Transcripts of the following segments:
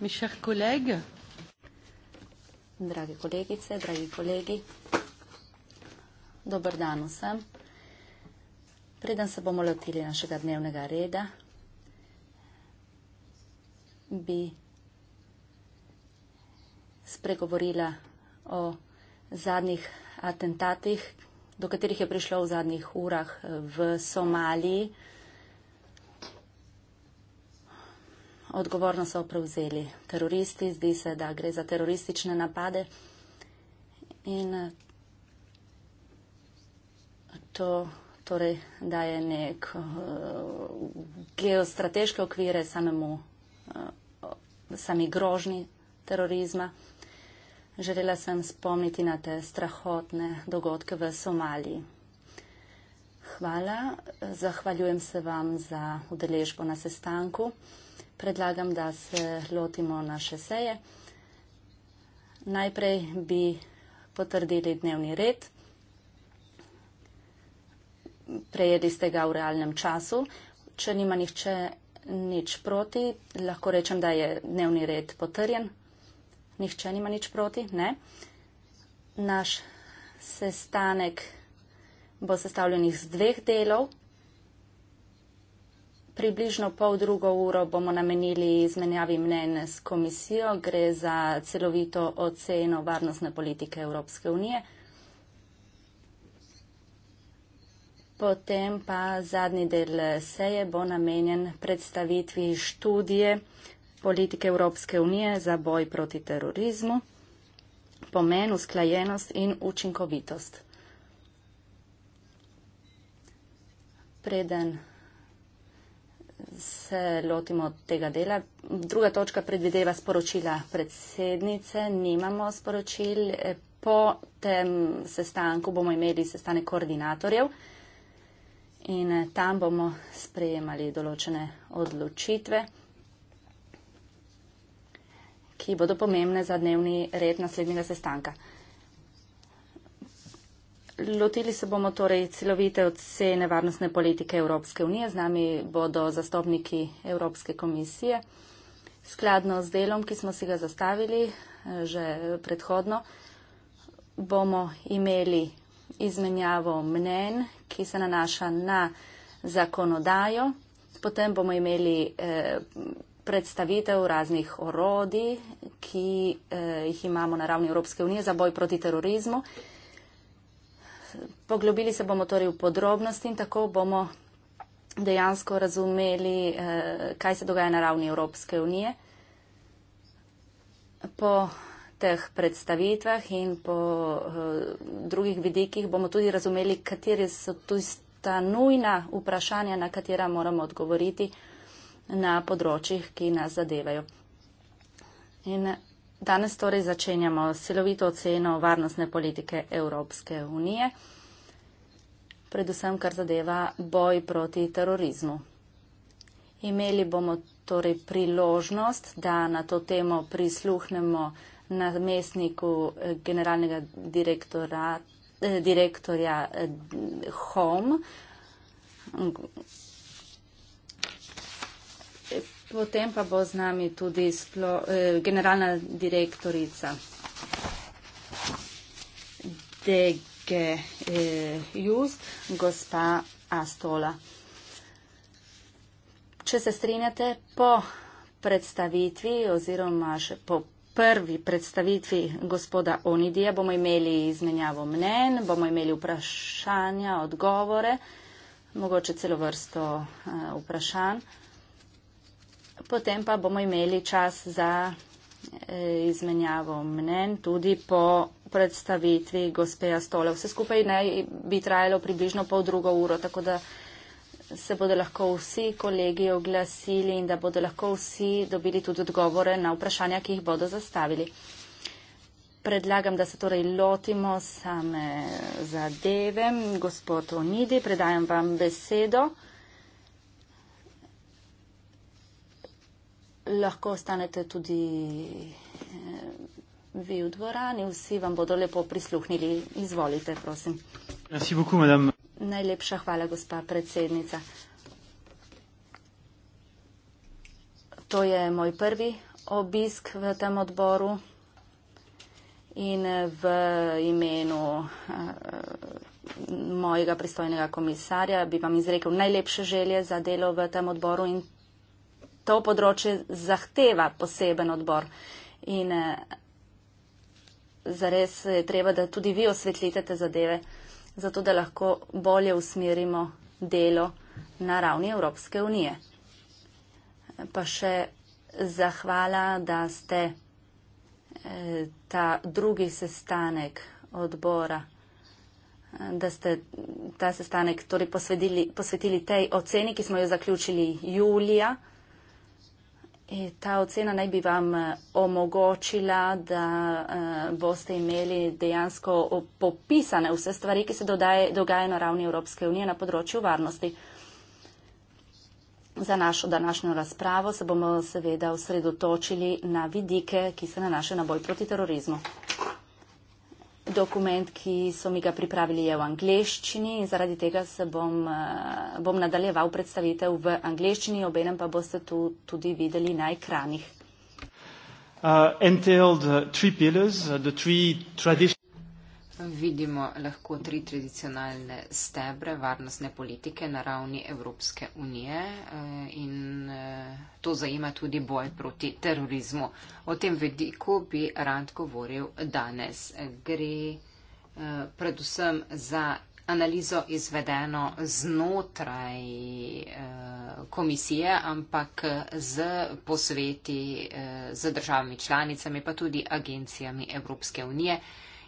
Drage kolegice, dragi kolegi, dober dan vsem. Preden se bomo lotili našega dnevnega reda, bi spregovorila o zadnjih atentatih, do katerih je prišlo v zadnjih urah v Somaliji. odgovorno so prevzeli teroristi, zdi se, da gre za teroristične napade. In to torej daje nek uh, geostrateške okvire samemu, uh, sami grožni terorizma. Želela sem spomniti na te strahotne dogodke v Somaliji. Hvala, zahvaljujem se vam za udeležbo na sestanku predlagam, da se lotimo naše seje. Najprej bi potrdili dnevni red. Prejeli ste ga v realnem času. Če nima nihče nič proti, lahko rečem, da je dnevni red potrjen. Nihče nima nič proti, ne. Naš sestanek bo sestavljen iz dveh delov približno pol drugo uro bomo namenili izmenjavi mnen s komisijo. Gre za celovito oceno varnostne politike Evropske unije. Potem pa zadnji del seje bo namenjen predstavitvi študije politike Evropske unije za boj proti terorizmu, pomen, usklajenost in učinkovitost. Preden se lotimo tega dela. Druga točka predvideva sporočila predsednice. Nimamo sporočil. Po tem sestanku bomo imeli sestanek koordinatorjev in eh, tam bomo sprejemali določene odločitve, ki bodo pomembne za dnevni red naslednjega sestanka. Lotili se bomo torej celovite ocene varnostne politike Evropske unije. Z nami bodo zastopniki Evropske komisije. Skladno z delom, ki smo si ga zastavili eh, že predhodno, bomo imeli izmenjavo mnen, ki se nanaša na zakonodajo. Potem bomo imeli eh, predstavitev raznih orodij, ki eh, jih imamo na ravni Evropske unije za boj proti terorizmu. Poglobili se bomo torej v podrobnosti in tako bomo dejansko razumeli, eh, kaj se dogaja na ravni Evropske unije. Po teh predstavitvah in po eh, drugih vidikih bomo tudi razumeli, kateri so tudi ta nujna vprašanja, na katera moramo odgovoriti na področjih, ki nas zadevajo. In Danes torej začenjamo silovito oceno varnostne politike Evropske unije, predvsem kar zadeva boj proti terorizmu. Imeli bomo torej priložnost, da na to temo prisluhnemo namestniku eh, generalnega eh, direktorja HOM, eh, Potem pa bo z nami tudi splo, eh, generalna direktorica DGJUS, eh, gospa Astola. Če se strinjate, po predstavitvi oziroma še po prvi predstavitvi gospoda Onidija bomo imeli izmenjavo mnen, bomo imeli vprašanja, odgovore, mogoče celo vrsto eh, vprašanj potem pa bomo imeli čas za e, izmenjavo mnen tudi po predstavitvi gospeja Stole. Vse skupaj naj bi trajalo približno pol drugo uro, tako da se bodo lahko vsi kolegi oglasili in da bodo lahko vsi dobili tudi odgovore na vprašanja, ki jih bodo zastavili. Predlagam, da se torej lotimo same zadeve. Gospod Onidi, predajam vam besedo. lahko ostanete tudi eh, vi v dvorani, vsi vam bodo lepo prisluhnili. Izvolite, prosim. Najlepša hvala, gospa predsednica. To je moj prvi obisk v tem odboru in eh, v imenu eh, mojega pristojnega komisarja bi vam izrekel najlepše želje za delo v tem odboru in to področje zahteva poseben odbor. In eh, zares je treba, da tudi vi osvetlite te zadeve, zato da lahko bolje usmerimo delo na ravni Evropske unije. Pa še zahvala, da ste eh, ta drugi sestanek odbora, eh, da ste ta sestanek torej posvetili, posvetili tej oceni, ki smo jo zaključili julija. E, ta ocena naj bi vam e, omogočila, da uh, boste imeli dejansko popisane vse stvari, ki se dogajajo na ravni Evropske unije na področju varnosti. Za našo današnjo razpravo se bomo seveda osredotočili na vidike, ki se nanašajo na boj proti terorizmu dokument, ki so mi ga pripravili, je v angleščini in zaradi tega se bom, eh, bom nadaljeval predstavitev v angleščini, obenem pa boste tu tudi videli na ekranih. Uh, entailed uh, three pillars, uh, the three traditional vidimo lahko tri tradicionalne stebre varnostne politike na ravni Evropske unije eh, in eh, to zajema tudi boj proti terorizmu. O tem vediku bi rad govoril danes. Gre eh, predvsem za analizo izvedeno znotraj komisije, ampak z posveti z državami članicami, pa tudi agencijami Evropske unije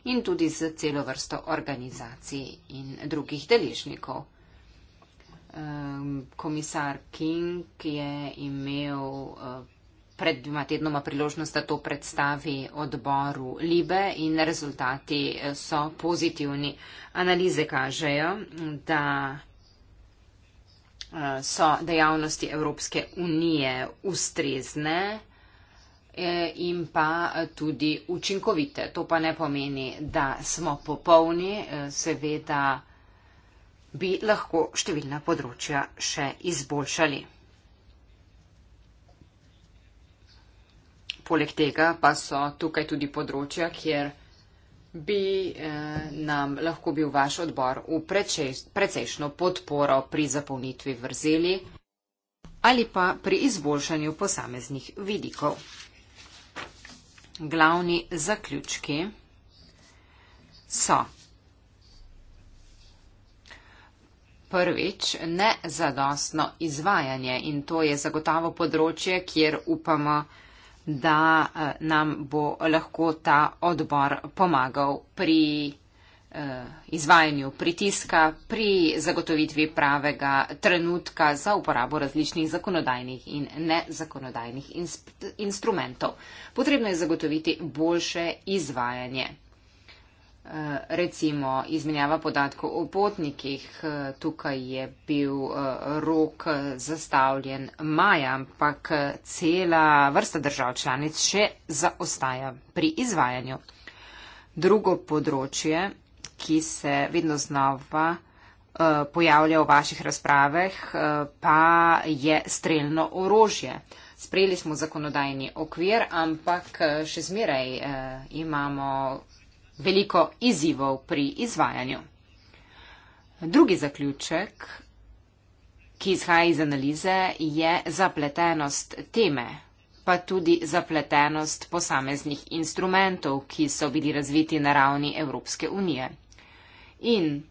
in tudi z celo vrsto organizacij in drugih deležnikov. Komisar King je imel eh, pred dvima tednoma priložnost, da to predstavi odboru Libe in rezultati eh, so pozitivni. Analize kažejo, da eh, so dejavnosti Evropske unije ustrezne E, in pa e, tudi učinkovite. To pa ne pomeni, da smo popolni, e, seveda bi lahko številna področja še izboljšali. Poleg tega pa so tukaj tudi področja, kjer bi nam lahko bil vaš odbor v precejšno podporo pri zapolnitvi vrzeli ali pa pri izboljšanju posameznih vidikov glavni zaključki so prvič nezadostno izvajanje in to je zagotovo področje, kjer upamo, da eh, nam bo lahko ta odbor pomagal pri Eh, izvajanju pritiska, pri zagotovitvi pravega trenutka za uporabo različnih zakonodajnih in nezakonodajnih instrumentov. Potrebno je zagotoviti boljše izvajanje. Eh, recimo izmenjava podatkov o potnikih, eh, tukaj je bil rok zastavljen maja, ampak cela vrsta držav članic še zaostaja pri izvajanju. Drugo področje ki se vedno znova eh, pojavlja v vaših razpravah, eh, pa je streljno orožje. Sprejeli smo zakonodajni okvir, ampak eh, še zmeraj imamo veliko izzivov pri izvajanju. Drugi zaključek, ki izhaja iz analize, je zapletenost teme, pa tudi zapletenost posameznih instrumentov, ki so bili razviti na ravni Evropske unije. In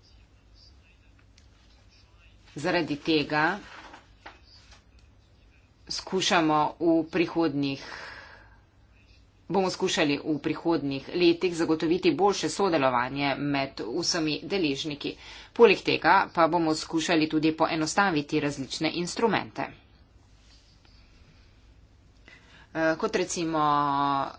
zaradi tega skušamo v prihodnjih bomo skušali v prihodnjih letih zagotoviti boljše sodelovanje med vsemi deležniki. Poleg tega pa bomo skušali tudi poenostaviti različne instrumente. Eh, kot recimo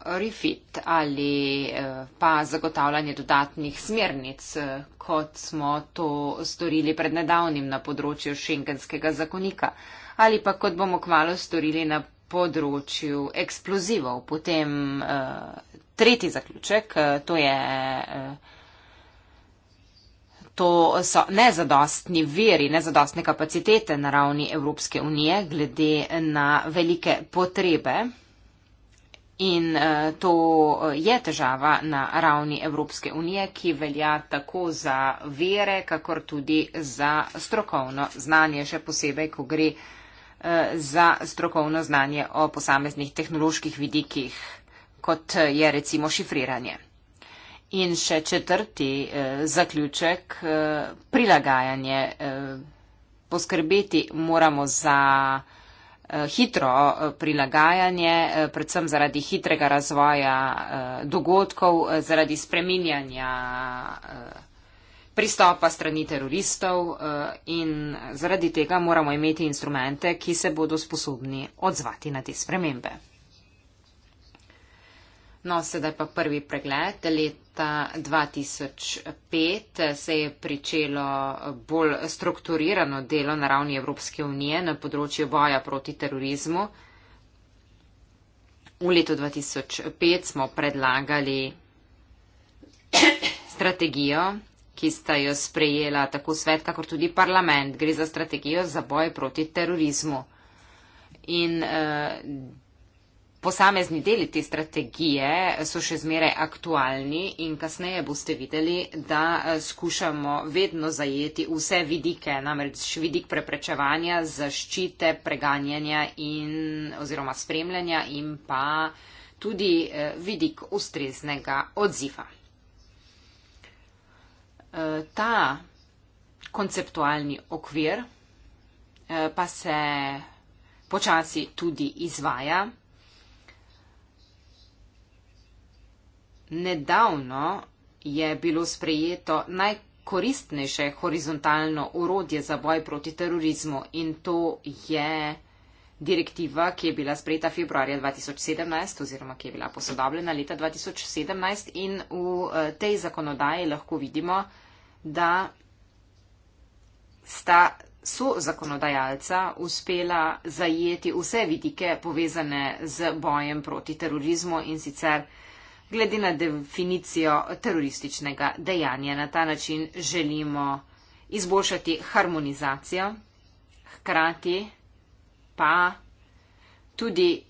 eh, refit ali eh, pa zagotavljanje dodatnih smernic, kot smo to storili pred nedavnim na področju šengenskega zakonika ali pa kot bomo kmalo storili na področju eksplozivov. Potem tretji zaključek, to je. To so nezadostni veri, nezadostne kapacitete na ravni Evropske unije glede na velike potrebe. In uh, to eh, je težava na ravni Evropske unije, ki velja tako za vere, kakor tudi za strokovno znanje, še posebej, ko gre uh, za strokovno znanje o posameznih tehnoloških vidikih, kot je recimo šifriranje. In še četrti uh, zaključek, uh, prilagajanje. Uh, poskrbeti moramo za. Eh, hitro eh, prilagajanje, eh, predvsem zaradi hitrega razvoja dogodkov, zaradi spreminjanja pristopa strani teroristov in zaradi tega moramo imeti instrumente, ki se bodo sposobni odzvati na te spremembe. No, sedaj pa prvi pregled let leta 2005 se je pričelo bolj strukturirano delo na ravni Evropske unije na področju boja proti terorizmu. V letu 2005 smo predlagali strategijo, ki sta jo sprejela tako svet, kakor tudi parlament. Gre za strategijo za boj proti terorizmu. In uh, Posamezni deli te strategije so še zmeraj aktualni in kasneje boste videli, da eh, skušamo vedno zajeti vse vidike, namreč vidik preprečevanja, zaščite, preganjanja in, oziroma spremljanja in pa tudi eh, vidik ustreznega odziva. Eh, ta konceptualni okvir pa se počasi tudi izvaja. Nedavno je bilo sprejeto najkoristnejše horizontalno urodje za boj proti terorizmu in to je direktiva, ki je bila sprejeta februarja 2017 oziroma ki je bila posodobljena leta 2017 in v eh, tej zakonodaji lahko vidimo, da sta so zakonodajalca uspela zajeti vse vidike povezane z bojem proti terorizmu in sicer glede na definicijo terorističnega dejanja. Na ta način želimo izboljšati harmonizacijo, hkrati pa tudi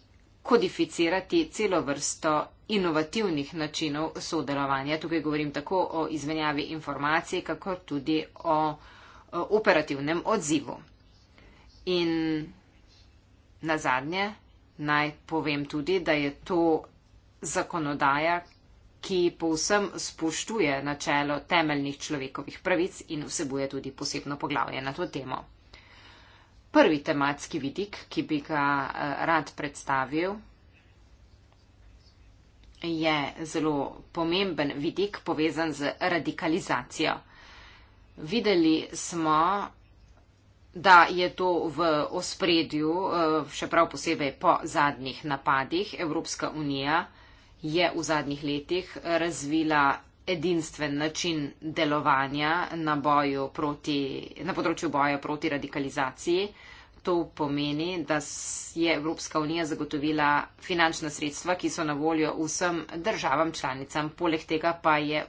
kodificirati celo vrsto inovativnih načinov sodelovanja. Tukaj govorim tako o izmenjavi informacij, kakor tudi o operativnem odzivu. In na zadnje naj povem tudi, da je to zakonodaja, ki povsem spoštuje načelo temeljnih človekovih pravic in vsebuje tudi posebno poglavje na to temo. Prvi tematski vidik, ki bi ga eh, rad predstavil, je zelo pomemben vidik povezan z radikalizacijo. Videli smo, da je to v ospredju, eh, še prav posebej po zadnjih napadih, Evropska unija je v zadnjih letih razvila edinstven način delovanja na, proti, na področju boja proti radikalizaciji. To pomeni, da je Evropska unija zagotovila finančna sredstva, ki so na voljo vsem državam članicam. Poleg tega pa je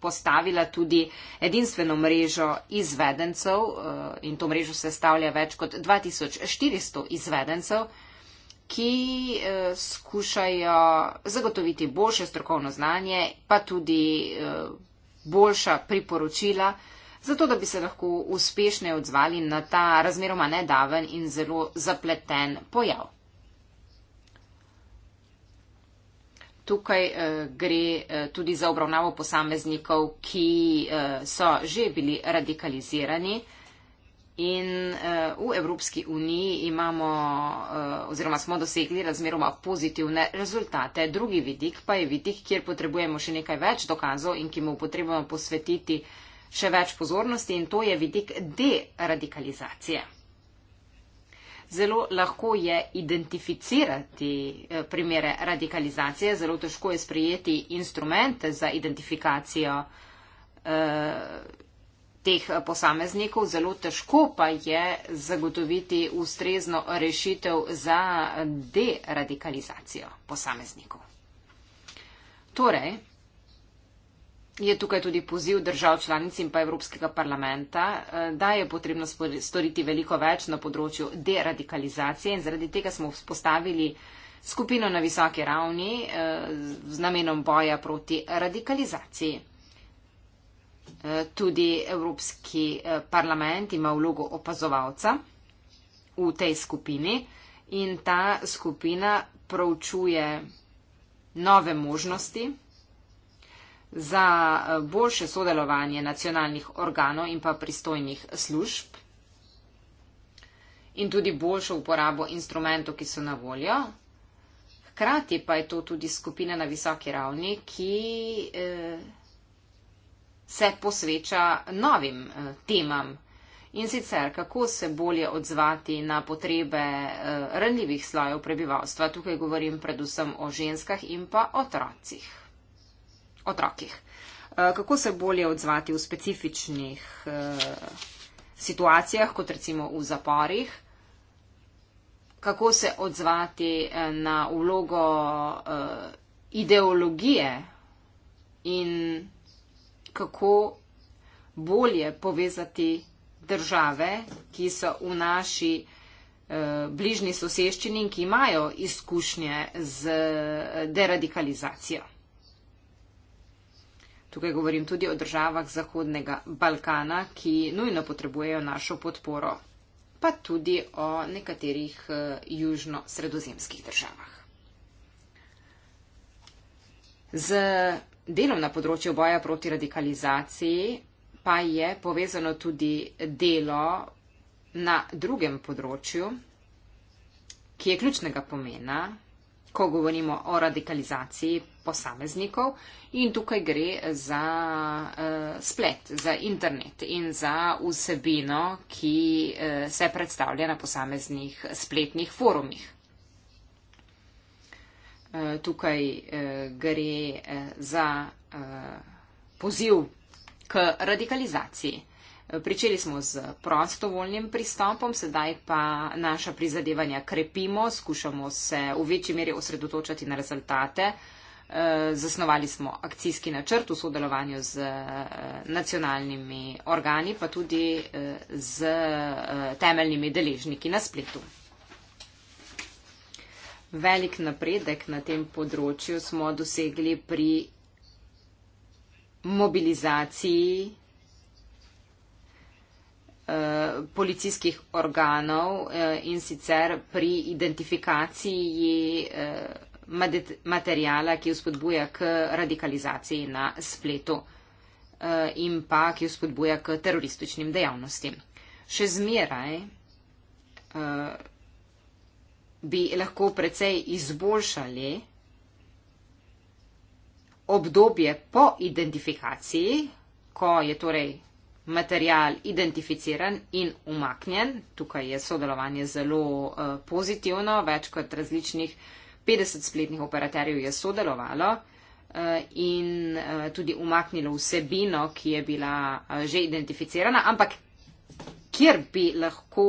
postavila tudi edinstveno mrežo izvedencev eh, in to mrežo sestavlja več kot 2400 izvedencev, ki eh, skušajo zagotoviti boljše strokovno znanje, pa tudi eh, boljša priporočila, zato da bi se lahko uspešno odzvali na ta razmeroma nedaven in zelo zapleten pojav. Tukaj eh, gre eh, tudi za obravnavo posameznikov, ki eh, so že bili radikalizirani, eh, In uh, v Evropski uniji imamo uh, oziroma smo dosegli razmeroma pozitivne rezultate. Drugi vidik pa je vidik, kjer potrebujemo še nekaj več dokazov in ki mu potrebujemo posvetiti še več pozornosti in to je vidik deradikalizacije. Zelo lahko je identificirati eh, primere radikalizacije, zelo težko je sprijeti instrumente za identifikacijo. Uh, teh eh, posameznikov, zelo težko pa je zagotoviti ustrezno rešitev za deradikalizacijo posameznikov. Torej, je tukaj tudi poziv držav članic in pa Evropskega parlamenta, eh, da je potrebno storiti veliko več na področju deradikalizacije in zaradi tega smo vzpostavili skupino na visoki ravni eh, z namenom boja proti radikalizaciji. Eh, tudi Evropski eh, parlament ima vlogo opazovalca v tej skupini in ta skupina proučuje nove možnosti za eh, boljše sodelovanje nacionalnih organov in pa pristojnih služb in tudi boljšo uporabo instrumentov, ki so na voljo. Hkrati pa je to tudi skupina na visoki ravni, ki. Eh, se posveča novim eh, temam in sicer kako se bolje odzvati na potrebe eh, ranljivih slojev prebivalstva. Tukaj govorim predvsem o ženskah in pa otrocih. otrokih. Eh, kako se bolje odzvati v specifičnih situacijah, kot recimo v zaporih. Kako se odzvati na vlogo ideologije in kako bolje povezati države, ki so v naši eh, bližnji soseščini in ki imajo izkušnje z eh, deradikalizacijo. Tukaj govorim tudi o državah Zahodnega Balkana, ki nujno potrebujejo našo podporo, pa tudi o nekaterih eh, južno-sredozemskih državah. Z delom na področju boja proti radikalizaciji pa je povezano tudi delo na drugem področju, ki je ključnega pomena, ko govorimo o radikalizaciji posameznikov in tukaj gre za uh, splet, za internet in za vsebino, ki uh, se predstavlja na posameznih spletnih forumih. Eh, tukaj eh, gre eh, za poziv k radikalizaciji. Pričeli smo z prostovoljnim pristopom, sedaj pa naša prizadevanja krepimo, skušamo se v večji meri osredotočati na rezultate. Zasnovali smo akcijski načrt v sodelovanju z nacionalnimi organi, pa tudi z temeljnimi deležniki na spletu velik napredek na tem področju smo dosegli pri mobilizaciji eh, policijskih organov eh, in sicer pri identifikaciji eh, materijala, ki vzpodbuja k radikalizaciji na spletu in pa ki vzpodbuja k terorističnim dejavnostim. Še zmeraj bi lahko precej izboljšali obdobje po identifikaciji, ko je torej material identificiran in umaknjen. Tukaj je sodelovanje zelo uh, pozitivno, več kot različnih 50 spletnih operaterjev je sodelovalo uh, in uh, tudi umaknilo vsebino, ki je bila uh, že identificirana, ampak kjer bi lahko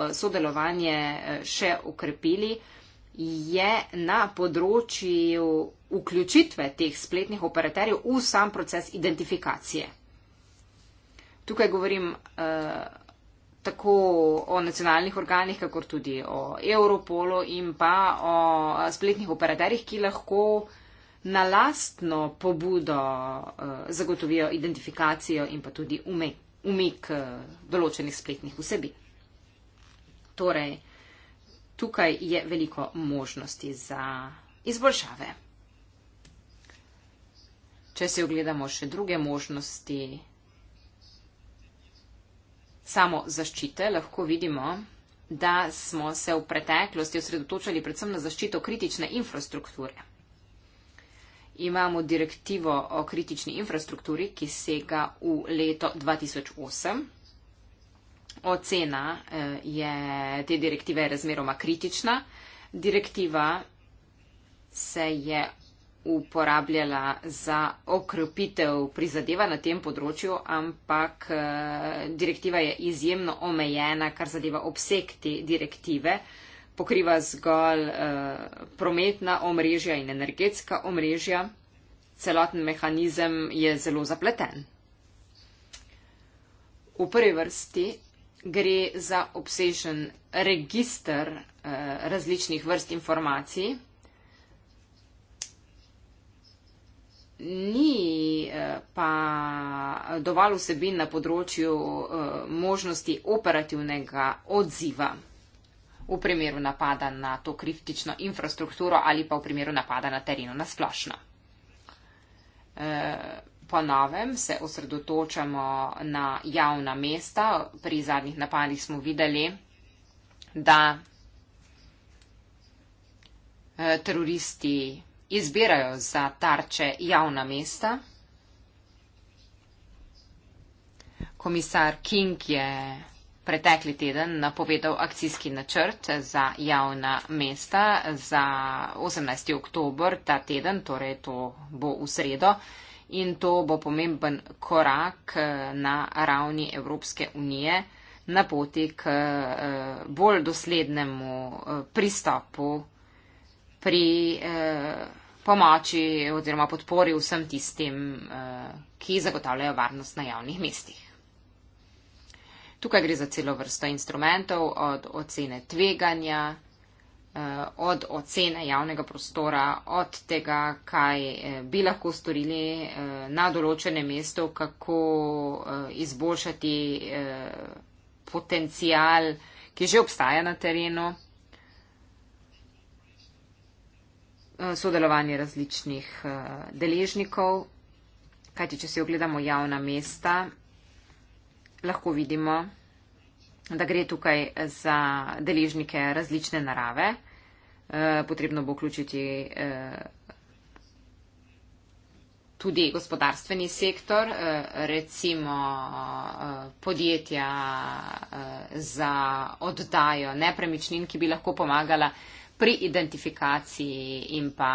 eh, sodelovanje eh, še ukrepili, je na področju vključitve teh spletnih operaterjev v sam proces identifikacije. Tukaj govorim eh, tako o nacionalnih organih, kakor tudi o Europolu in pa o eh, spletnih operaterjih, ki lahko na lastno pobudo eh, zagotovijo identifikacijo in pa tudi umet umik eh, določenih spletnih vsebin. Torej, tukaj je veliko možnosti za izboljšave. Če si ogledamo še druge možnosti samo zaščite, lahko vidimo, da smo se v preteklosti osredotočali predvsem na zaščito kritične infrastrukture imamo direktivo o kritični infrastrukturi, ki sega v leto 2008. Ocena eh, je, te direktive je razmeroma kritična. Direktiva se je uporabljala za okrepitev prizadeva na tem področju, ampak eh, direktiva je izjemno omejena, kar zadeva obseg te direktive. Uh, pokriva zgolj uh, prometna omrežja in energetska omrežja. Celoten mehanizem je zelo zapleten. V prvi vrsti gre za obsežen registr uh, eh, različnih vrst informacij. Ni eh, pa dovolj vsebin na področju možnosti operativnega odziva v primeru napada na to kritično infrastrukturo ali pa v primeru napada na terenu nasplošno. E, po novem se osredotočamo na javna mesta. Pri zadnjih napadih smo videli, da e, teroristi izbirajo za tarče javna mesta. Komisar King je pretekli teden napovedal akcijski načrt za javna mesta za 18. oktober ta teden, torej to bo v sredo. In to bo pomemben korak eh, na ravni Evropske unije na poti k eh, bolj doslednemu eh, pristopu pri pomoči oziroma podpori vsem tistim, ki zagotavljajo varnost na javnih mestih. Tukaj gre za celo vrsto instrumentov, od ocene tveganja, eh, od ocene javnega prostora, od tega, kaj eh, bi lahko storili eh, na določenem mestu, kako izboljšati potencial, ki že obstaja na terenu, sodelovanje različnih deležnikov. Kajti, če si ogledamo javna mesta, lahko vidimo, da gre tukaj za deležnike različne narave. Eh, potrebno bo vključiti eh, tudi gospodarstveni sektor, eh, recimo podjetja za oddajo nepremičnin, ki bi lahko pomagala pri identifikaciji in pa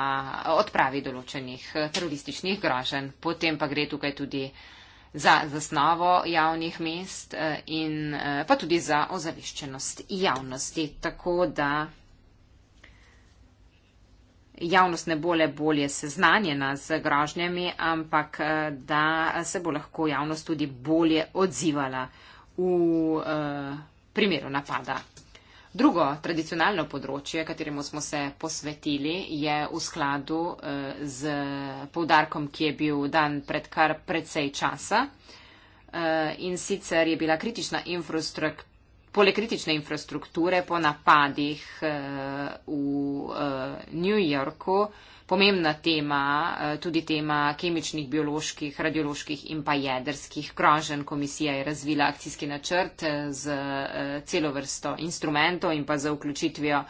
odpravi določenih terorističnih groženj. Potem pa gre tukaj tudi uh, za zasnovo javnih mest eh, in eh, pa tudi za ozaveščenost javnosti. Tako da javnost ne bo le bolje seznanjena z grožnjami, ampak eh, da se bo lahko javnost tudi bolje odzivala v primeru napada Drugo tradicionalno področje, kateremu smo se posvetili, je v skladu eh, z poudarkom, ki je bil dan pred kar precej časa eh, in sicer je bila kritična infrastruktura. Poleg kritične infrastrukture po napadih eh, v New Yorku pomembna tema, eh, tudi tema kemičnih, bioloških, radioloških in pa jedrskih groženj. Komisija je razvila akcijski načrt eh, z eh, celo vrsto instrumentov in pa z vključitvijo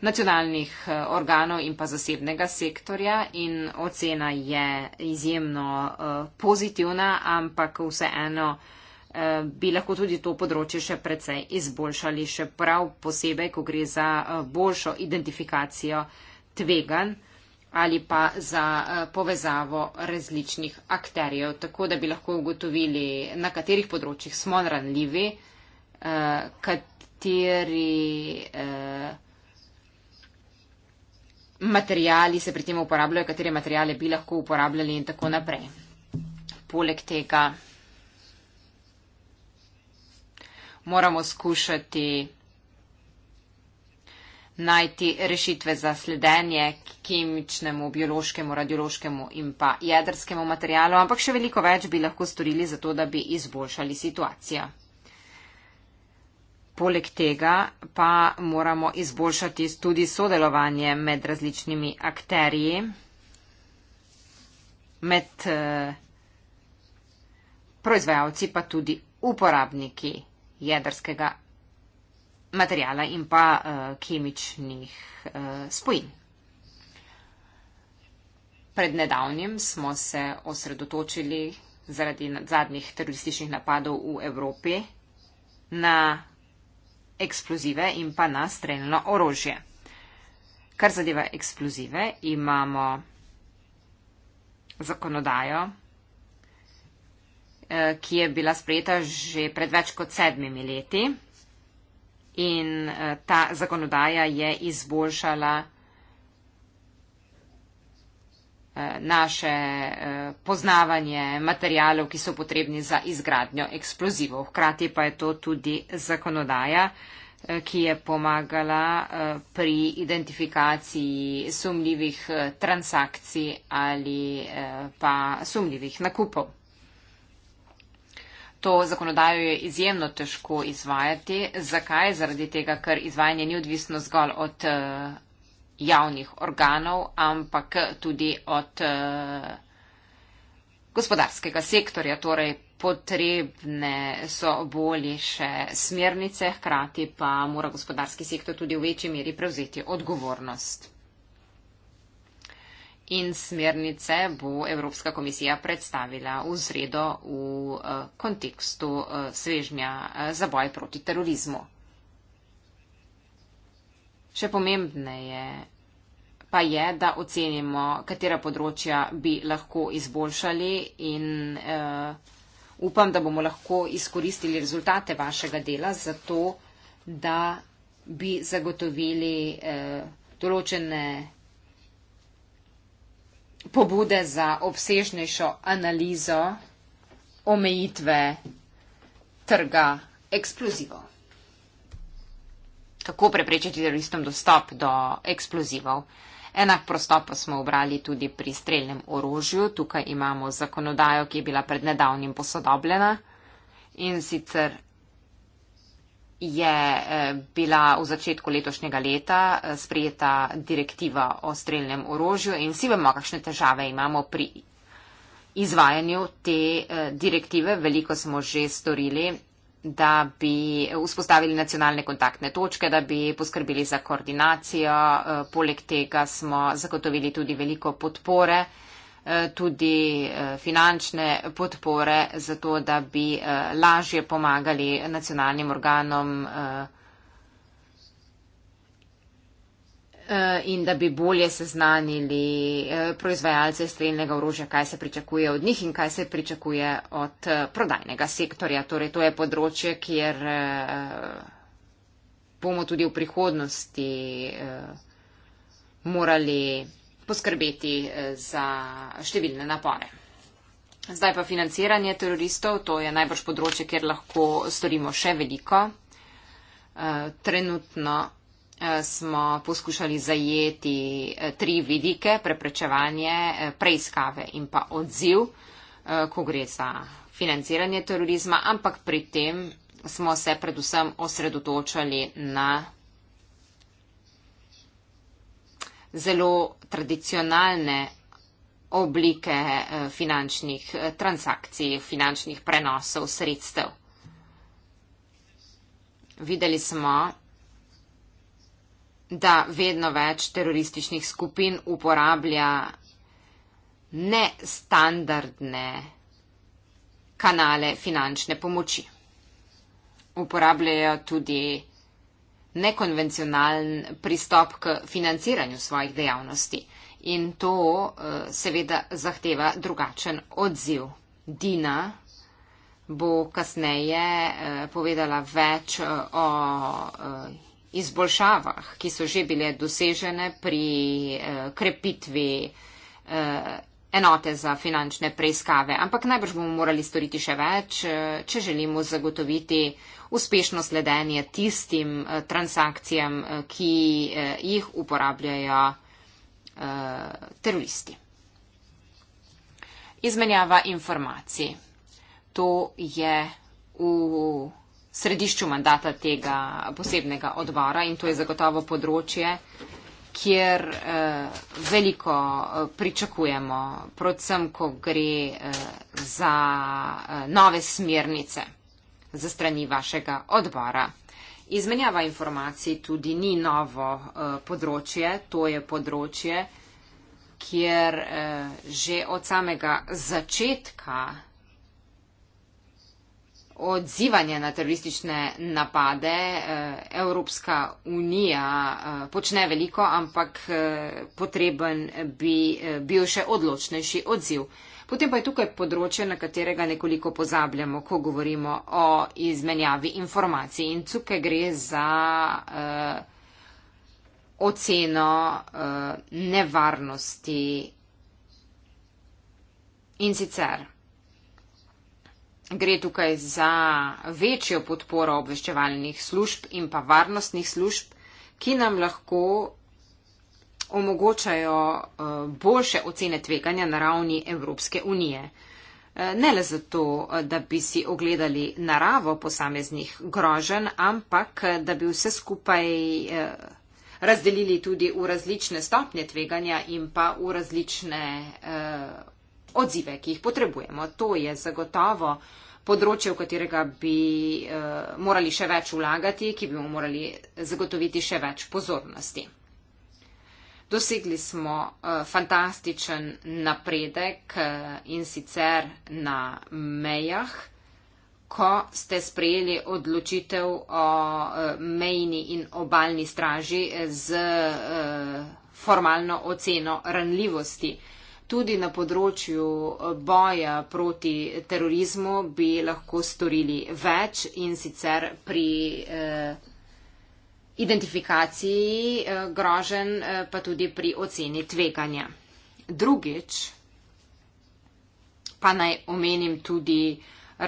nacionalnih organov in pa zasebnega sektorja in ocena je izjemno pozitivna, ampak vseeno bi lahko tudi to področje še precej izboljšali, še prav posebej, ko gre za boljšo identifikacijo tveganj ali pa za eh, povezavo različnih akterjev, tako da bi lahko ugotovili, na katerih področjih smo ranljivi, eh, kateri eh, materijali se pri tem uporabljajo, katere materijale bi lahko uporabljali in tako naprej. Poleg tega moramo skušati najti rešitve za sledenje kemičnemu, biološkemu, radiološkemu in pa jedrskemu materialu, ampak še veliko več bi lahko storili za to, da bi izboljšali situacijo. Poleg tega pa moramo izboljšati tudi sodelovanje med različnimi akterji, med eh, proizvajalci pa tudi uporabniki jedrskega materijala in pa uh, kemičnih uh, spojin. Pred nedavnim smo se osredotočili zaradi zadnjih terorističnih napadov v Evropi na eksplozive in pa na streljno orožje. Kar zadeva eksplozive, imamo zakonodajo, eh, ki je bila sprejeta že pred več kot sedmimi leti in eh, ta zakonodaja je izboljšala eh, naše eh, poznavanje materijalov, ki so potrebni za izgradnjo eksplozivov. Hkrati pa je to tudi zakonodaja, ki je pomagala pri identifikaciji sumljivih transakcij ali pa sumljivih nakupov. To zakonodajo je izjemno težko izvajati. Zakaj? Zaradi tega, ker izvajanje ni odvisno zgolj od eh, javnih organov, ampak tudi od eh, gospodarskega sektorja. Torej, potrebne so bolje še smernice, hkrati pa mora gospodarski sektor tudi v večji meri prevzeti odgovornost in smernice bo Evropska komisija predstavila v sredo v eh, kontekstu eh, svežnja eh, za boj proti terorizmu. Še pomembneje pa je, da ocenimo, katera področja bi lahko izboljšali in uh, upam, da bomo lahko izkoristili rezultate vašega dela za to, da bi zagotovili uh, določene pobude za obsežnejšo analizo omejitve trga eksplozivov. Kako preprečiti teroristom dostop do eksplozivov? Enak prostop pa smo obrali tudi pri streljnem orožju. Tukaj imamo zakonodajo, ki je bila pred nedavnim posodobljena in sicer je eh, bila v začetku letošnjega leta eh, sprijeta direktiva o streljnem orožju in vsi vemo, kakšne težave imamo pri izvajanju te eh, direktive. Veliko smo že storili, da bi vzpostavili nacionalne kontaktne točke, da bi poskrbeli za koordinacijo. Poleg tega smo zagotovili tudi veliko podpore Eh, tudi eh, finančne podpore za to, da bi eh, lažje pomagali nacionalnim organom in da bi bolje seznanili proizvajalce streljnega orožja, kaj se pričakuje od njih in kaj se pričakuje od prodajnega sektorja. Torej, to je področje, kjer bomo tudi v prihodnosti morali poskrbeti eh, za številne napore. Zdaj pa financiranje teroristov, to je najbrž področje, kjer lahko storimo še veliko. Eh, trenutno eh, smo poskušali zajeti tri vidike, preprečevanje, preiskave in pa odziv, ko gre za financiranje terorizma, ampak pri tem smo se predvsem osredotočali na zelo tradicionalne oblike eh, finančnih eh, transakcij, finančnih prenosov sredstev. Videli smo, da vedno več terorističnih skupin uporablja nestandardne kanale finančne pomoči. Uporabljajo tudi nekonvencionalen pristop k financiranju svojih dejavnosti. In to eh, seveda zahteva drugačen odziv. Dina bo kasneje eh, povedala več eh, o izboljšavah, ki so že bile dosežene pri krepitvi enote za finančne preiskave, ampak najbrž bomo morali storiti še več, eh, če želimo zagotoviti uspešno sledenje tistim eh, transakcijam, eh, ki jih uporabljajo teroristi. Izmenjava informacij. To je v središču mandata tega posebnega odbora in to je zagotovo področje, kjer eh, veliko eh, pričakujemo, predvsem, ko gre eh, za eh, nove smernice za strani vašega odbora. Izmenjava informacij tudi ni novo eh, področje, to je področje, kjer eh, že od samega začetka odzivanje na teroristične napade. Eh, Evropska unija eh, počne veliko, ampak eh, potreben bi bil še odločnejši odziv. Potem pa je tukaj področje, na katerega nekoliko pozabljamo, ko govorimo o izmenjavi informacij. In tukaj gre za uh, oceno uh, nevarnosti. In sicer gre tukaj za večjo podporo obveščevalnih služb in pa varnostnih služb, ki nam lahko omogočajo eh, boljše ocene tveganja na ravni Evropske unije. Eh, ne le zato, eh, da bi si ogledali naravo posameznih grožen, ampak da bi vse skupaj razdelili tudi v različne stopnje tveganja in pa v različne odzive, ki jih potrebujemo. To je zagotovo področje, v katerega bi uh, morali še več vlagati, ki bi mu morali zagotoviti še več pozornosti. Dosegli smo uh, fantastičen napredek uh, in sicer na mejah, ko ste sprejeli odločitev o uh, mejni in obaljni straži z uh, formalno oceno ranljivosti uh, tudi na področju eh, boja proti terorizmu bi lahko storili več in sicer pri eh, identifikaciji eh, grožen, eh, pa tudi pri oceni tveganja. Drugič, pa naj omenim tudi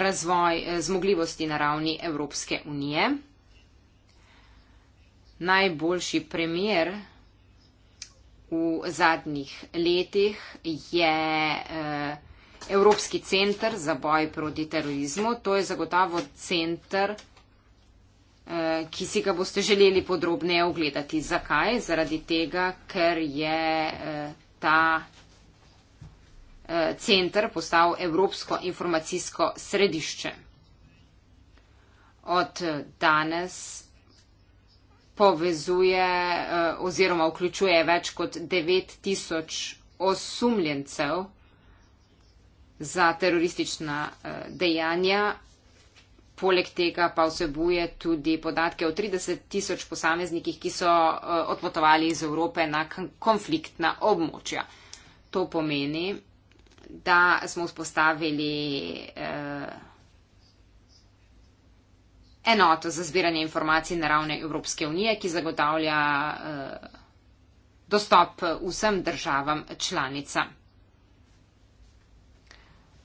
razvoj eh, zmogljivosti na ravni Evropske unije. Najboljši primer, v zadnjih letih je eh, Evropski centr za boj proti terorizmu. To je zagotavo centr, eh, ki si ga boste želeli podrobneje ogledati. Zakaj? Zaradi tega, ker je eh, ta centr postal Evropsko informacijsko središče. Od danes povezuje eh, oziroma vključuje več kot 9000 osumljencev za teroristična eh, dejanja. Poleg tega pa vsebuje tudi podatke o 30 tisoč posameznikih, ki so eh, odpotovali iz Evrope na konfliktna območja. To pomeni, da smo vzpostavili eh, enoto za zbiranje informacij na ravni Evropske unije, ki zagotavlja eh, dostop eh, vsem državam članica.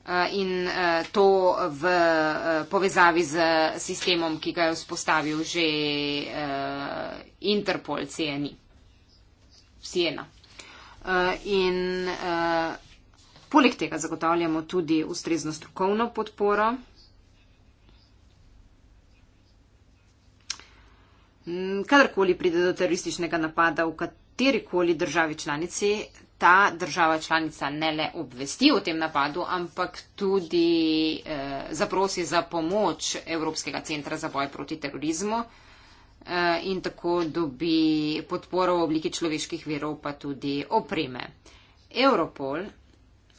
Eh, in eh, to v eh, povezavi z sistemom, ki ga je vzpostavil že eh, Interpol CNI. Siena. Eh, in eh, poleg tega zagotavljamo tudi ustrezno strokovno podporo. Mm, kadarkoli pride do terorističnega napada v katerikoli državi članici, ta država članica ne le obvesti o tem napadu, ampak tudi eh, zaprosi za pomoč Evropskega centra za boj proti terorizmu eh, in tako dobi podporo v obliki človeških verov, pa tudi opreme. Europol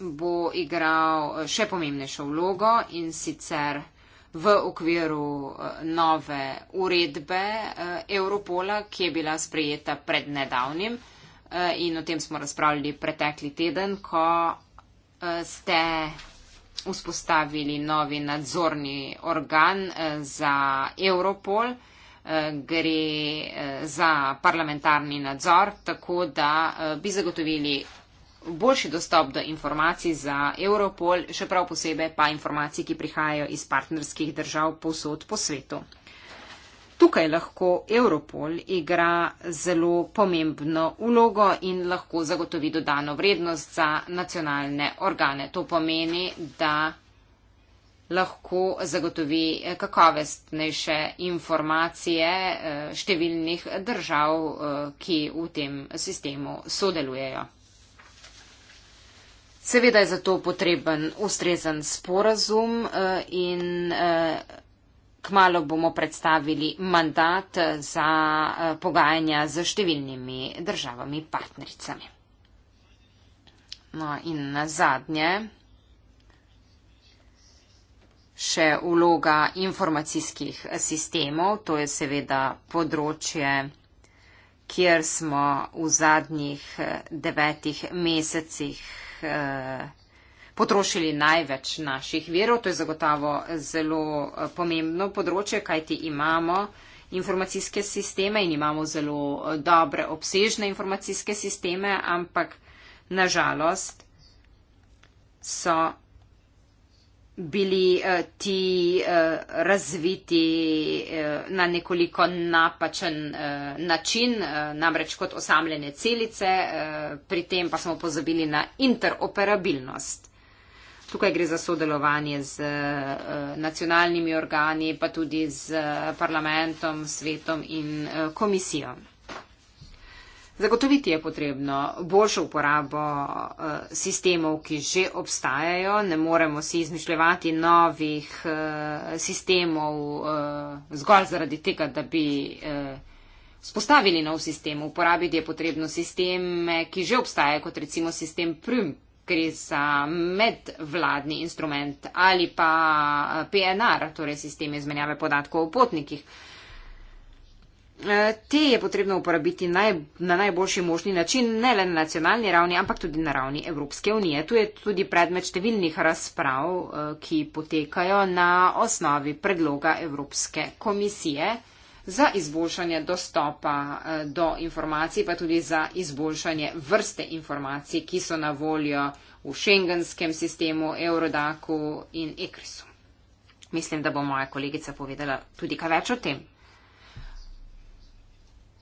bo igral eh, še pomembnejšo vlogo in sicer v okviru eh, nove uredbe eh, Europola, ki je bila sprejeta pred nedavnim eh, in o tem smo razpravljali pretekli teden, ko ste vzpostavili novi nadzorni organ za Europol. Gre za parlamentarni nadzor, tako da bi zagotovili boljši dostop do informacij za Europol, še prav posebej pa informacij, ki prihajajo iz partnerskih držav povsod po svetu. Tukaj lahko Europol igra zelo pomembno ulogo in lahko zagotovi dodano vrednost za nacionalne organe. To pomeni, da lahko zagotovi kakovestnejše informacije eh, številnih držav, eh, ki v tem sistemu sodelujejo. Seveda je zato potreben ustrezen sporazum eh, in eh, kmalo bomo predstavili mandat za eh, pogajanja z številnimi državami partnericami. No in zadnje, še uloga informacijskih sistemov, to je seveda področje, kjer smo v zadnjih devetih mesecih Eh, potrošili največ naših verov. To je zagotavo zelo eh, pomembno področje, kajti imamo informacijske sisteme in imamo zelo eh, dobre, obsežne informacijske sisteme, ampak nažalost so bili uh, ti uh, razviti uh, na nekoliko napačen uh, način, uh, namreč kot osamljene celice, uh, pri tem pa smo pozabili na interoperabilnost. Tukaj gre za sodelovanje z uh, nacionalnimi organi, pa tudi z parlamentom, svetom in uh, komisijo. Zagotoviti je potrebno boljšo uporabo eh, sistemov, ki že obstajajo. Ne moremo si izmišljevati novih eh, sistemov eh, zgolj zaradi tega, da bi spostavili nov sistem. Uporabiti je potrebno sisteme, ki že obstajajo, kot recimo sistem PRIM, ker je za medvladni instrument ali pa PNR, torej sistem izmenjave podatkov o potnikih. Eh, te je potrebno uporabiti naj, na najboljši možni način, ne le na nacionalni ravni, ampak tudi na ravni Evropske unije. Tu je tudi predmet številnih razprav, eh, ki potekajo na osnovi predloga Evropske komisije za izboljšanje dostopa eh, do informacij, pa tudi za izboljšanje vrste informacij, ki so na voljo v šengenskem sistemu, Eurodaku in ECRISu. Mislim, da bo moja kolegica povedala tudi kaj več o tem.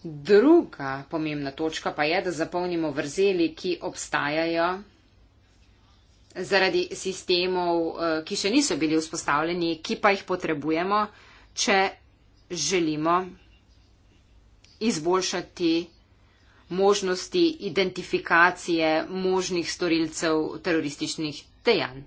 Druga pomembna točka pa je, da zapolnimo vrzeli, ki obstajajo zaradi sistemov, eh, ki še niso bili vzpostavljeni, ki pa jih potrebujemo, če želimo izboljšati možnosti identifikacije možnih storilcev terorističnih dejanj.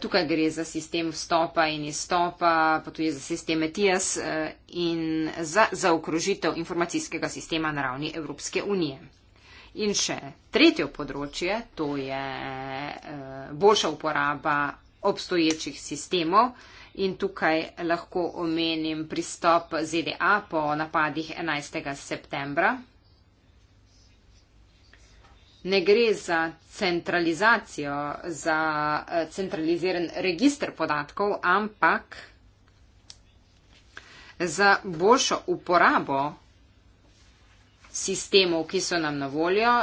Tukaj gre za sistem vstopa in izstopa, pa tudi za sistem ETS eh, in za zaokrožitev informacijskega sistema na ravni Evropske unije. In še tretje področje, to je eh, boljša uporaba obstoječih sistemov in tukaj lahko omenim pristop ZDA po napadih 11. septembra ne gre za centralizacijo, za eh, centraliziran registr podatkov, ampak za boljšo uporabo sistemov, ki so nam na voljo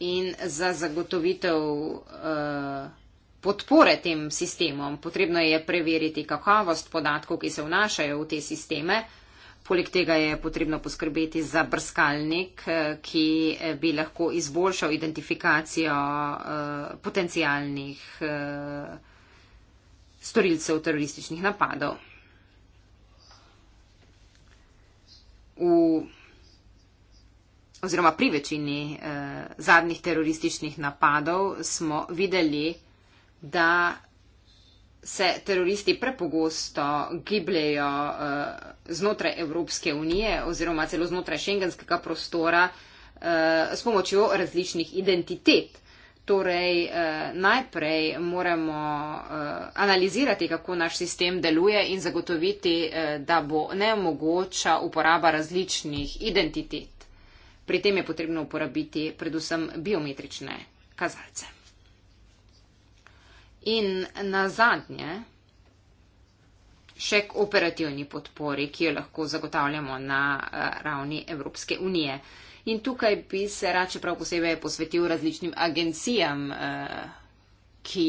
in za zagotovitev uh, podpore tem sistemom. Potrebno je preveriti kakovost podatkov, ki se vnašajo v te sisteme. Uh, Poleg tega je potrebno poskrbeti za brskalnik, eh, ki eh, bi lahko izboljšal identifikacijo eh, potencijalnih storilcev terorističnih napadov. V oziroma pri večini eh, zadnjih terorističnih napadov smo videli, da se teroristi prepogosto gibljajo uh, eh, znotraj Evropske unije oziroma celo znotraj šengenskega prostora uh, s pomočjo različnih identitet. Torej, eh, najprej moramo eh, analizirati, kako naš sistem deluje in zagotoviti, eh, da bo neomogoča uporaba različnih identitet. Pri tem je potrebno uporabiti predvsem biometrične kazalce. In na zadnje, še k operativni podpori, ki jo lahko zagotavljamo na eh, ravni Evropske unije. In tukaj bi se rad še prav posebej posvetil različnim agencijam, eh, ki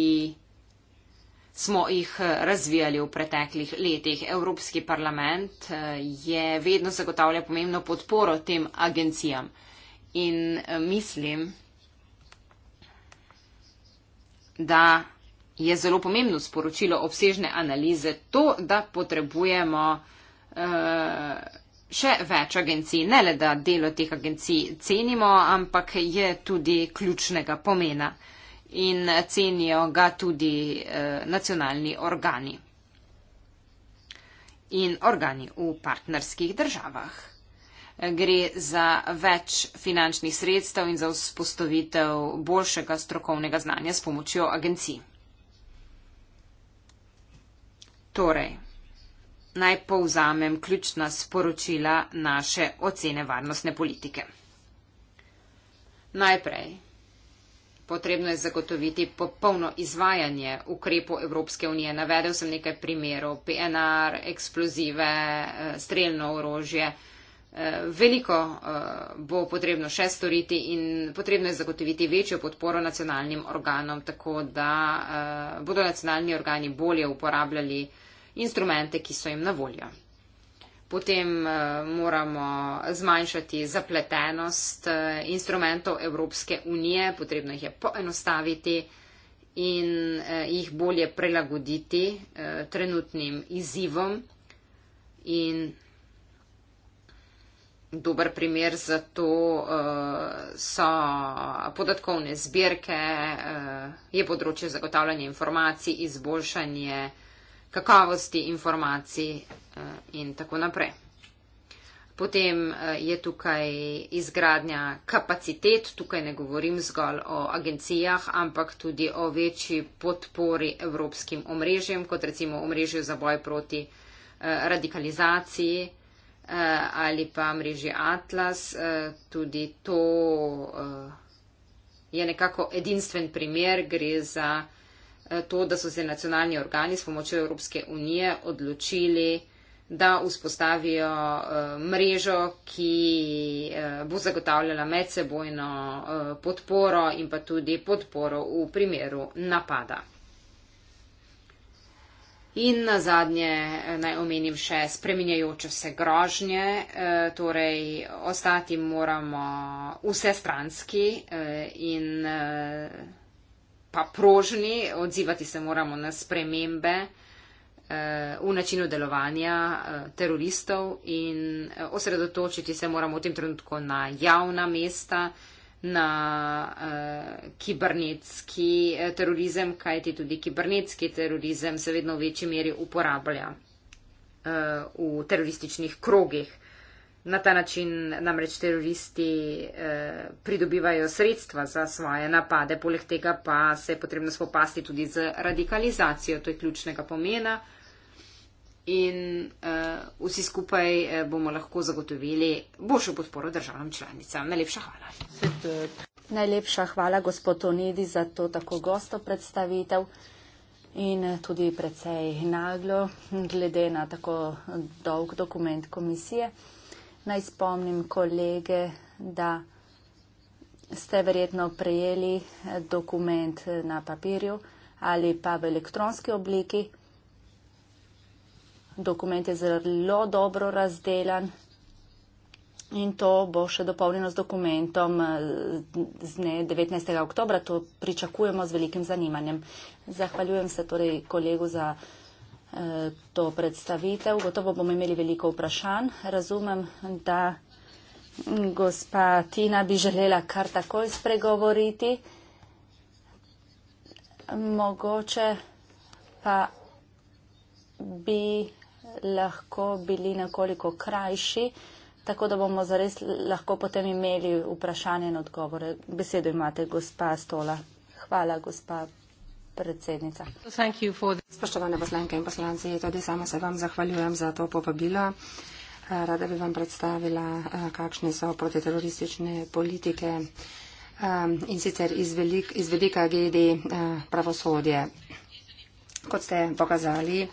smo jih eh, razvijali v preteklih letih. Evropski parlament je vedno zagotavlja pomembno podporo tem agencijam. In mislim, da je zelo pomembno sporočilo obsežne analize to, da potrebujemo uh, še več agencij. Ne le, da delo teh agencij cenimo, ampak je tudi ključnega pomena in cenijo ga tudi uh, nacionalni organi in organi v partnerskih državah. Gre za več finančnih sredstev in za vzpostavitev boljšega strokovnega znanja s pomočjo agencij. Torej, naj povzamem ključna sporočila naše ocene varnostne politike. Najprej, potrebno je zagotoviti popolno izvajanje ukrepov Evropske unije. Navedel sem nekaj primerov, PNR, eksplozive, eh, streljno orožje. Eh, veliko eh, bo potrebno še storiti in potrebno je zagotoviti večjo podporo nacionalnim organom, tako da bodo nacionalni organi bolje uporabljali instrumente, ki so jim na voljo. Potem eh, moramo zmanjšati zapletenost eh, instrumentov Evropske unije, potrebno jih je poenostaviti in eh, jih bolje prelagoditi trenutnim izzivom. In dober primer za to so podatkovne zbirke, je področje zagotavljanja informacij, izboljšanje informacij kakovosti informacij eh, in tako naprej. Potem eh, je tukaj izgradnja kapacitet, tukaj ne govorim zgolj o agencijah, ampak tudi o večji podpori evropskim omrežjem, kot recimo omrežju za boj proti eh, radikalizaciji ali pa mreži Atlas. Tudi to je nekako edinstven primer, gre za to, da so se nacionalni organi s pomočjo Evropske unije odločili, da vzpostavijo eh, mrežo, ki eh, bo zagotavljala medsebojno eh, podporo in pa tudi podporo v primeru napada. In na zadnje naj omenim še spreminjajoče se grožnje, torej ostati moramo vsestranski in pa prožni, odzivati se moramo na spremembe eh, v načinu delovanja eh, teroristov in eh, osredotočiti se moramo v tem trenutku na javna mesta, na kibernetski terorizem, kajti tudi kibernetski terorizem se vedno v večji meri uporablja v terorističnih krogih. Na ta način namreč teroristi eh, pridobivajo sredstva za svoje napade, poleg tega pa se je potrebno spopasti tudi z radikalizacijo, to je ključnega pomena. In eh, vsi skupaj eh, bomo lahko zagotovili boljšo podporo državam članicam. Najlepša hvala. Najlepša hvala, gospod Onedi, za to tako gosto predstavitev. In eh, tudi precej naglo, glede na tako dolg dokument komisije naj spomnim kolege, da ste verjetno prejeli dokument na papirju ali pa v elektronski obliki. Dokument je zelo dobro razdelan in to bo še dopolnjeno z dokumentom z dne 19. oktobra. To pričakujemo z velikim zanimanjem. Zahvaljujem se torej kolegu za to predstavitev. Gotovo bomo imeli veliko vprašanj. Razumem, da gospa Tina bi želela kar takoj spregovoriti. Mogoče pa bi lahko bili nekoliko krajši, tako da bomo zares lahko potem imeli vprašanje in odgovore. Besedo imate, gospa Stola. Hvala, gospa predsednica. Spoštovane poslanke in poslanci, tudi sama se vam zahvaljujem za to popabilo. Rada bi vam predstavila, eh, kakšne so protiteroristične politike eh, in sicer iz, velik, iz velika gedi eh, pravosodje. Kot ste pokazali,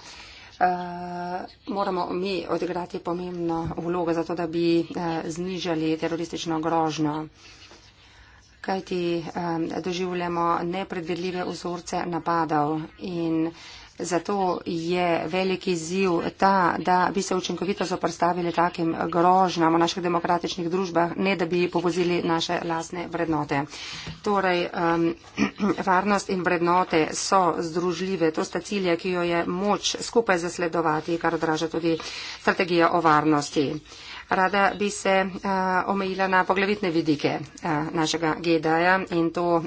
moramo mi odigrati pomembno vlogo za to, da bi znižali teroristično grožnjo kajti um, doživljamo nepredvedljive vzorce napadov in zato je veliki ziv ta, da bi se učinkovito zoprstavili takim grožnjam v naših demokratičnih družbah, ne da bi povozili naše lasne vrednote. Torej, um, varnost in vrednote so združljive, to sta cilje, ki jo je moč skupaj zasledovati, kar odraža tudi strategija o varnosti. Rada bi se uh, omejila na poglavitne vidike uh, našega GDA in to uh,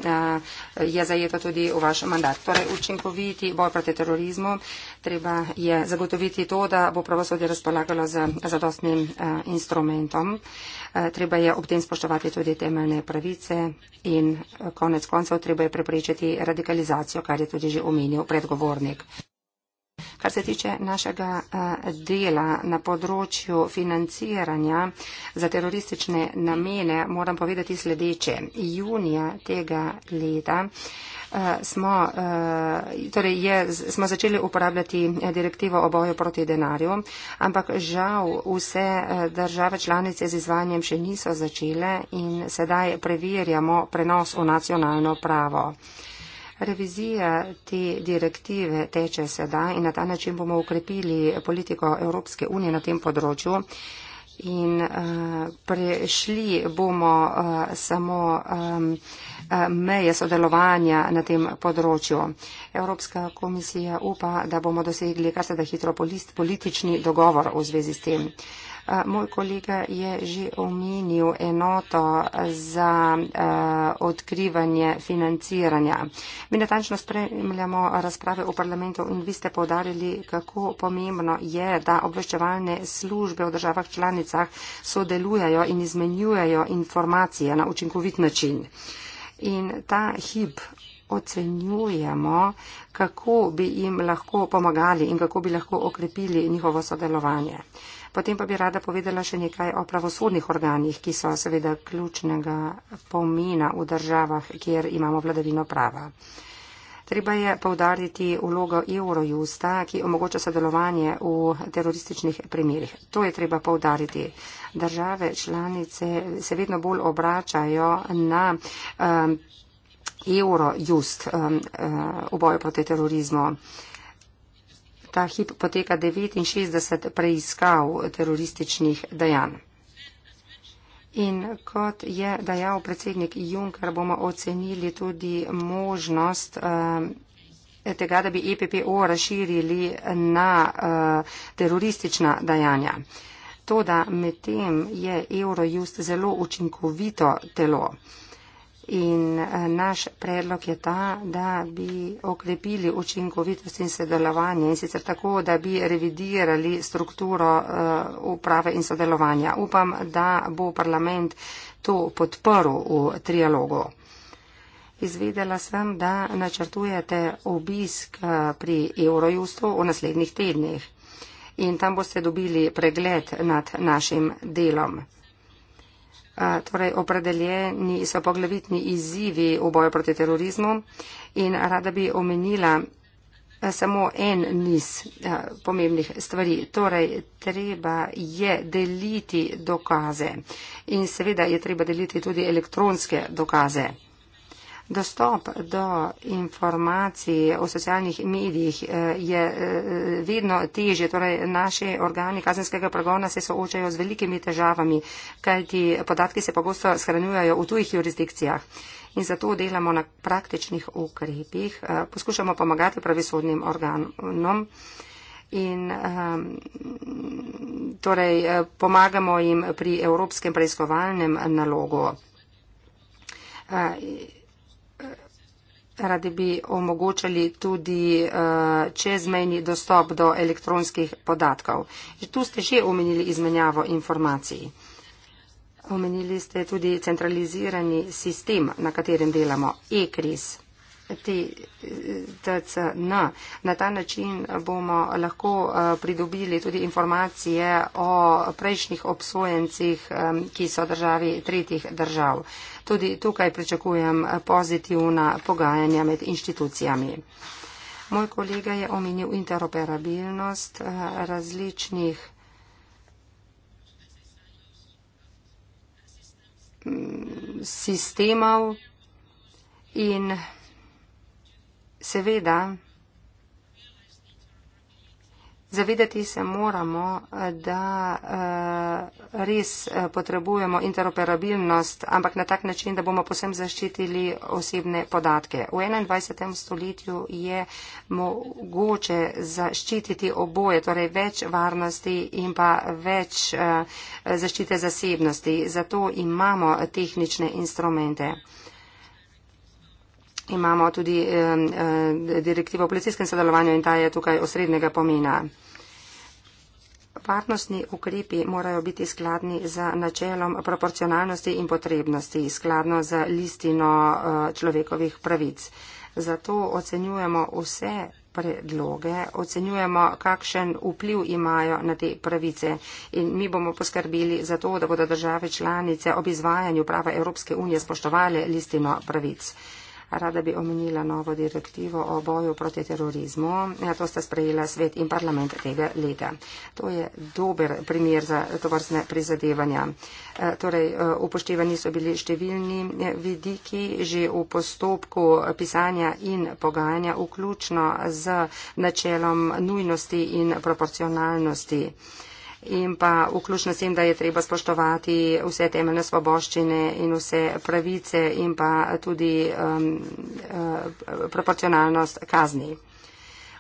je zajeto tudi v vaš mandat. Torej, učinkoviti boj proti terorizmu, treba je zagotoviti to, da bo pravosodje razpolagalo z zadostnim uh, instrumentom. Uh, treba je ob tem spoštovati tudi temeljne pravice in uh, konec koncev treba je preprečiti radikalizacijo, kar je tudi že omenil predgovornik. Kar se tiče našega eh, dela na področju financiranja za teroristične namene, moram povedati sledeče. Junija tega leta eh, smo, eh, torej je, smo začeli uporabljati direktivo o boju proti denarju, ampak žal vse države članice z izvanjem še niso začele in sedaj preverjamo prenos v nacionalno pravo. Revizija te direktive teče sedaj in na ta način bomo ukrepili politiko Evropske unije na tem področju. In uh, prešli bomo uh, samo um, meje sodelovanja na tem področju. Evropska komisija upa, da bomo dosegli kar se da hitro politični dogovor v zvezi s tem. Uh, Eh, moj kolega je že omenil enoto za uh, odkrivanje financiranja. Mi natančno spremljamo razprave v parlamentu in vi ste povdarili, kako pomembno je, da obveščevalne službe v državah članicah sodelujajo in izmenjujejo informacije na učinkovit način. In ta hip ocenjujemo, kako bi jim lahko pomagali in kako bi lahko okrepili njihovo sodelovanje. Potem pa bi rada povedala še nekaj o pravosodnih organih, ki so seveda ključnega pomena v državah, kjer imamo vladavino prava. Treba je povdariti vlogo Eurojusta, ki omogoča sodelovanje v terorističnih primerjih. To je treba povdariti. Države članice se vedno bolj obračajo na um, Eurojust um, uh, v boju proti terorizmu. Uh, ta hip poteka 69 preiskav terorističnih dejanj. In kot je dajal predsednik Juncker, bomo ocenili tudi možnost eh, tega, da bi EPPO razširili na eh, teroristična dajanja. To, da medtem je Eurojust zelo učinkovito telo. Eh, In eh, naš predlog je ta, da bi okrepili učinkovitost in sodelovanje in sicer tako, da bi revidirali strukturo eh, uprave in sodelovanja. Upam, da bo parlament to podprl v trialogu. Izvedela sem, da načrtujete obisk eh, pri Eurojustu v naslednjih tednih in tam boste dobili pregled nad našim delom torej opredeljeni so poglavitni izzivi v boju proti terorizmu in rada bi omenila samo en niz pomembnih stvari. Torej, treba je deliti dokaze in seveda je treba deliti tudi elektronske dokaze. Dostop do informacij o socialnih medijih eh, je eh, vedno težje. Torej, naši organi kazenskega pregona se soočajo z velikimi težavami, kajti podatki se pogosto shranjujejo v tujih jurisdikcijah. In zato delamo na praktičnih ukrepih, eh, poskušamo pomagati pravisodnim organom. In um, torej pomagamo jim pri Evropskem preiskovalnem nalogu. Uh, radi bi omogočali tudi uh, čezmejni dostop do elektronskih podatkov. Tu ste že omenili izmenjavo informacij. Omenili ste tudi centralizirani sistem, na katerem delamo, e-kriz. TCN. Na ta način bomo lahko eh, pridobili tudi informacije o prejšnjih obsojencih, eh, ki so državi tretjih držav. Tudi tukaj pričakujem pozitivna pogajanja med inštitucijami. Moj kolega je omenil interoperabilnost eh, različnih mm, sistemov in Seveda, zavedati se moramo, da eh, res eh, potrebujemo interoperabilnost, ampak na tak način, da bomo posem zaščitili osebne podatke. V 21. stoletju je mogoče zaščititi oboje, torej več varnosti in pa več eh, zaščite zasebnosti. Zato imamo tehnične instrumente imamo tudi eh, direktivo o policijskem sodelovanju in ta je tukaj osrednjega pomena. Varnostni ukrepi morajo biti skladni z načelom proporcionalnosti in potrebnosti, skladno z listino eh, človekovih pravic. Zato ocenjujemo vse predloge, ocenjujemo, kakšen vpliv imajo na te pravice in mi bomo poskrbeli za to, da bodo države članice ob izvajanju prava Evropske unije spoštovali listino pravic. Rada bi omenila novo direktivo o boju proti terorizmu. Ja, to sta sprejela svet in parlament tega leta. To je dober primer za tovrstne prizadevanja. E, torej, e, upoštevani so bili številni e, vidiki že v postopku pisanja in pogajanja, vključno z načelom nujnosti in proporcionalnosti in pa vključno s tem, da je treba spoštovati vse temeljne svoboščine in vse pravice in pa tudi um, uh, proporcionalnost kazni.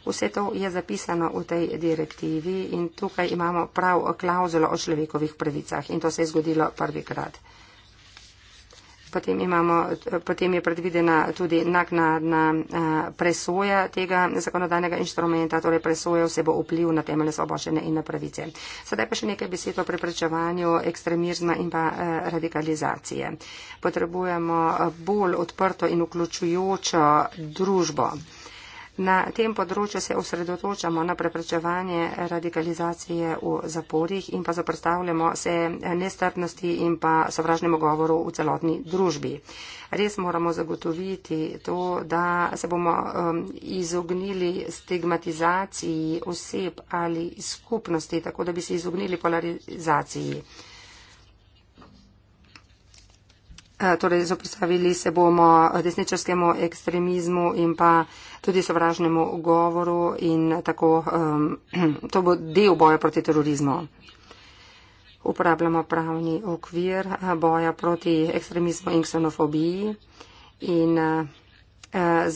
Vse to je zapisano v tej direktivi in tukaj imamo prav klauzulo o človekovih pravicah in to se je zgodilo prvikrat. Potem, imamo, potem je predvidena tudi naknadna eh, presoja tega zakonodajnega inštrumenta, torej presoja vsebo vpliv na temeljne svoboščine in na pravice. Sedaj pa še nekaj besed o preprečevanju ekstremizma in pa eh, radikalizacije. Potrebujemo eh, bolj odprto in vključujočo družbo. Na tem področju se osredotočamo na preprečevanje radikalizacije v zaporih in pa zaprstavljamo se nestrpnosti in pa sovražnemu govoru v celotni družbi. Res moramo zagotoviti to, da se bomo um, izognili stigmatizaciji oseb ali skupnosti, tako da bi se izognili polarizaciji. Eh, torej, zopostavili se bomo desničarskemu ekstremizmu in pa tudi sovražnemu govoru in tako um, to bo del boja proti terorizmu. Uporabljamo pravni okvir eh, boja proti ekstremizmu in ksenofobiji in uh,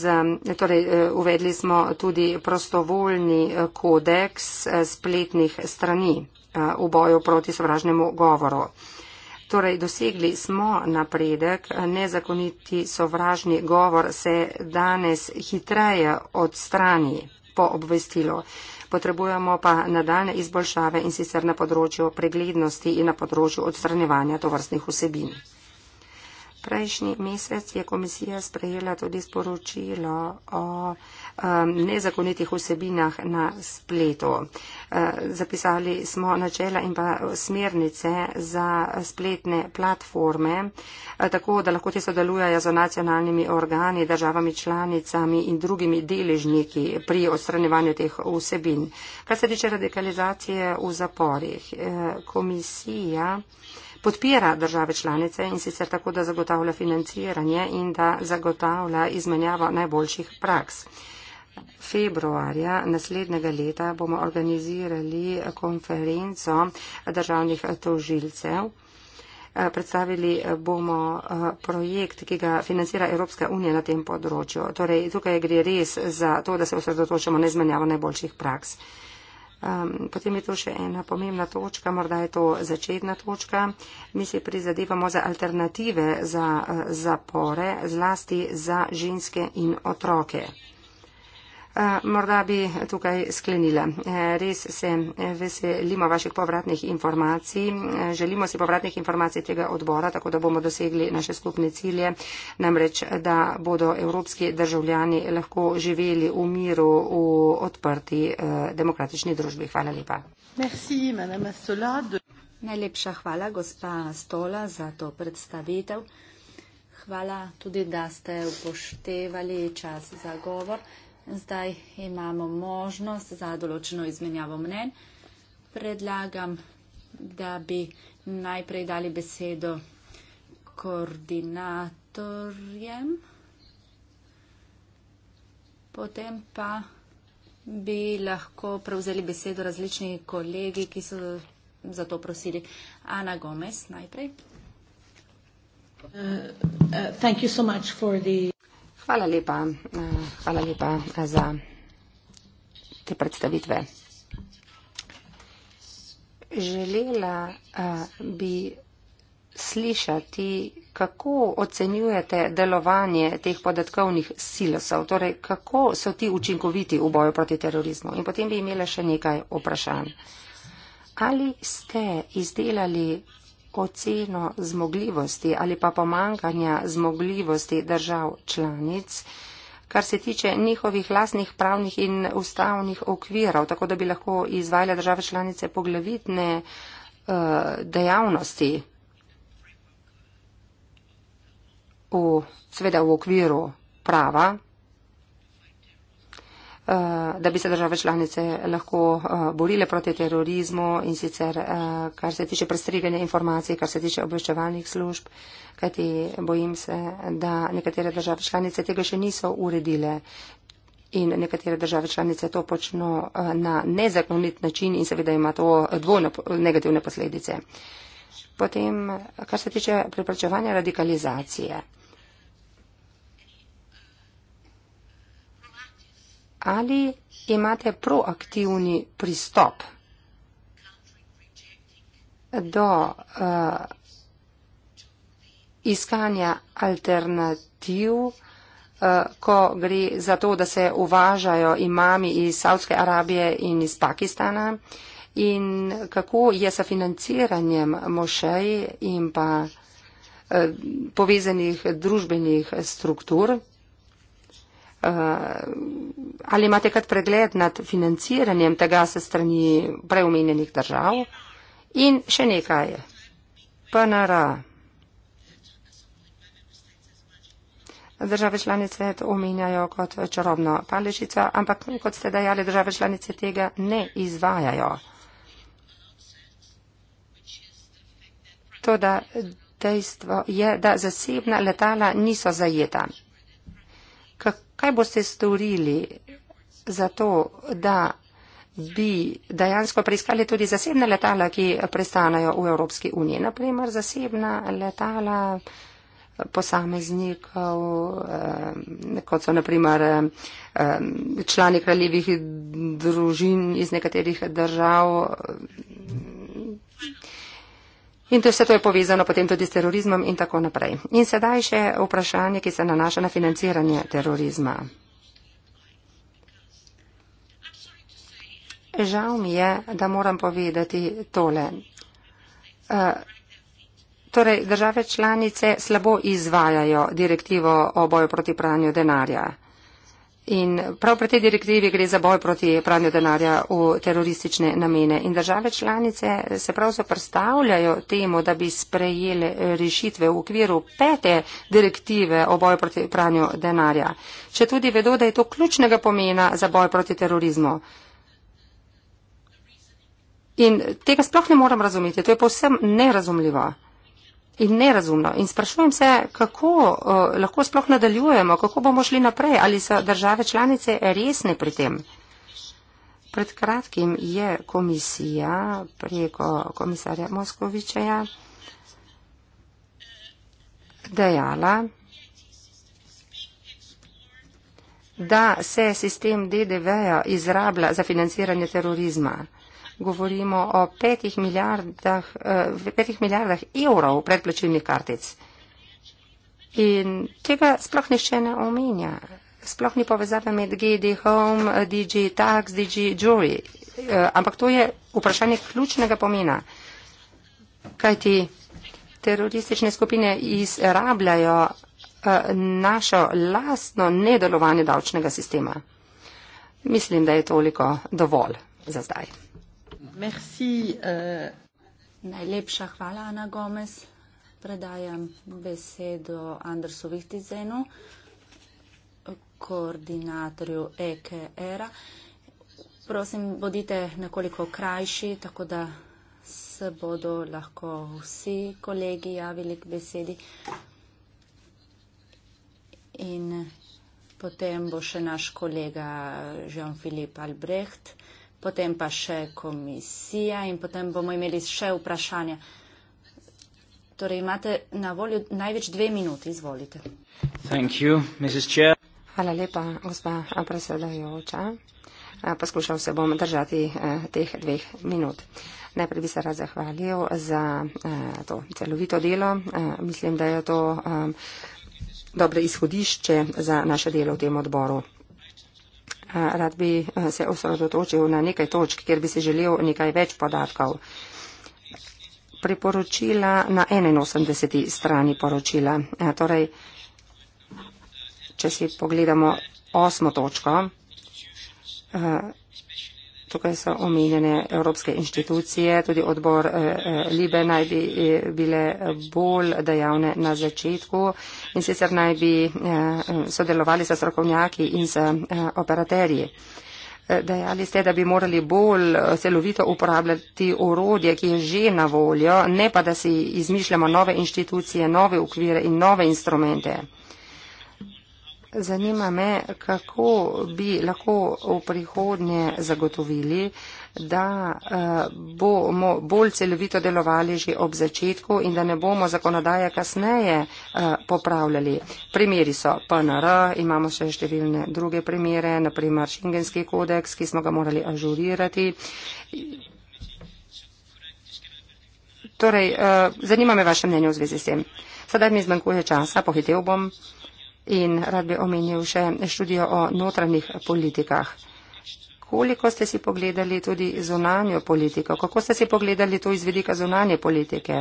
z, torej, uvedli smo tudi prostovoljni kodeks spletnih strani uh, v boju proti sovražnemu govoru. Torej, dosegli smo napredek, nezakoniti sovražni govor se danes hitreje odstrani po obvestilu. Potrebujemo pa nadaljne izboljšave in sicer na področju preglednosti in na področju odstranjevanja tovrstnih vsebin prejšnji mesec je komisija sprejela tudi sporočilo o um, nezakonitih vsebinah na spletu. Uh, zapisali smo načela in pa smernice za spletne platforme, uh, tako da lahko te sodelujejo z nacionalnimi organi, državami članicami in drugimi deležniki pri odstranjevanju teh vsebin. Kar se tiče radikalizacije v zaporih, uh, komisija podpira države članice in sicer tako, da zagotavlja financiranje in da zagotavlja izmenjavo najboljših praks. Februarja naslednjega leta bomo organizirali konferenco državnih tožilcev. Predstavili bomo eh, projekt, ki ga financira Evropska unija na tem področju. Torej, tukaj gre res za to, da se osredotočamo na izmenjavo najboljših praks. Um, potem je to še ena pomembna točka, morda je to začetna točka. Mi se prizadevamo za alternative za eh, zapore, zlasti za ženske in otroke. Eh, morda bi tukaj sklenila. Eh, res se veselimo vaših povratnih informacij. Eh, želimo si povratnih informacij tega odbora, tako da bomo dosegli naše skupne cilje, namreč, da bodo evropski državljani lahko živeli v miru v odprti demokratični družbi. Hvala lepa. Merci, Najlepša hvala, gospa Stola, za to predstavitev. Hvala tudi, da ste upoštevali čas za govor. Zdaj imamo možnost za določeno izmenjavo mnen. Predlagam, da bi najprej dali besedo koordinatorjem, potem pa bi lahko prevzeli besedo različni kolegi, ki so za to prosili. Ana Gomez najprej. Uh, uh, Hvala lepa, eh, hvala lepa eh, za te predstavitve. Želela eh, bi slišati, kako ocenjujete delovanje teh podatkovnih silosov, torej kako so ti učinkoviti v boju proti terorizmu. In potem bi imela še nekaj vprašanj. Ali ste izdelali lahko ceno zmogljivosti ali pa pomankanja zmogljivosti držav članic, kar se tiče njihovih lasnih pravnih in ustavnih okvirov, tako da bi lahko izvajale države članice poglavitne uh, dejavnosti v, v okviru prava Eh, da bi se države članice lahko eh, borile proti terorizmu in sicer eh, kar se tiče prestriganja informacij, kar se tiče obveščevalnih služb, kajti bojim se, da nekatere države članice tega še niso uredile in nekatere države članice to počno na nezakonit način in seveda ima to dvojno negativne posledice. Potem, kar se tiče preprečevanja radikalizacije. ali imate proaktivni pristop do uh, iskanja alternativ, uh, ko gre za to, da se uvažajo imami iz Saudske Arabije in iz Pakistana in kako je sa financiranjem mošej in pa uh, povezanih družbenih struktur. Eh, ali imate kak pregled nad financiranjem tega se strani preomenjenih držav? In še nekaj. PNR. Države članice to omenjajo kot čarobno paležico, ampak kot ste dejali, države članice tega ne izvajajo. To, da dejstvo je, da zasebna letala niso zajeta kaj boste storili za to, da bi dejansko preiskali tudi zasebne letala, ki prestanajo v Evropski uniji. Naprimer, zasebna letala posameznikov, eh, kot so naprimer eh, člani kraljevih družin iz nekaterih držav. In to vse to je povezano potem tudi s terorizmom in tako naprej. In sedaj še vprašanje, ki se nanaša na financiranje terorizma. Žal mi je, da moram povedati tole. Uh, torej, države članice slabo izvajajo direktivo o boju proti pranju denarja. In prav pri tej direktivi gre za boj proti pranju denarja v teroristične namene. In države članice se prav zaprstavljajo temu, da bi sprejeli rešitve v okviru pete direktive o boju proti pranju denarja. Če tudi vedo, da je to ključnega pomena za boj proti terorizmu. In tega sploh ne moram razumeti. To je povsem nerazumljivo in nerazumno. In sprašujem se, kako uh, lahko sploh nadaljujemo, kako bomo šli naprej, ali so države članice resne pri tem. Pred kratkim je komisija preko komisarja Moskovičeja dejala, da se sistem DDV-ja izrablja za financiranje terorizma govorimo o petih milijardah, eh, petih milijardah evrov predplačilnih kartic. In tega sploh nišče ne omenja. Sploh ni povezave med GD Home, DG Tax, DG Jury. Eh, ampak to je vprašanje ključnega pomena. Kajti teroristične skupine izrabljajo eh, našo lastno nedelovanje davčnega sistema. Mislim, da je toliko dovolj za zdaj. Merci, uh... Najlepša hvala, Ana Gomez. Predajam besedo Andersu Vihtizenu, koordinatorju EKR-a. Prosim, bodite nekoliko krajši, tako da se bodo lahko vsi kolegi javili k besedi. In potem bo še naš kolega Jean-Philippe Albrecht potem pa še komisija in potem bomo imeli še vprašanja. Torej imate na voljo največ dve minuti, izvolite. You, Hvala lepa, gospa predsedajoča. Eh, poskušal se bom držati eh, teh dveh minut. Najprej bi se rad zahvalil za eh, to celovito delo. Mislim, da je to dobro izhodišče za naše delo v tem odboru rad bi se osredotočil na nekaj točk, kjer bi si želel nekaj več podatkov. Priporočila na 81. strani poročila. Torej, če si pogledamo osmo točko, Tukaj so omenjene evropske inštitucije, tudi odbor eh, eh, Libe naj bi eh, bile bolj dejavne na začetku in sicer naj bi sodelovali sa strokovnjaki in sa operaterji. Dejali ste, da bi morali bolj celovito uporabljati orodje, ki je že na voljo, ne pa da si izmišljamo nove inštitucije, nove ukvire in nove instrumente. Zanima me, kako bi lahko v prihodnje zagotovili, da eh, bomo bolj celovito delovali že ob začetku in da ne bomo zakonodaje kasneje eh, popravljali. Primeri so PNR, imamo še številne druge primere, naprimer Šengenski kodeks, ki smo ga morali ažurirati. Torej, eh, zanima me vaše mnenje v zvezi s tem. Sedaj mi zmanjkuje časa, pohitev bom. In rad bi omenil še študijo o notranjih politikah. Koliko ste si pogledali tudi zunanjo politiko? Kako ste si pogledali to iz vedika zunanje politike?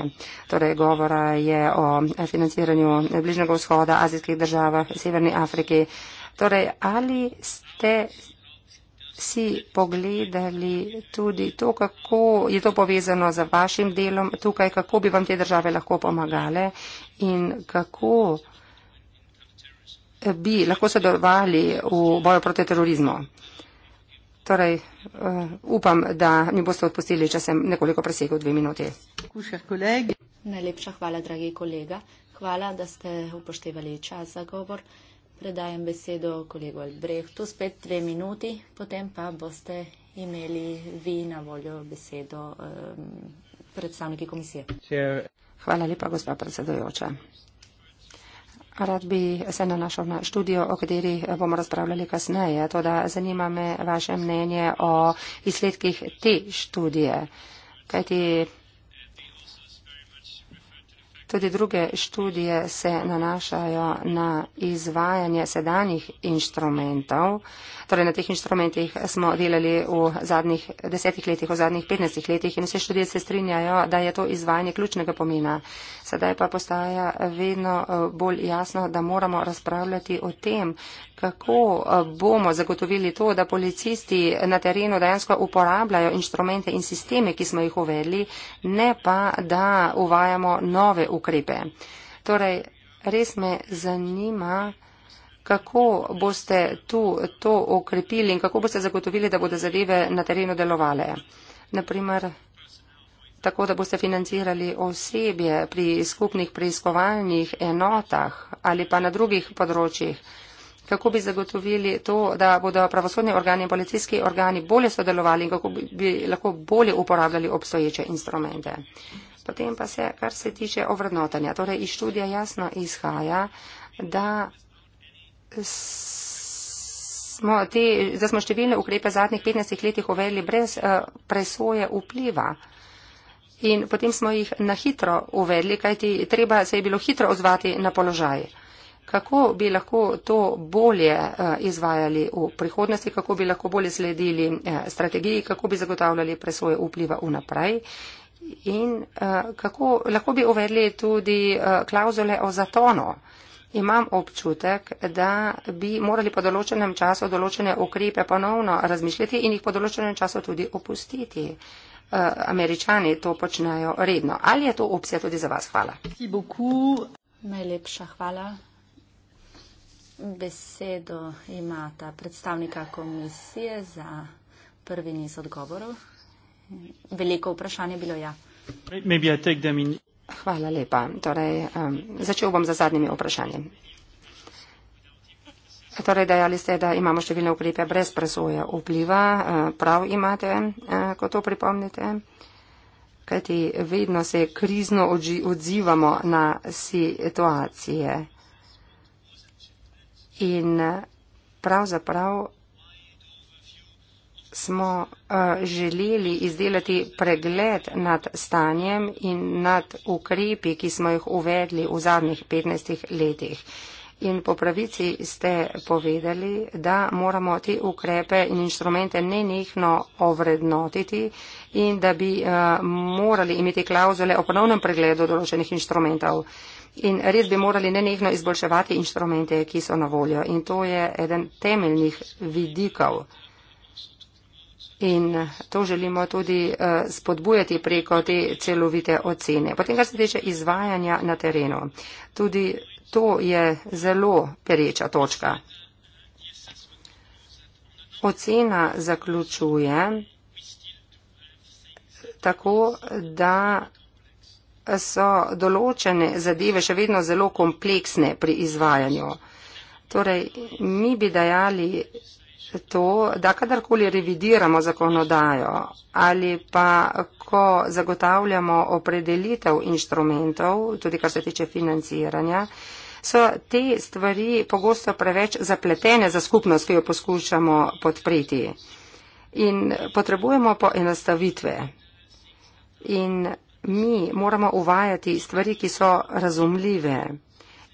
Torej, govora je o financiranju Bližnjega vzhoda, azijskih državah, Severni Afriki. Torej, ali ste si pogledali tudi to, kako je to povezano z vašim delom tukaj, kako bi vam te države lahko pomagale in kako bi lahko sodelovali v boju proti terorizmu. Torej, uh, upam, da mi boste odpustili, če sem nekoliko presegel dve minuti. Najlepša hvala, dragi kolega. Hvala, da ste upoštevali čas za govor. Predajem besedo kolegu Albrehtu. Spet dve minuti, potem pa boste imeli vi na voljo besedo um, predstavniki komisije. Hvala lepa, gospa predsedojoča. Rad bi se nanašal na študijo, o kateri bomo razpravljali kasneje, teda zanima me vaše mnenje o izsledkih te študije. Kajti tudi druge študije se nanašajo na izvajanje sedanjih inštrumentov, Torej, na teh inštrumentih smo delali v zadnjih desetih letih, v zadnjih petnestih letih in vse študije se strinjajo, da je to izvajanje ključnega pomena. Sedaj pa postaja vedno eh, bolj jasno, da moramo razpravljati o tem, kako eh, bomo zagotovili to, da policisti na terenu dejansko uporabljajo inštrumente in sisteme, ki smo jih uvedli, ne pa, da uvajamo nove ukrepe. Torej, res me zanima, kako boste tu to okrepili in kako boste zagotovili, da bodo zadeve na terenu delovale. Naprimer, tako da boste financirali osebje pri skupnih preiskovalnih enotah ali pa na drugih področjih. Kako bi zagotovili to, da bodo pravosodni organi in policijski organi bolje sodelovali in kako bi, bi lahko bolje uporabljali obstoječe instrumente. Potem pa se, kar se tiče ovrednotanja, torej iz študija jasno izhaja, da smo te, da smo številne ukrepe zadnjih 15 letih uvedli brez uh, presoje vpliva. In potem smo jih na hitro uvedli, kajti treba se je bilo hitro odzvati na položaj. Kako bi lahko to bolje eh, izvajali v prihodnosti, kako bi lahko bolje sledili eh, strategiji, kako bi zagotavljali presoje vpliva vnaprej in kako lahko bi uvedli tudi klauzule o zatonu. Imam občutek, da bi morali po določenem času določene ukrepe ponovno razmišljati in jih po določenem času tudi opustiti. Eh, Američani to počnejo redno. Ali je to opcija tudi za vas? Hvala. Najlepša hvala. Besedo imata predstavnika komisije za prvi niz odgovorov. Veliko vprašanje je bilo ja. Maybe I take them in... Hvala lepa. Torej, um, začel bom z zadnjimi vprašanji. Torej, dejali ste, da imamo številne ukrepe brez presoje vpliva. E, prav imate, e, ko to pripomnite. Kajti vedno se krizno odzivamo na situacije. In pravzaprav smo eh, želeli izdelati pregled nad stanjem in nad ukrepi, ki smo jih uvedli v zadnjih 15 letih. In po pravici ste povedali, da moramo te ukrepe in inštrumente nenehno ovrednotiti in da bi uh, morali imeti klauzule o ponovnem pregledu določenih inštrumentov. In res bi morali nenehno izboljševati inštrumente, ki so na voljo. In to je eden temeljnih vidikov. In to želimo tudi eh, spodbujati preko te celovite ocene. Potem, kar se tiče izvajanja na terenu, tudi to je zelo pereča točka. Ocena zaključuje tako, da so določene zadeve še vedno zelo kompleksne pri izvajanju. Torej, mi bi dajali to, da kadarkoli revidiramo zakonodajo ali pa ko zagotavljamo opredelitev inštrumentov, tudi kar se tiče financiranja, so te stvari pogosto preveč zapletene za skupnost, ki jo poskušamo podpreti. In potrebujemo poenostavitve. In mi moramo uvajati stvari, ki so razumljive.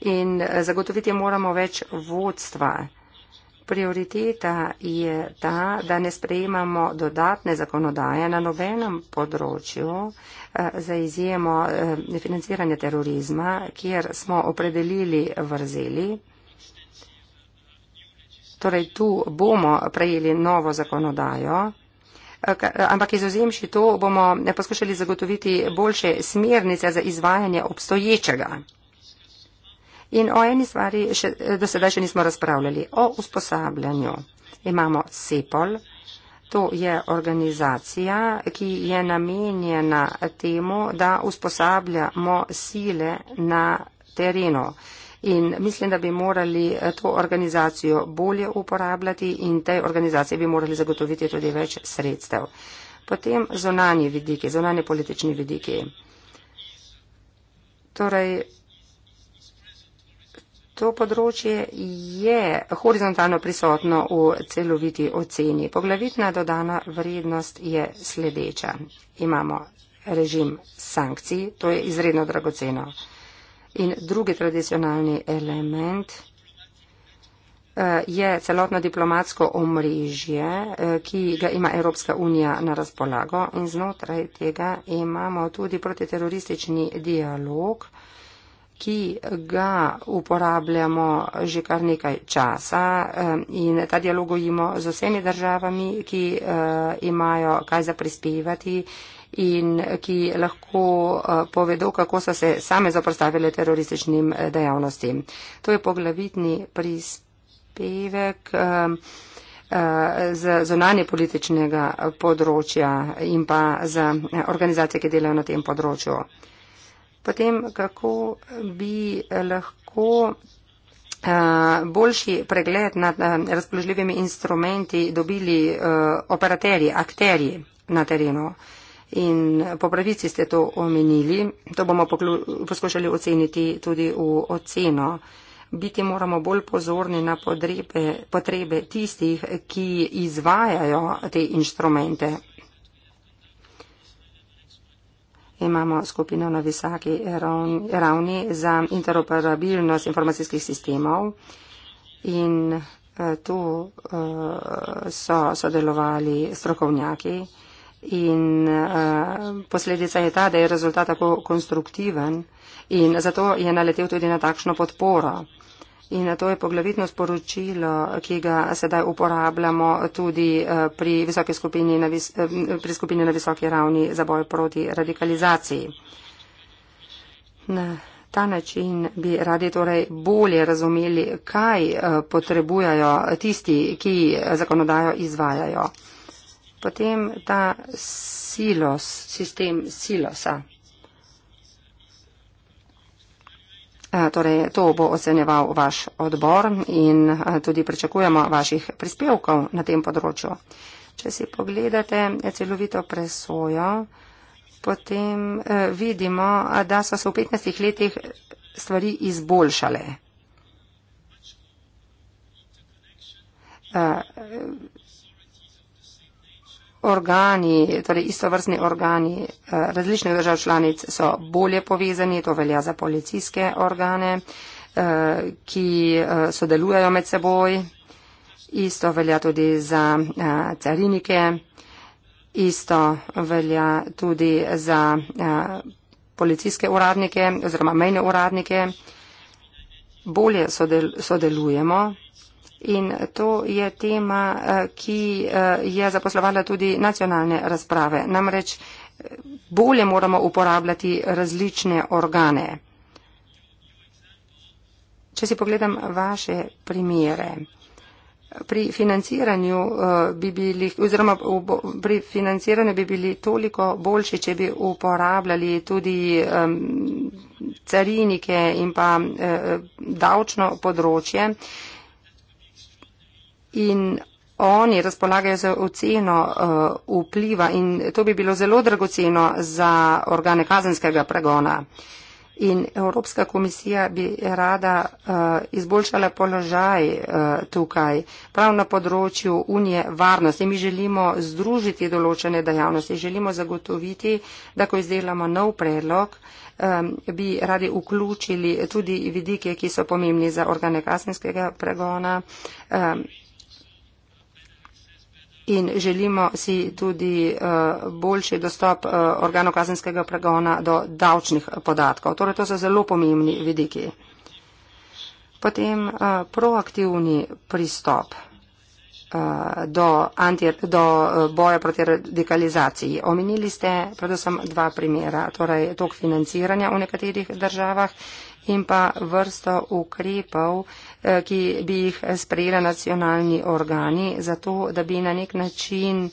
In zagotoviti moramo več vodstva prioriteta je ta, da ne sprejemamo dodatne zakonodaje na nobenem področju eh, za izjemo eh, financiranja terorizma, kjer smo opredelili vrzeli. Torej, tu bomo prejeli novo zakonodajo, eh, ampak izozemši to bomo poskušali zagotoviti boljše smernice za izvajanje obstoječega. In o eni stvari še, eh, do sedaj še nismo razpravljali. O usposabljanju imamo CEPOL. To je organizacija, ki je namenjena temu, da usposabljamo sile na terenu. In mislim, da bi morali eh, to organizacijo bolje uporabljati in tej organizaciji bi morali zagotoviti tudi več sredstev. Potem zonanje vidike, zonanje politični vidike. Torej, to področje je horizontalno prisotno v celoviti oceni. Poglavitna dodana vrednost je sledeča. Imamo režim sankcij, to je izredno dragoceno. In drugi tradicionalni element eh, je celotno diplomatsko omrežje, eh, ki ga ima Evropska unija na razpolago in znotraj tega imamo tudi protiteroristični dialog, ki ga uporabljamo že kar nekaj časa eh, in ta dialogujemo z vsemi državami, ki eh, imajo kaj za prispevati in ki lahko eh, povedo, kako so se same zaprstavile terorističnim dejavnostim. To je poglavitni prispevek z zonanje političnega področja in pa z organizacije, ki delajo na tem področju potem kako bi lahko eh, boljši pregled nad eh, razpoložljivimi instrumenti dobili eh, operaterji, akterji na terenu. In po pravici ste to omenili, to bomo poskušali oceniti tudi v oceno. Biti moramo bolj pozorni na podrebe, potrebe tistih, ki izvajajo te inštrumente, imamo skupino na visaki ravni za interoperabilnost informacijskih sistemov in eh, tu eh, so sodelovali strokovnjaki in eh, posledica je ta, da je rezultat tako konstruktiven in zato je naletel tudi na takšno podporo. In to je poglavitno sporočilo, ki ga sedaj uporabljamo tudi eh, pri visoki skupini na, vis, eh, pri skupini na visoki ravni za boj proti radikalizaciji. Na ta način bi radi torej bolje razumeli, kaj eh, potrebujajo tisti, ki zakonodajo izvajajo. Potem ta silos, sistem silosa. Eh, torej, to bo ocenjeval vaš odbor in eh, tudi pričakujemo vaših prispevkov na tem področju. Če si pogledate eh, celovito presojo, potem vidimo, da so se v 15 letih stvari izboljšale organi, torej istovrstni organi eh, različnih držav članic so bolje povezani, to velja za policijske organe, eh, ki eh, sodelujejo med seboj, isto velja tudi za carinike, isto velja tudi za policijske uradnike oziroma mejne uradnike. Bolje sodel sodelujemo, In to je tema, eh, ki eh, je zaposlovala tudi nacionalne razprave. Namreč eh, bolje moramo uporabljati različne organe. Če si pogledam vaše primere, pri financiranju bi bili, oziroma pri financiranju bi bili toliko boljši, če bi uporabljali tudi um, carinike in pa uh, davčno področje. Uh, in oni razpolagajo z oceno uh, vpliva in to bi bilo zelo dragoceno za organe kazenskega pregona. In Evropska komisija bi rada uh, izboljšala položaj uh, tukaj, prav na področju unije varnosti. Mi želimo združiti določene dejavnosti, želimo zagotoviti, da ko izdelamo nov predlog, um, bi radi vključili tudi vidike, ki so pomembni za organe kasninskega pregona. Um, in želimo si tudi eh, boljši dostop eh, organov kazenskega pregona do davčnih podatkov. Torej, to so zelo pomembni vidiki. Potem eh, proaktivni pristop do, anti, do boja proti radikalizaciji. Omenili ste predvsem dva primera, torej tok financiranja v nekaterih državah in pa vrsto ukrepov, Eh, ki bi jih sprejela nacionalni organi, zato da bi na nek način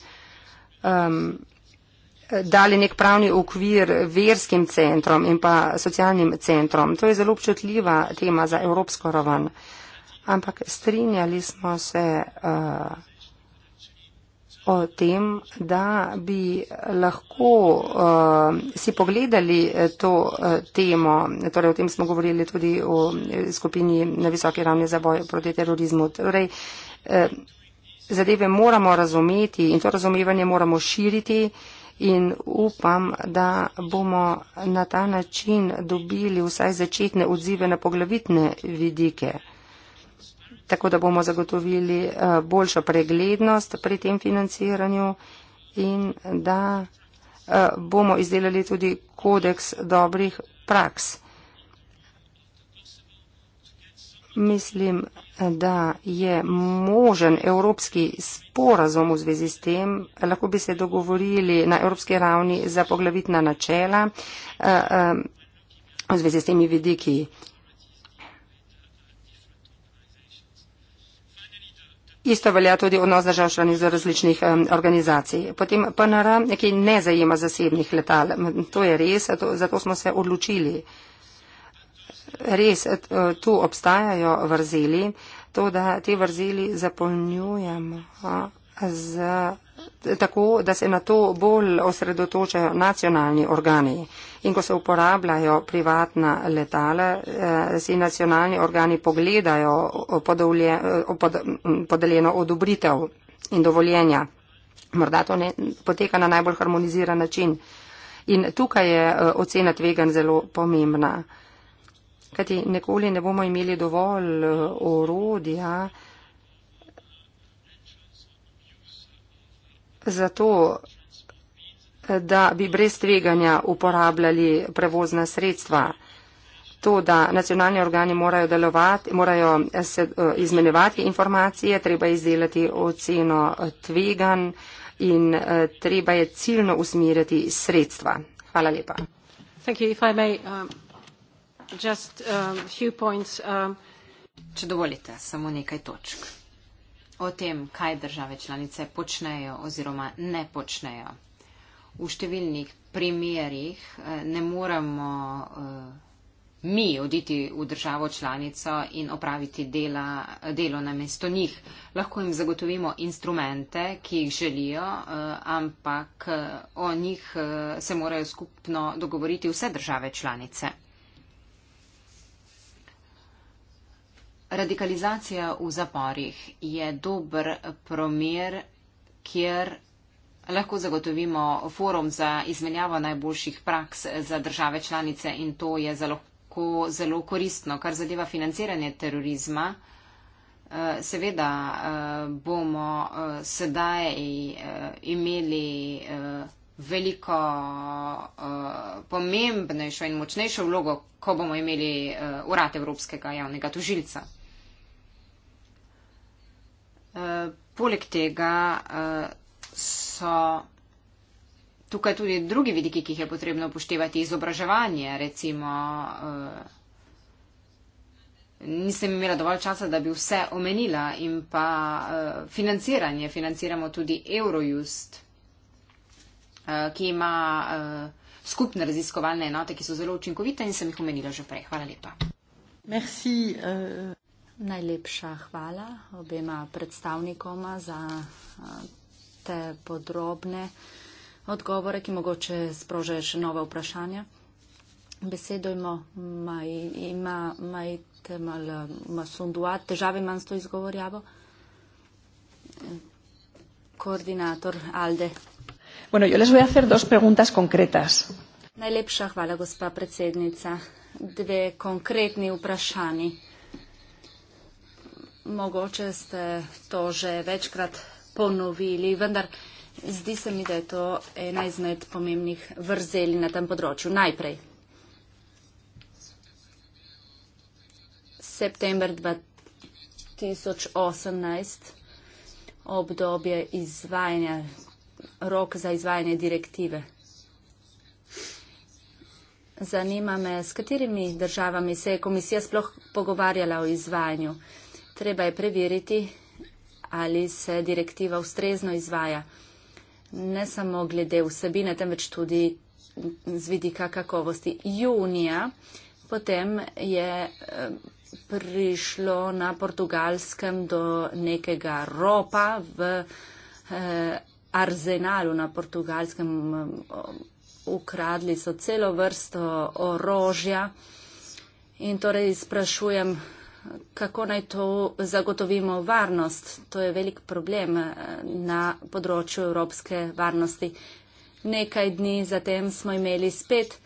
um, dali nek pravni okvir verskim centrom in pa socialnim centrom. To je zelo občutljiva tema za evropsko raven. Ampak strinjali smo se. Uh, o tem, da bi lahko uh, si pogledali eh, to uh, temo. Torej, o tem smo govorili tudi v skupini na visoke ravni za boj proti terorizmu. Torej, uh, zadeve moramo razumeti in to razumevanje moramo širiti in upam, da bomo na ta način dobili vsaj začetne odzive na poglavitne vidike tako da bomo zagotovili eh, boljšo preglednost pri tem financiranju in da eh, bomo izdelali tudi kodeks dobrih praks. Mislim, da je možen evropski sporazum v zvezi s tem. Lahko bi se dogovorili na evropski ravni za poglavitna načela eh, v zvezi s temi vidiki. Isto velja tudi odnos držav članic do različnih um, organizacij. Potem PNR, ki ne zajema zasebnih letal. To je res, to, zato smo se odločili. Res, e, tu obstajajo vrzeli, to, da te vrzeli zapolnjujemo z tako, da se na to bolj osredotočajo nacionalni organi. In ko se uporabljajo privatna letala, eh, si nacionalni organi pogledajo eh, podeljeno odobritev in dovoljenja. Morda to ne, poteka na najbolj harmoniziran način. In tukaj je eh, ocena tvegan zelo pomembna. Kajti nikoli ne bomo imeli dovolj orodja, zato, da bi brez tveganja uporabljali prevozna sredstva. To, da nacionalni organi morajo delovati, morajo se eh, izmenjevati informacije, treba izdelati oceno tvegan in eh, treba je ciljno usmiriti sredstva. Hvala lepa. Um, um, um, Če dovolite, samo nekaj točk o tem, kaj države članice počnejo oziroma ne počnejo. V številnih primerjih eh, ne moremo eh, mi oditi v državo članico in opraviti dela, delo na mesto njih. Lahko jim zagotovimo instrumente, ki jih želijo, eh, ampak o njih se morajo skupno dogovoriti vse države članice. Radikalizacija v zaporih je dober primer, kjer lahko zagotovimo forum za izmenjavo najboljših praks za države članice in to je zelo, zelo koristno, kar zadeva financiranje terorizma. Eh, seveda eh, bomo eh, sedaj imeli veliko pomembnejšo in močnejšo vlogo, ko bomo imeli urad Evropskega javnega tožilca. Eh, poleg tega eh, so tukaj tudi drugi vidiki, ki jih je potrebno upoštevati. Izobraževanje, recimo. Eh, nisem imela dovolj časa, da bi vse omenila in pa financiranje. Financiramo tudi Eurojust, ki ima skupne raziskovalne enote, ki so zelo učinkovite in sem jih omenila že prej. Hvala lepa. Merci, uh... Najlepša hvala obema predstavnikoma za te podrobne odgovore, ki mogoče sprožajo še nove vprašanja. Besedo ima, ima majte mal masundua, težave manj s to izgovorjavo. Koordinator Alde. Bueno, yo les voy a hacer dos preguntas concretas. Najlepša hvala, gospa predsednica. Dve konkretni vprašanji mogoče ste to že večkrat ponovili, vendar zdi se mi, da je to ena izmed pomembnih vrzeli na tem področju. Najprej. September 2018, obdobje izvajanja, rok za izvajanje direktive. Zanima me, s katerimi državami se je komisija sploh pogovarjala o izvajanju. Treba je preveriti, ali se direktiva ustrezno izvaja, ne samo glede vsebine, temveč tudi z vidika kakovosti. Junija potem je eh, prišlo na portugalskem do nekega ropa v eh, arzenalu na portugalskem. Eh, ukradli so celo vrsto orožja in torej sprašujem, kako naj to zagotovimo varnost. To je velik problem eh, na področju evropske varnosti. Nekaj dni zatem smo imeli spet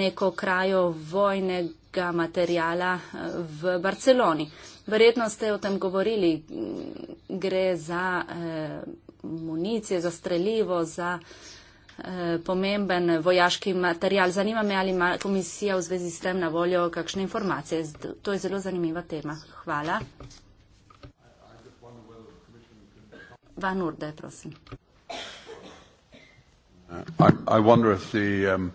neko krajo vojnega materijala eh, v Barceloni. Verjetno ste o tem govorili. Gre za eh, municije, za streljivo, za. Eh, pomemben vojaški material. Zanima me, ali ima komisija v zvezi s tem na voljo kakšne informacije. To je zelo zanimiva tema. Hvala. Van Urde, prosim. I, I um,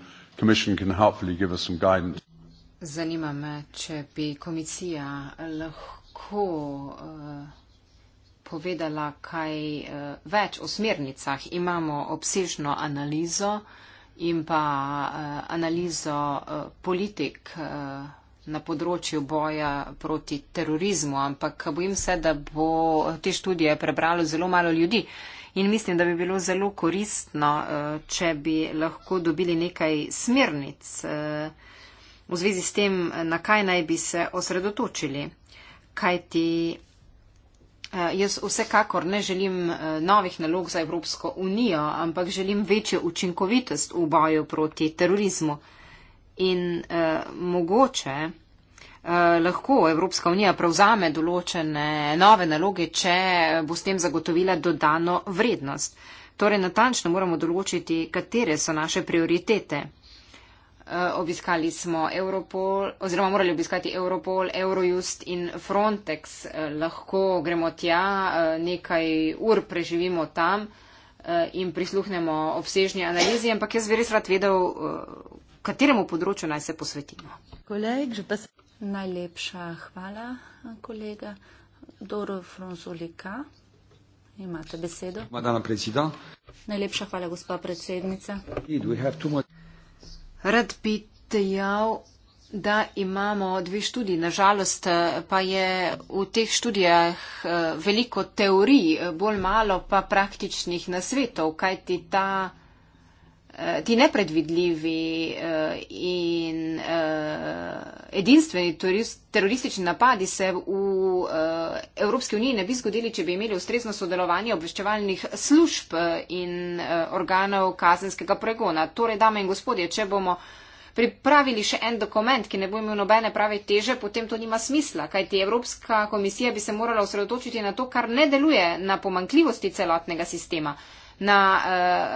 Zanima me, če bi komisija lahko uh, povedala kaj eh, več o smernicah. Imamo obsežno analizo in pa eh, analizo eh, politik na področju boja proti terorizmu, ampak bojim se, da bo te študije prebralo zelo malo ljudi. In mislim, da bi bilo zelo koristno, če bi lahko dobili nekaj smernic v zvezi s tem, na kaj naj bi se osredotočili. Kaj ti Eh, jaz vsekakor ne želim eh, novih nalog za Evropsko unijo, ampak želim večjo učinkovitost v boju proti terorizmu. In eh, mogoče eh, lahko Evropska unija prevzame določene nove naloge, če bo s tem zagotovila dodano vrednost. Torej, natančno moramo določiti, katere so naše prioritete. Eh, obiskali smo Europol, oziroma morali obiskati Europol, Eurojust in Frontex. Eh, lahko gremo tja, eh, nekaj ur preživimo tam in prisluhnemo obsežni analizi, ampak jaz bi res rad vedel, kateremu področju naj se posvetimo. Kolej, pas... Najlepša hvala, kolega. Doro Fronzolika, imate besedo. Najlepša hvala, gospa predsednica. Do we have too much... Rad bi dejal, da imamo dve študiji. Nažalost eh, pa je v teh študijah eh, veliko teorij, eh, bolj malo pa praktičnih nasvetov, kajti ta. Eh, ti nepredvidljivi eh, in eh, edinstveni teroristični napadi se v Evropski uniji ne bi zgodili, če bi imeli ustrezno sodelovanje obveščevalnih služb in organov kazenskega pregona. Torej, dame in gospodje, če bomo pripravili še en dokument, ki ne bo imel nobene prave teže, potem to nima smisla, kajti Evropska komisija bi se morala osredotočiti na to, kar ne deluje na pomankljivosti celotnega sistema na uh,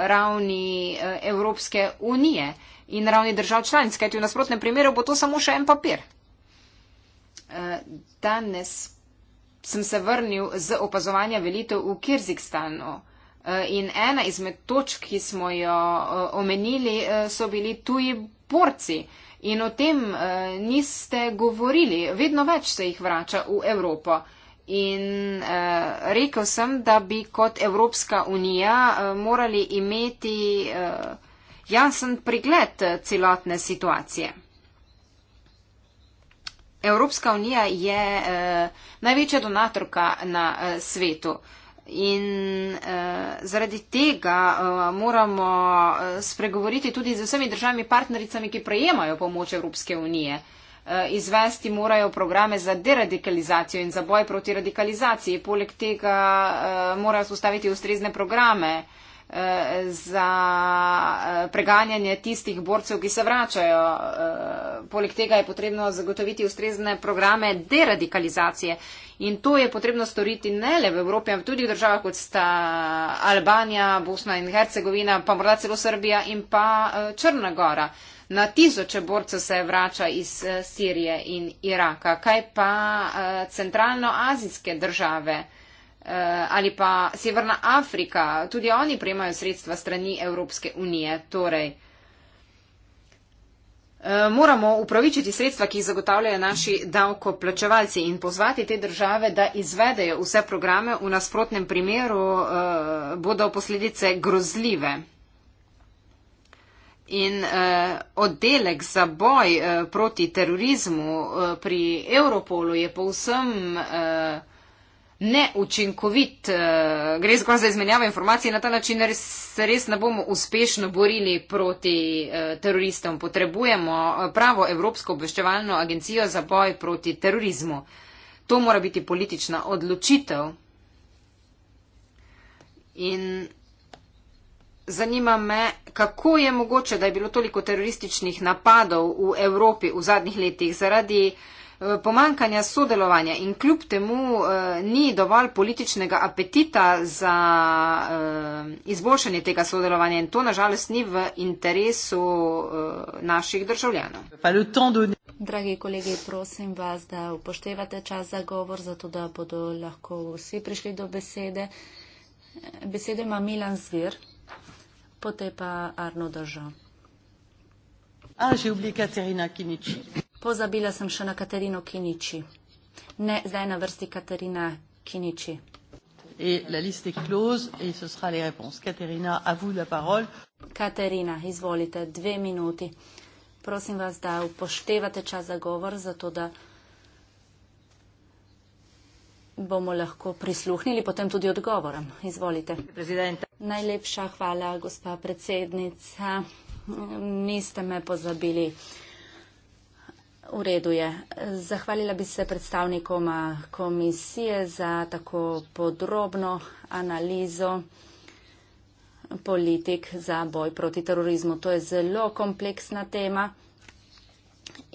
ravni uh, Evropske unije in ravni držav članic, kajti v nasprotnem primeru bo to samo še en papir. Uh, danes sem se vrnil z opazovanja velitev v Kirzikstanu. In ena izmed točk, ki smo jo omenili, so bili tuji borci. In o tem niste govorili. Vedno več se jih vrača v Evropo. In uh, rekel sem, da bi kot Evropska unija uh, morali imeti uh, jasen pregled celotne situacije. Evropska unija je uh, največja donatorka na uh, svetu in uh, zaradi tega uh, moramo spregovoriti tudi z vsemi državami partnericami, ki prejemajo pomoč Evropske unije. Uh, Eh, izvesti morajo programe za deradikalizacijo in za boj proti radikalizaciji. Poleg tega eh, morajo spostaviti ustrezne programe eh, za preganjanje tistih borcev, ki se vračajo. Poleg tega je potrebno zagotoviti ustrezne programe deradikalizacije. In to je potrebno storiti ne le v Evropi, ampak tudi v državah, kot sta Albanija, Bosna in Hercegovina, pa morda celo Srbija in pa Črna Gora na tisoče borcev se vrača iz eh, Sirije in Iraka. Kaj pa eh, centralnoazijske države eh, ali pa Severna Afrika, tudi oni prejemajo sredstva strani Evropske unije. Torej, Moramo upravičiti sredstva, ki jih zagotavljajo naši davkoplačevalci in pozvati te države, da izvedejo vse programe. V nasprotnem primeru bodo posledice grozljive. In uh, oddelek za boj uh, proti terorizmu uh, pri Europolu je povsem uh, neučinkovit. Uh, gre skoraj za izmenjavo informacij in na ta način res, se res ne bomo uspešno borili proti uh, teroristom. Potrebujemo pravo Evropsko obveščevalno agencijo za boj proti terorizmu. To mora biti politična odločitev. In Zanima me, kako je mogoče, da je bilo toliko terorističnih napadov v Evropi v zadnjih letih zaradi eh, pomankanja sodelovanja in kljub temu eh, ni dovolj političnega apetita za eh, izboljšanje tega sodelovanja in to nažalost ni v interesu eh, naših državljanov. Dragi kolegi, prosim vas, da upoštevate čas za govor, zato da bodo lahko vsi prišli do besede. Besede ima Milan Zvir potem pa Arno Drža. A, že v bliki Katerina Kiniči. Pozabila sem še na Katerino Kiniči. Ne, zdaj na vrsti Katerina Kiniči. In la liste close, in ce sera les réponses. Katerina, a vous la parole. Katerina, izvolite, dve minuti. Prosim vas, da upoštevate čas za govor, zato da bomo lahko prisluhnili potem tudi odgovorom. Izvolite. Prezidenta. Najlepša hvala, gospa predsednica. Niste me pozabili. V redu je. Zahvalila bi se predstavnikom komisije za tako podrobno analizo politik za boj proti terorizmu. To je zelo kompleksna tema.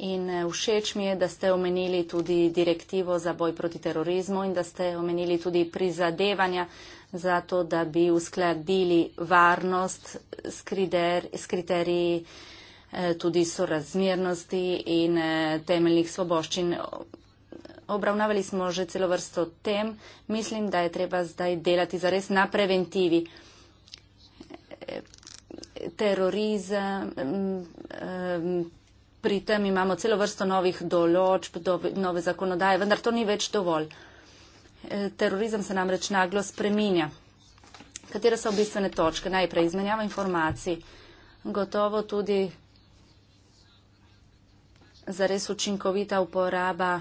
In eh, všeč mi je, da ste omenili tudi direktivo za boj proti terorizmu in da ste omenili tudi prizadevanja za to, da bi uskladili varnost s, krider, s kriteriji eh, tudi sorazmernosti in eh, temeljnih svoboščin. Obravnavali smo že celo vrsto tem. Mislim, da je treba zdaj delati zares na preventivi. Terorizem. Um, um, pri tem imamo celo vrsto novih določb, do, nove zakonodaje, vendar to ni več dovolj. E, terorizem se namreč naglo spreminja. Katere so bistvene točke? Najprej izmenjava informacij. Gotovo tudi zares učinkovita uporaba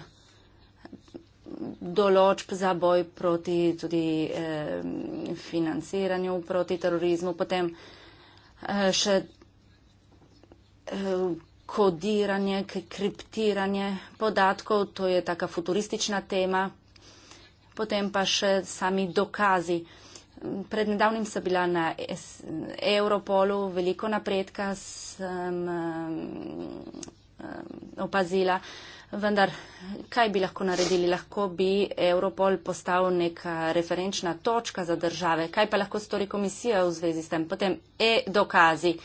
določb za boj proti tudi eh, financiranju proti terorizmu, potem eh, še eh, kodiranje, kriptiranje podatkov, to je taka futuristična tema. Potem pa še sami dokazi. Pred nedavnim sem bila na Europolu, veliko napredka sem opazila, vendar kaj bi lahko naredili? Lahko bi Europol postal neka referenčna točka za države. Kaj pa lahko stori komisija v zvezi s tem? Potem e-dokazi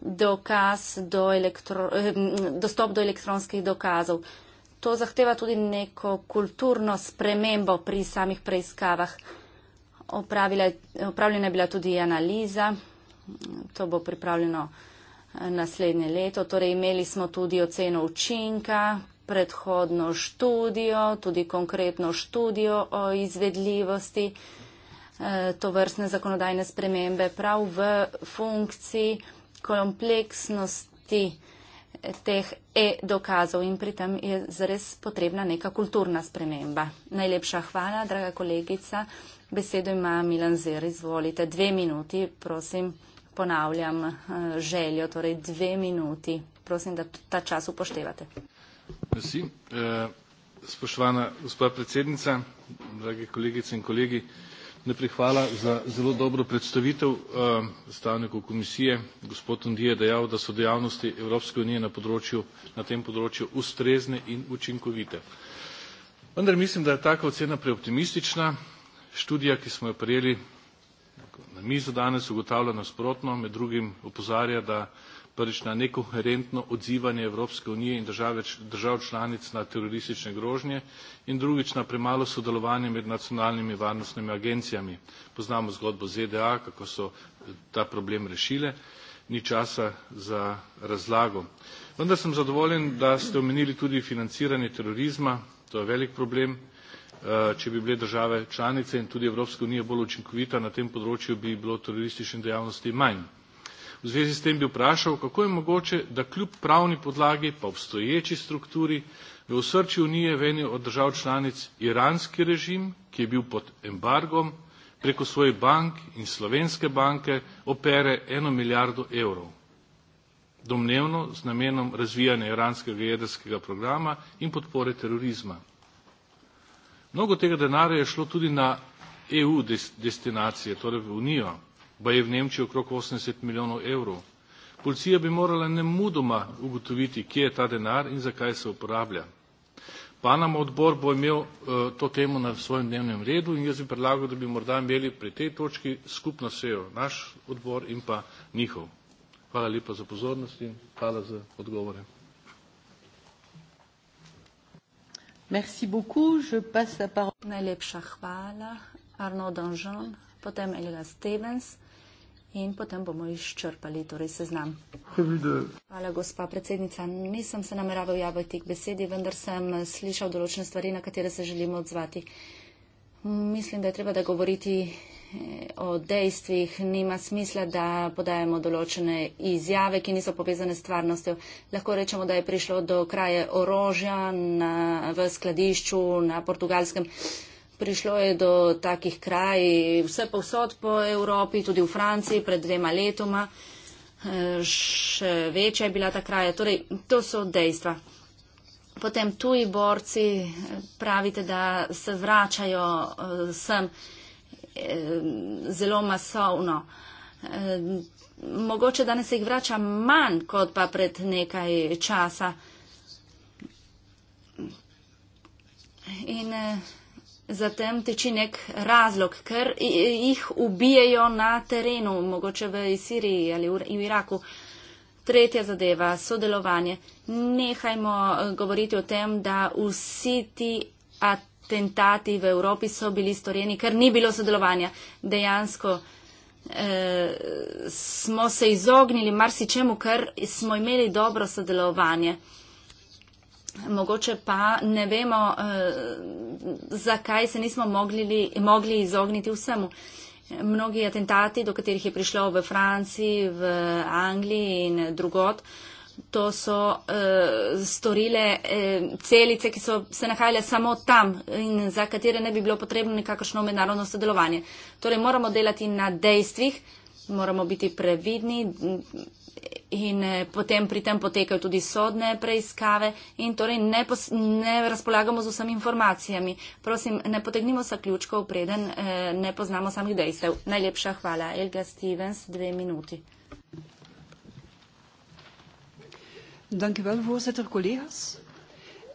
dokaz do elektro, eh, dostop do elektronskih dokazov. To zahteva tudi neko kulturno spremembo pri samih preiskavah. Opravljena je bila tudi analiza, to bo pripravljeno eh, naslednje leto. Torej, imeli smo tudi oceno učinka, predhodno študijo, tudi konkretno študijo o izvedljivosti eh, to vrstne zakonodajne spremembe prav v funkciji kompleksnosti teh e-dokazov in pri tem je zares potrebna neka kulturna sprememba. Najlepša hvala, draga kolegica. Besedo ima Milan Zer, izvolite. Dve minuti, prosim, ponavljam eh, željo, torej dve minuti. Prosim, da ta čas upoštevate. Eh, spoštovana gospod predsednica, drage kolegice in kolegi. Najprej hvala za zelo dobro predstavitev. Eh, predstavnikov komisije, gospod Tonin je dejal, da so dejavnosti Evropske unije na področju, na tem področju ustrezne in učinkovite. Vendar mislim, da je taka ocena preoptimistična. Študija, ki smo jo prejeli na mizo danes, ugotavlja nasprotno, med drugim opozarja, da prvič na nekoherentno odzivanje Evropske unije in države, držav članic na teroristične grožnje in drugič na premalo sodelovanje med nacionalnimi varnostnimi agencijami. Poznamo zgodbo ZDA, kako so eh, ta problem rešile, ni časa za razlago. Vendar sem zadovoljen, da ste omenili tudi financiranje terorizma, to je velik problem. Eh, če bi bile države članice in tudi Evropska unija bolj učinkovita na tem področju, bi bilo terorističnih dejavnosti manj. V zvezi s tem bi vprašal, kako je mogoče, da kljub pravni podlagi pa obstoječi strukturi v osrči Unije v eni od držav članic iranski režim, ki je bil pod embargom, preko svojih bank in slovenske banke opere eno milijardo evrov, domnevno z namenom razvijanja iranskega jedrskega programa in podpore terorizma. Mnogo tega denarja je šlo tudi na EU destinacije, torej v Unijo baje v Nemčijo okrog 80 milijonov evrov. Policija bi morala nemudoma ugotoviti, kje je ta denar in zakaj se uporablja. Panama odbor bo imel uh, to temo na svojem dnevnem redu in jaz bi predlagal, da bi morda imeli pri tej točki skupno sejo naš odbor in pa njihov. Hvala lepa za pozornost in hvala za odgovore. Merci beaucoup. Je passe la parole. Najlepša hvala. Arnaud Danjean, potem Elga Stevens in potem bomo izčrpali torej seznam. Hvala, gospa predsednica. Nisem se nameraval javiti k besedi, vendar sem slišal določene stvari, na katere se želimo odzvati. Mislim, da je treba, da govoriti eh, o dejstvih nima smisla, da podajemo določene izjave, ki niso povezane s stvarnostjo. Lahko rečemo, da je prišlo do kraje orožja na, v skladišču na portugalskem. Prišlo je do takih kraj vse povsod po Evropi, tudi v Franciji pred dvema letoma. Še večja je bila ta kraja. Torej, to so dejstva. Potem tuji borci pravite, da se vračajo eh, sem eh, zelo masovno. Eh, mogoče danes se jih vrača manj kot pa pred nekaj časa. In, eh, Zatem teči nek razlog, ker jih ubijajo na terenu, mogoče v Siriji ali v Iraku. Tretja zadeva, sodelovanje. Nehajmo eh, govoriti o tem, da vsi ti atentati v Evropi so bili storjeni, ker ni bilo sodelovanja. Dejansko eh, smo se izognili marsičemu, ker smo imeli dobro sodelovanje. Eh, Mogoče pa ne vemo, eh, zakaj se nismo mogli, li, mogli izogniti vsemu. Mnogi atentati, do katerih je prišlo v Franciji, v Angliji in drugot, to so eh, storile eh, celice, ki so se nahajale samo tam in za katere ne bi bilo potrebno nekakšno mednarodno sodelovanje. Torej moramo delati na dejstvih, moramo biti previdni in eh, potem pri tem potekajo tudi sodne preiskave in torej ne, pos, ne razpolagamo z vsemi informacijami. Prosim, ne potegnimo sa ključkov preden, eh, ne poznamo samih dejstev. Najlepša hvala. Elga Stevens, dve minuti. Dankjewel, voorzitter, collega's.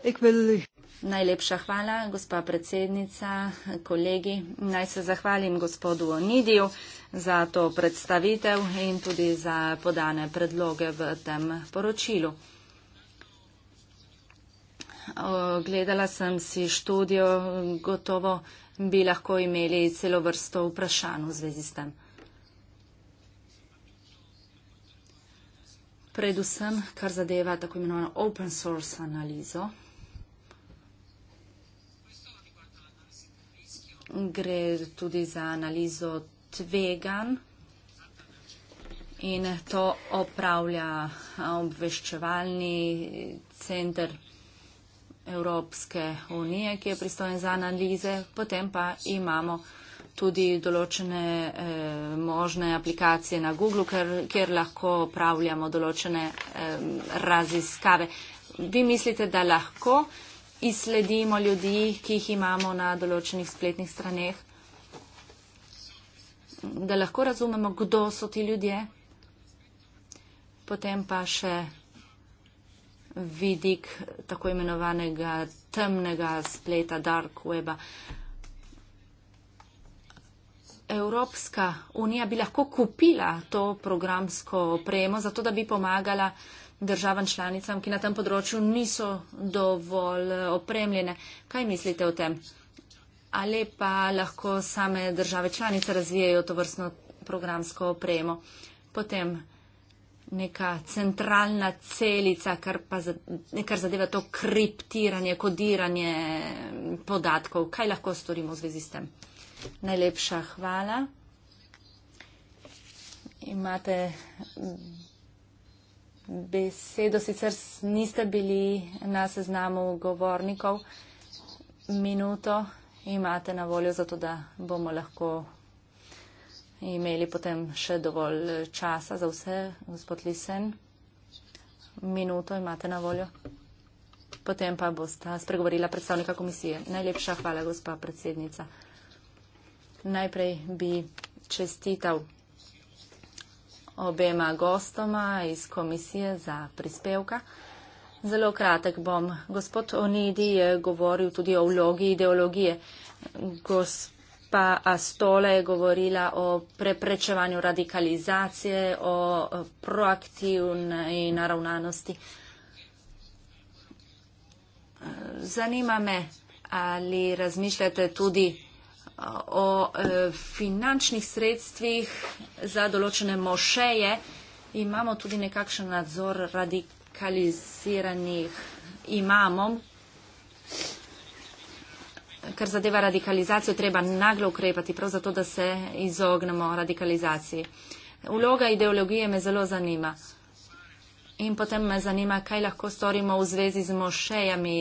Ik wil. Najlepša hvala, gospa predsednica, kolegi. Naj se zahvalim gospodu Onidiju za to predstavitev in tudi za podane predloge v tem poročilu. Gledala sem si študijo, gotovo bi lahko imeli celo vrsto vprašanj v zvezi s tem. Predvsem, kar zadeva tako imenovano open source analizo. gre tudi za analizo tvegan in to opravlja obveščevalni center Evropske unije, ki je pristojen za analize. Potem pa imamo tudi določene eh, možne aplikacije na Google, ker, kjer lahko opravljamo določene eh, raziskave. Vi mislite, da lahko izsledimo ljudi, ki jih imamo na določenih spletnih straneh, da lahko razumemo, kdo so ti ljudje, potem pa še vidik tako imenovanega temnega spleta, dark weba. Evropska unija bi lahko kupila to programsko opremo, zato da bi pomagala državam članicam, ki na tem področju niso dovolj eh, opremljene. Kaj mislite o tem? Ali pa lahko same države članice razvijajo to vrstno programsko opremo? Potem neka centralna celica, kar, za, kar zadeva to kriptiranje, kodiranje podatkov. Kaj lahko storimo v zvezi s tem? Najlepša hvala. Imate besedo, sicer niste bili na seznamu govornikov. Minuto imate na voljo, zato da bomo lahko imeli potem še dovolj eh, časa za vse. Gospod Lisen, minuto imate na voljo. Potem pa bosta spregovorila predstavnika komisije. Najlepša hvala, gospa predsednica. Najprej bi čestital obema gostoma iz komisije za prispevka. Zelo kratek bom. Gospod Onidi je govoril tudi o vlogi ideologije. Gospa Astola je govorila o preprečevanju radikalizacije, o proaktivni naravnanosti. Zanima me, ali razmišljate tudi o e, finančnih sredstvih za določene mošeje. Imamo tudi nekakšen nadzor radikaliziranih imamom. Kar zadeva radikalizacijo, treba naglo ukrepati, prav zato, da se izognemo radikalizaciji. Vloga ideologije me zelo zanima. Uh, In potem me zanima, kaj lahko storimo v zvezi z mošejami,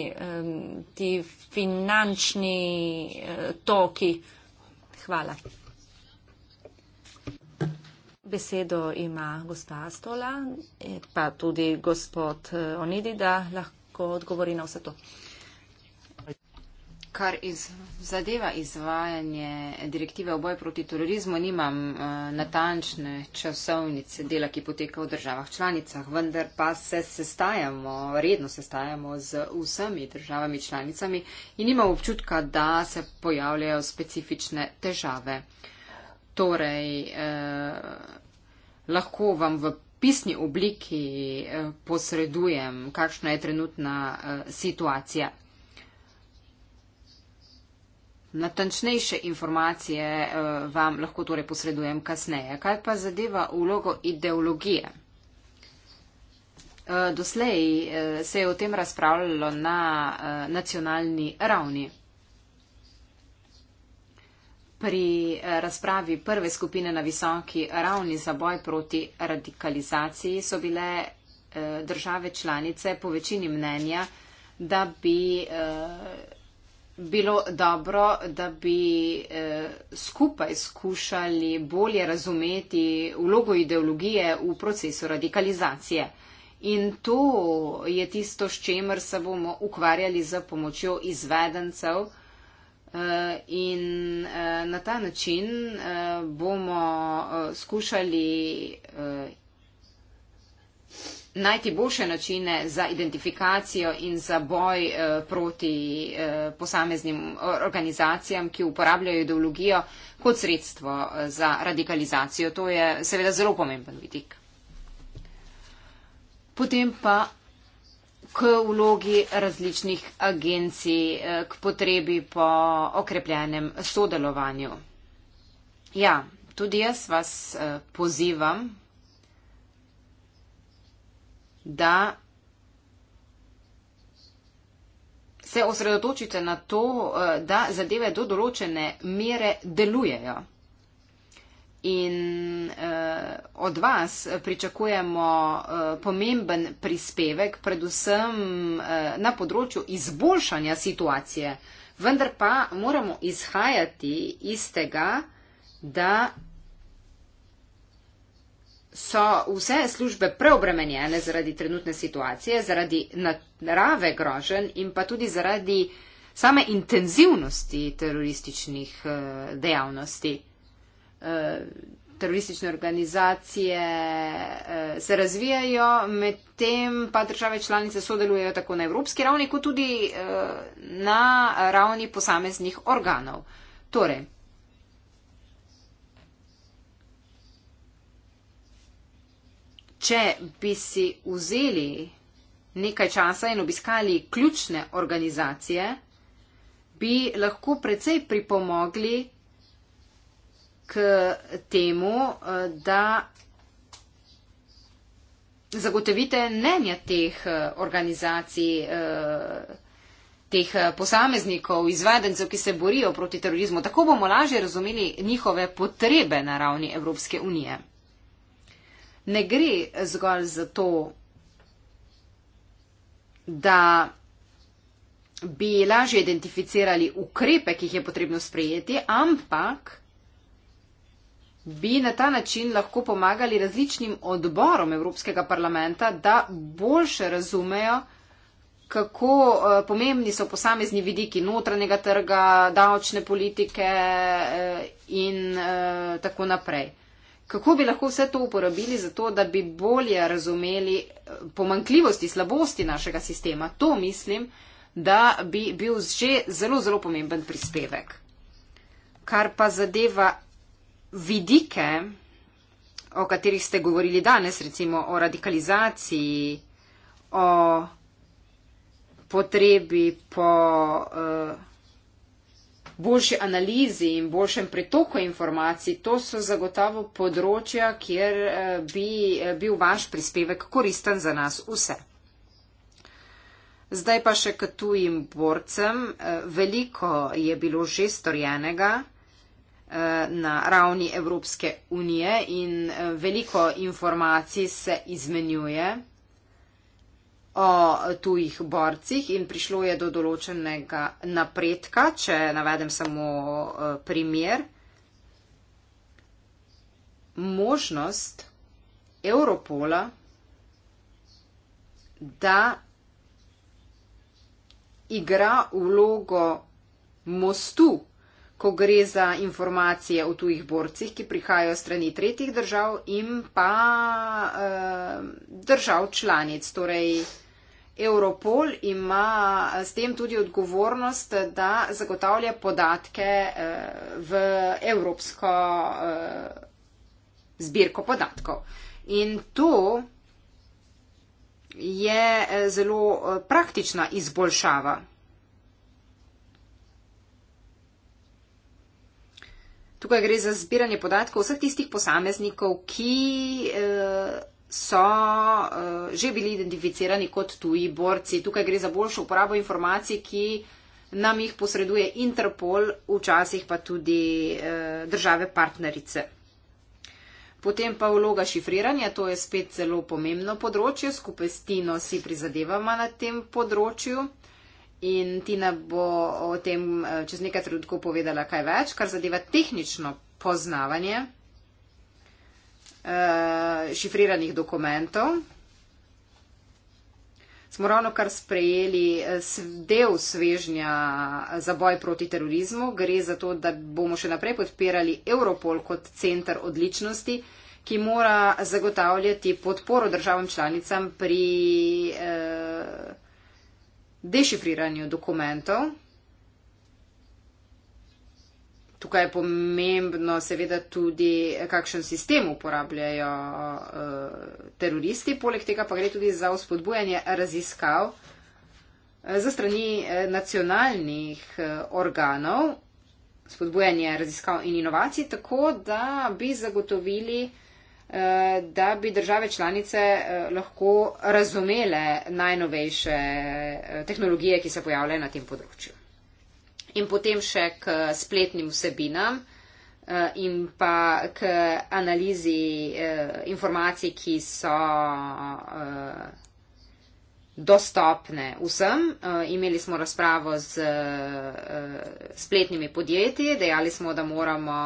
ti finančni eh, toki. Hvala. Besedo ima gospa Astola, pa tudi gospod eh, Onidi, da lahko odgovori na vse to kar iz, zadeva izvajanje direktive o boju proti terorizmu, nimam uh, natančne časovnice dela, ki poteka v državah članicah, vendar pa se sestajamo, redno sestajamo z vsemi državami članicami in imam občutka, da se pojavljajo specifične težave. Torej, uh, lahko vam v. Pisni obliki eh, posredujem, kakšna je trenutna situacija. Natančnejše informacije uh, vam lahko torej posredujem kasneje. Kaj pa zadeva vlogo ideologije? Uh, doslej uh, se je o tem razpravljalo na uh, nacionalni ravni. Pri razpravi prve skupine na visoki ravni za boj proti radikalizaciji so bile države članice po večini mnenja, da bi bilo dobro, da bi eh, skupaj skušali bolje razumeti vlogo ideologije v procesu radikalizacije. In to je tisto, s čemer se bomo ukvarjali z pomočjo izvedencev eh, in eh, na ta način eh, bomo eh, skušali eh, najti boljše načine za identifikacijo in za boj eh, proti eh, posameznim organizacijam, ki uporabljajo ideologijo kot sredstvo eh, za radikalizacijo. To je seveda zelo pomemben vidik. Potem pa k vlogi različnih agencij, k potrebi po okrepljenem sodelovanju. Ja, tudi jaz vas pozivam da se osredotočite na to, eh, da zadeve do določene mere delujejo. In eh, od vas pričakujemo eh, pomemben prispevek, predvsem eh, na področju izboljšanja situacije. Vendar pa moramo izhajati iz tega, da so vse službe preobremenjene zaradi trenutne situacije, zaradi narave grožen in pa tudi zaradi same intenzivnosti terorističnih eh, dejavnosti. Eh, teroristične organizacije eh, se razvijajo, medtem pa države članice sodelujejo tako na evropski ravni, kot tudi na ravni posameznih organov. Torej, če bi si vzeli nekaj časa in obiskali ključne organizacije, bi lahko precej pripomogli k temu, da zagotovite mnenja teh eh, organizacij, eh, teh eh, posameznikov, izvedencev, ki se borijo proti terorizmu. Tako bomo lažje razumeli njihove potrebe na ravni Evropske unije ne gre zgolj za to, da bi lažje identificirali ukrepe, ki jih je potrebno sprejeti, ampak bi na ta način lahko pomagali različnim odborom Evropskega parlamenta, da boljše razumejo, kako eh, pomembni so posamezni vidiki notranjega trga, davčne politike eh, in eh, tako naprej kako bi lahko vse to uporabili za to, da bi bolje razumeli eh, pomankljivosti, slabosti našega sistema. To mislim, da bi bil že zelo, zelo pomemben prispevek. Kar pa zadeva vidike, o katerih ste govorili danes, recimo o radikalizaciji, o potrebi po. Uh, boljši analizi in boljšem pritoku informacij, to so zagotovo področja, kjer eh, bi eh, bil vaš prispevek koristen za nas vse. Zdaj pa še k tujim borcem. Eh, veliko je bilo že storjenega na ravni Evropske unije in veliko informacij se izmenjuje o tujih borcih in prišlo je do določenega napredka, če navedem samo e, primer. Možnost Europola, da igra vlogo mostu, ko gre za informacije o tujih borcih, ki prihajajo strani tretjih držav in pa eh, držav članic, torej eh, Europol ima eh, s tem tudi odgovornost, da zagotavlja podatke eh, v evropsko eh, zbirko podatkov. In to je zelo praktična izboljšava. Tukaj gre za zbiranje podatkov vseh tistih posameznikov, ki so uh, že bili identificirani kot tuji borci. Tukaj gre za boljšo uporabo informacij, ki nam jih posreduje Interpol, včasih pa tudi uh, države partnerice. Potem pa vloga šifriranja, to je spet zelo pomembno področje, skupaj s Tino si prizadevamo na tem področju in Tina bo o tem eh, čez nekaj trenutkov povedala kaj več, kar zadeva tehnično poznavanje Eh, šifriranih dokumentov. Smo ravno kar sprejeli eh, del svežnja za boj proti terorizmu. Gre za to, da bomo še naprej podpirali Europol kot centr odličnosti, ki mora zagotavljati podporo državam članicam pri eh, dešifriranju dokumentov tukaj je pomembno seveda tudi, kakšen sistem uporabljajo uh, teroristi, poleg tega pa gre tudi za uspodbujanje raziskav eh, za strani eh, nacionalnih organov, spodbujanje raziskav in inovacij, tako da bi zagotovili, da bi države članice lahko razumele najnovejše tehnologije, ki se pojavljajo na tem področju in potem še k spletnim vsebinam eh, in pa k analizi eh, informacij, ki so eh, dostopne vsem. Imeli smo razpravo z spletnimi podjetji, dejali smo, da moramo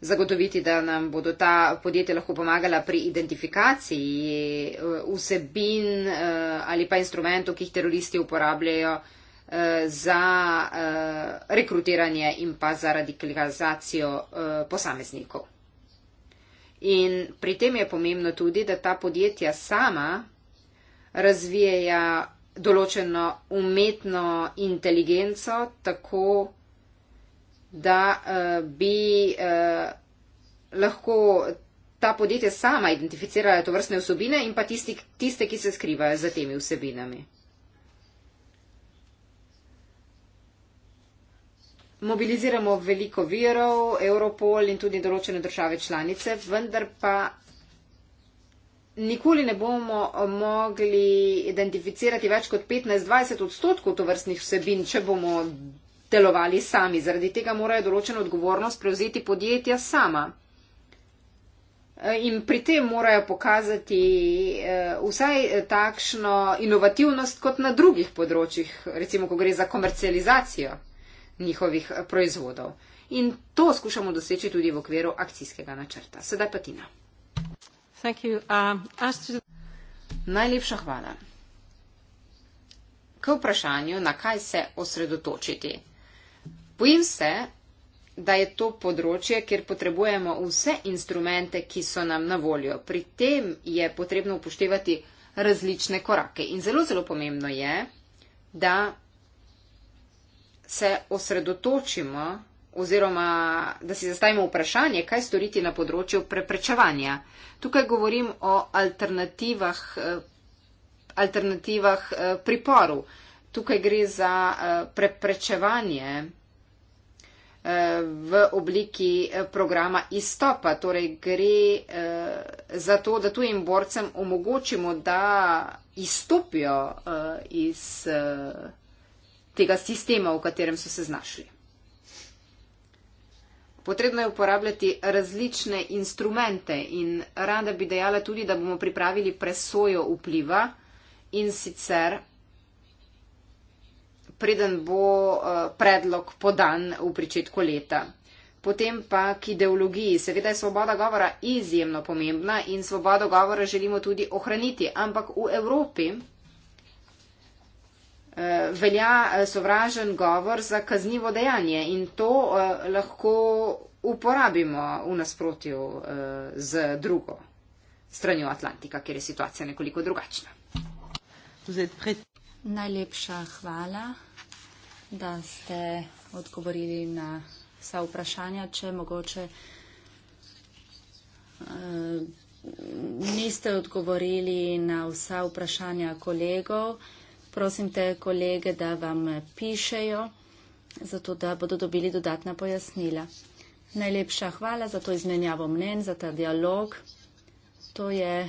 zagotoviti, da nam bodo ta podjetja lahko pomagala pri identifikaciji vsebin ali pa instrumentov, ki jih teroristi uporabljajo za eh, rekrutiranje in pa za radikalizacijo eh, posameznikov. In pri tem je pomembno tudi, da ta podjetja sama razvijajo določeno umetno inteligenco, tako da eh, bi lahko ta podjetja sama identificirala to vrstne vsebine in pa tisti, tiste, ki se skrivajo za temi vsebinami. mobiliziramo veliko virov, Europol in tudi določene države članice, vendar pa nikoli ne bomo mogli identificirati več kot 15-20 odstotkov tovrstnih vsebin, če bomo delovali sami. Zaradi tega morajo določeno odgovornost prevzeti podjetja sama. In pri tem morajo pokazati eh, vsaj takšno inovativnost kot na drugih področjih, recimo, ko gre za komercializacijo njihovih eh, proizvodov. In to skušamo doseči tudi v okviru akcijskega načrta. Sedaj pa Tina. Um, Najlepša hvala. K vprašanju, na kaj se osredotočiti. Bojim se, da je to področje, kjer potrebujemo vse instrumente, ki so nam na voljo. Pri tem je potrebno upoštevati različne korake. In zelo, zelo pomembno je, da se osredotočimo oziroma da si zastavimo vprašanje, kaj storiti na področju preprečevanja. Tukaj govorim o alternativah, eh, alternativah eh, priporu. Tukaj gre za eh, preprečevanje v obliki programa izstopa. Torej gre za to, da tujim borcem omogočimo, da izstopijo iz tega sistema, v katerem so se znašli. Potrebno je uporabljati različne instrumente in rada bi dejala tudi, da bomo pripravili presojo vpliva in sicer preden bo eh, predlog podan v pričetku leta. Potem pa k ideologiji. Seveda je svoboda govora izjemno pomembna in svobodo govora želimo tudi ohraniti, ampak v Evropi Eh, velja eh, sovražen govor za kaznivo dejanje in to eh, lahko uporabimo v nasprotju z drugo stranjo Atlantika, kjer je situacija nekoliko drugačna. Najlepša hvala, da ste odgovorili na vsa vprašanja, če mogoče niste odgovorili na vsa vprašanja kolegov. Prosim te kolege, da vam pišejo, zato da bodo dobili dodatna pojasnila. Najlepša hvala za to izmenjavo mnen, za ta dialog. To je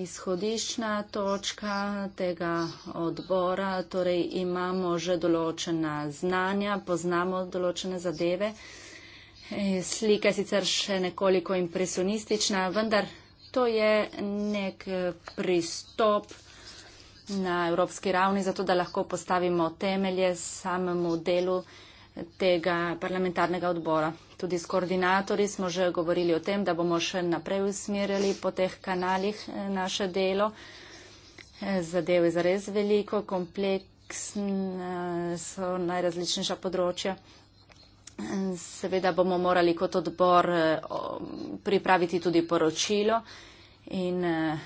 izhodiščna točka tega odbora, torej imamo že določena znanja, poznamo določene zadeve. E, slika je sicer še nekoliko impresionistična, vendar to je nek pristop na evropski ravni, zato da lahko postavimo temelje samemu delu tega parlamentarnega odbora. Tudi s koordinatorji smo že govorili o tem, da bomo še naprej usmerjali po teh kanalih eh, naše delo. Eh, zadev je zares veliko, kompleksna eh, so najrazličnejša področja. Seveda bomo morali kot odbor eh, pripraviti tudi poročilo in eh,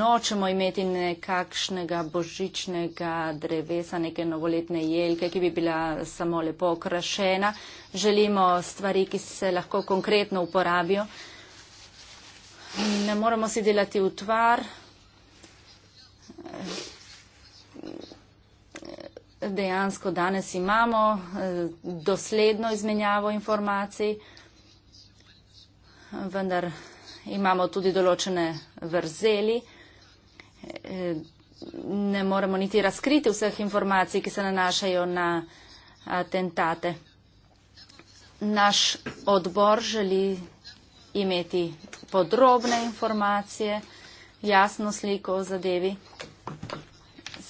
nočemo imeti nekakšnega božičnega drevesa, neke novoletne jelke, ki bi bila samo lepo okrašena. Želimo stvari, ki se lahko konkretno uporabijo. Ne moramo si delati utvar dejansko danes imamo, eh, dosledno izmenjavo informacij, vendar imamo tudi določene vrzeli. Eh, ne moremo niti razkriti vseh informacij, ki se nanašajo na atentate. Naš odbor želi imeti podrobne informacije, jasno sliko o zadevi.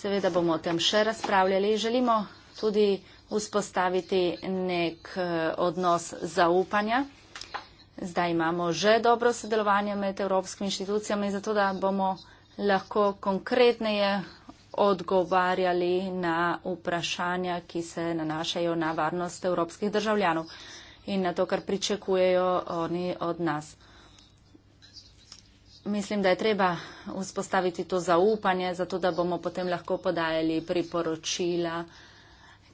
Seveda bomo o tem še razpravljali. Želimo tudi vzpostaviti nek eh, odnos zaupanja. Zdaj imamo že dobro sodelovanje med evropskimi inštitucijami, zato da bomo lahko konkretneje odgovarjali na vprašanja, ki se nanašajo na varnost evropskih državljanov in na to, kar pričakujejo oni od nas mislim, da je treba vzpostaviti to zaupanje, zato da bomo potem lahko podajali priporočila,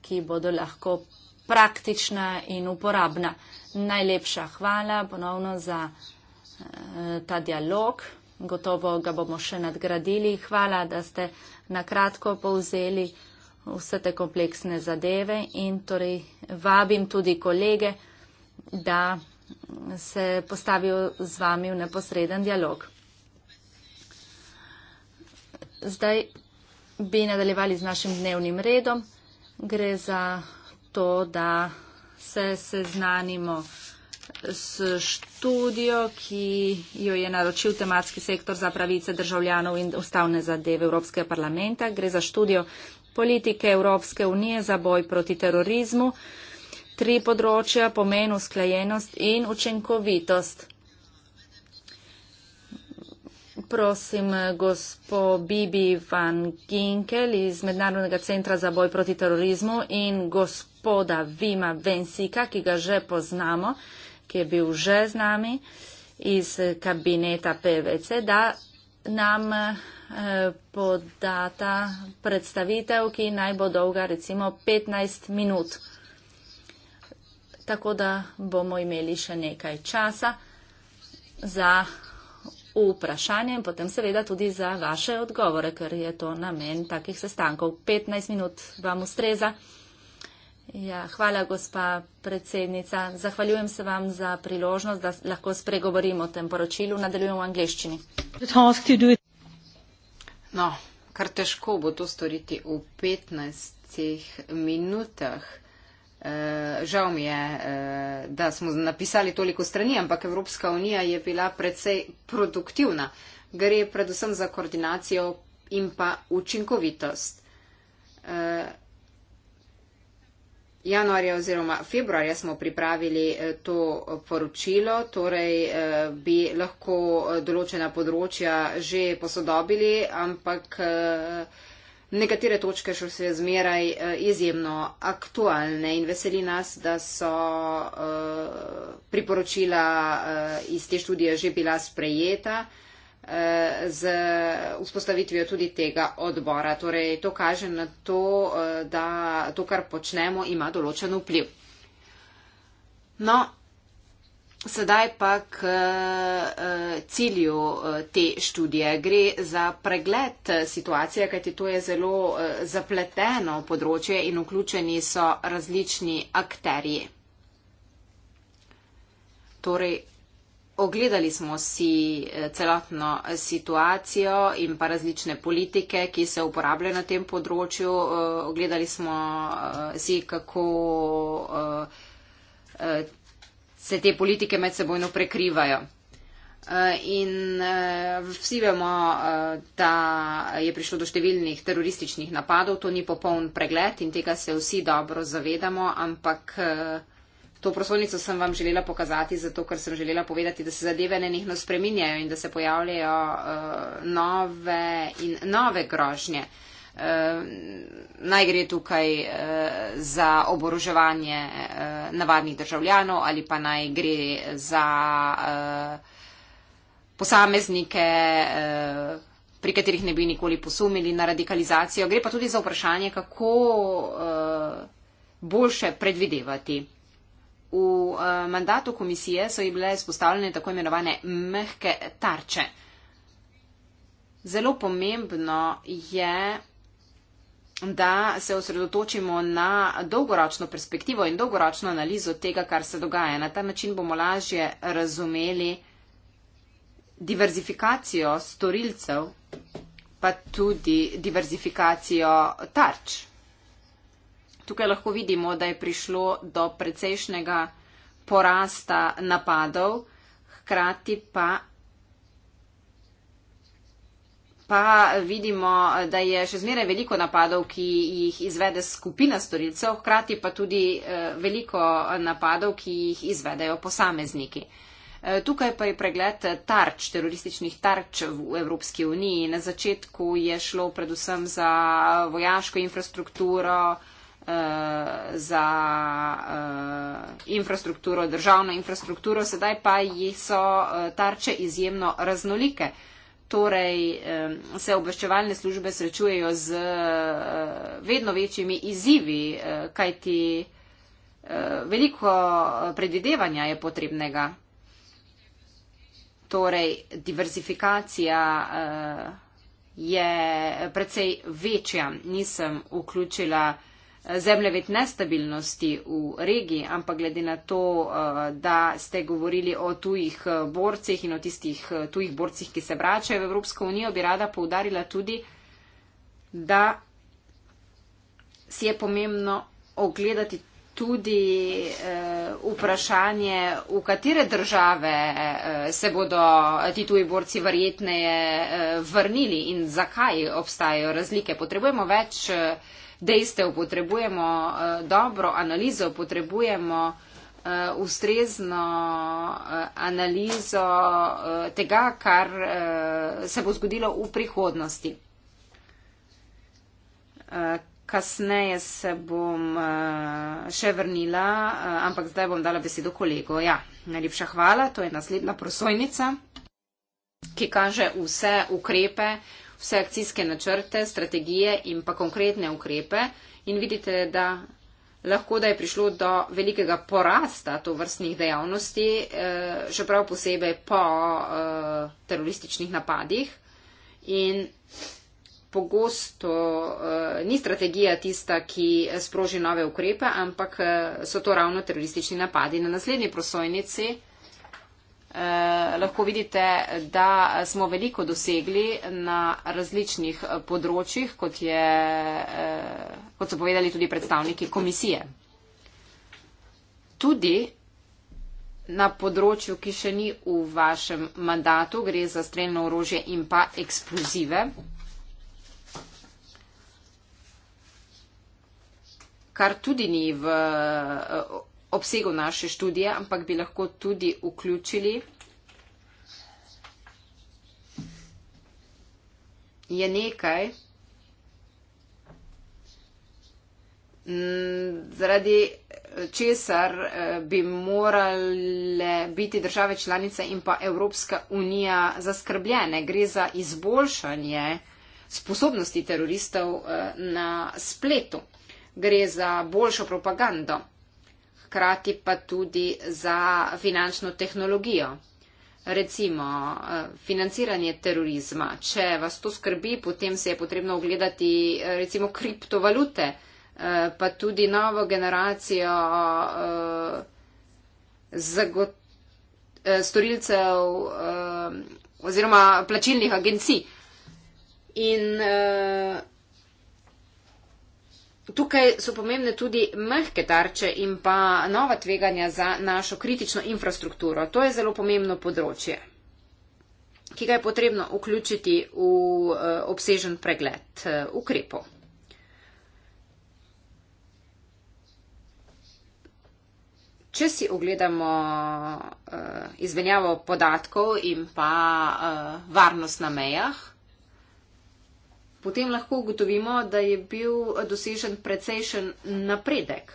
ki bodo lahko praktična in uporabna. Najlepša hvala ponovno za eh, ta dialog. Gotovo ga bomo še nadgradili. Hvala, da ste nakratko povzeli vse te kompleksne zadeve in torej vabim tudi kolege, da se postavijo z vami v neposreden dialog zdaj bi nadaljevali z našim dnevnim redom. Gre za to, da se seznanimo s študijo, ki jo je naročil tematski sektor za pravice državljanov in ustavne zadeve Evropskega parlamenta. Gre za študijo politike Evropske unije za boj proti terorizmu. Tri področja pomenu sklajenost in učinkovitost prosim gospo Bibi van Ginkel iz Mednarodnega centra za boj proti terorizmu in gospoda Vima Vensika, ki ga že poznamo, ki je bil že z nami iz kabineta PVC, da nam eh, podata predstavitev, ki naj bo dolga recimo 15 minut. Tako da bomo imeli še nekaj časa za vprašanja in potem seveda tudi za vaše odgovore, ker je to namen takih sestankov. 15 minut vam ustreza. Ja, hvala, gospa predsednica. Zahvaljujem se vam za priložnost, da lahko spregovorimo o tem poročilu. Nadaljujem v angliščini. No, kar težko bo to storiti v 15 minutah. Eh, žal mi je, eh, da smo napisali toliko strani, ampak Evropska unija je bila predvsej produktivna. Gre predvsem za koordinacijo in pa učinkovitost. Eh, januarja oziroma februarja smo pripravili to poročilo, torej bi lahko določena področja že posodobili, ampak Nekatere točke so še zmeraj eh, izjemno aktualne in veseli nas, da so eh, priporočila eh, iz te študije že bila sprejeta z vzpostavitvijo tudi tega odbora. Torej, to kaže na to, da to, kar počnemo, ima določen vpliv. No, Sedaj pa k eh, eh, cilju eh, te študije. Gre za pregled situacije, kajti to je zelo zapleteno področje in vključeni so različni akterji. Torej, ogledali smo si celotno situacijo in pa različne politike, ki se uporabljajo na tem področju. Ogledali smo si, kako se te politike medsebojno prekrivajo. Eh, in eh, vsi vemo, eh, da je prišlo do številnih terorističnih napadov, to ni popoln pregled in tega se vsi dobro zavedamo, ampak to prosolnico sem vam želela pokazati, zato ker sem želela povedati, da se zadeve nenehno spreminjajo in da se pojavljajo nove in nove grožnje. Ehm, naj gre tukaj uh, za oboroževanje uh, navadnih državljanov ali pa naj gre za uh, posameznike, uh, pri katerih ne bi nikoli posumili na radikalizacijo. Gre pa tudi za vprašanje, kako uh, boljše predvidevati. V uh, mandatu komisije so ji bile izpostavljene tako imenovane mehke tarče. Zelo pomembno je, da se osredotočimo na dolgoročno perspektivo in dolgoročno analizo tega, kar se dogaja. Na ta način bomo lažje razumeli diverzifikacijo storilcev, pa tudi diverzifikacijo tarč. Tukaj lahko vidimo, da je prišlo do precejšnjega porasta napadov, hkrati pa pa vidimo, da je še zmeraj veliko napadov, ki jih izvede skupina storilcev, hkrati pa tudi eh, veliko napadov, ki jih izvedejo posamezniki. Eh, tukaj pa je pregled tarč, terorističnih tarč v Evropski uniji. Na začetku je šlo predvsem za vojaško infrastrukturo, eh, za infrastrukturo, državno infrastrukturo, sedaj pa so tarče izjemno raznolike. Torej, se obveščevalne službe srečujejo z eh, vedno večjimi izzivi, eh, kajti eh, veliko predvidevanja je potrebnega. Torej, diversifikacija je precej večja. Nisem vključila zemljevid nestabilnosti v regiji, ampak glede na to, eh, da ste govorili o tujih eh, borcih in o tistih eh, tujih borcih, ki se vračajo v Evropsko unijo, bi rada poudarila tudi, da si je pomembno ogledati tudi vprašanje, v katere države se bodo ti tuji borci verjetneje vrnili in zakaj obstajajo razlike. Potrebujemo več dejstev, potrebujemo eh, dobro analizo, potrebujemo eh, ustrezno eh, analizo tega, kar se bo zgodilo v prihodnosti. Kasneje se bom še vrnila, ampak zdaj bom dala besedo kolego. Ja, najlepša hvala, to je naslednja prosojnica, ki kaže vse ukrepe, vse akcijske načrte, strategije in pa konkretne ukrepe in vidite, da lahko da je prišlo do velikega porasta to vrstnih dejavnosti, eh, še prav posebej po eh, terorističnih napadih. In pogosto eh, ni strategija tista, ki sproži nove ukrepe, ampak so to ravno teroristični napadi. Na naslednji prosojnici Eh, lahko vidite, da smo veliko dosegli na različnih eh, področjih, kot, je, eh, kot so povedali tudi predstavniki komisije. Tudi na področju, ki še ni v vašem mandatu, gre za streljno orožje in pa eksplozive. kar tudi ni v obsegu naše študije, ampak bi lahko tudi vključili, je nekaj, mm, zaradi česar eh, bi morale biti države članice in pa Evropska unija zaskrbljene. Gre za izboljšanje sposobnosti teroristov eh, na spletu. Gre za boljšo propagando hkrati pa tudi za finančno tehnologijo. Recimo, eh, financiranje terorizma. Če vas to skrbi, potem se je potrebno ogledati eh, recimo kriptovalute, eh, pa tudi novo generacijo storilcev oziroma plačilnih agencij. In uh, Tukaj so pomembne tudi mehke tarče in pa nova tveganja za našo kritično infrastrukturo. To je zelo pomembno področje, ki ga je potrebno vključiti v eh, obsežen pregled eh, ukrepov. Če si ogledamo eh, izvenjavo podatkov in pa varnost na mejah, potem lahko ugotovimo, da je bil dosežen precejšen napredek,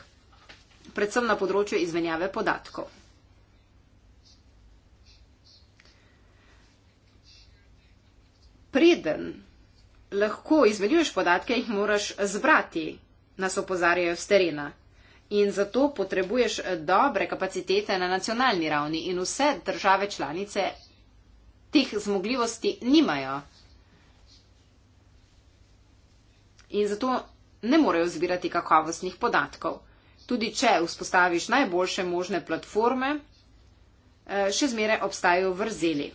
predvsem na področju izmenjave podatkov. Preden lahko izmenjuješ podatke, jih moraš zbrati, nas opozarjajo z terena. In zato potrebuješ dobre kapacitete na nacionalni ravni in vse države članice teh zmogljivosti nimajo. in zato ne morejo zbirati kakovostnih podatkov. Tudi če vzpostaviš najboljše možne platforme, eh, še zmeraj obstajajo vrzeli.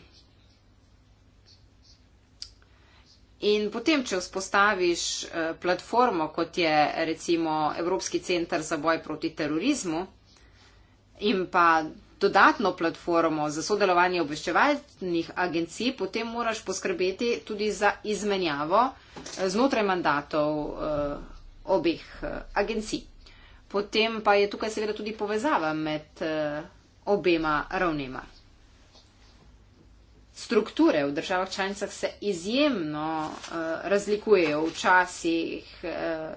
In potem, če vzpostaviš eh, platformo, kot je recimo Evropski centr za boj proti terorizmu in pa dodatno platformo za sodelovanje obveščevalnih agencij, potem moraš poskrbeti tudi za izmenjavo eh, znotraj mandatov eh, obeh eh, agencij. Potem pa je tukaj seveda tudi povezava med obema ravnema. Strukture v državah članicah se izjemno uh, razlikujejo, včasih uh,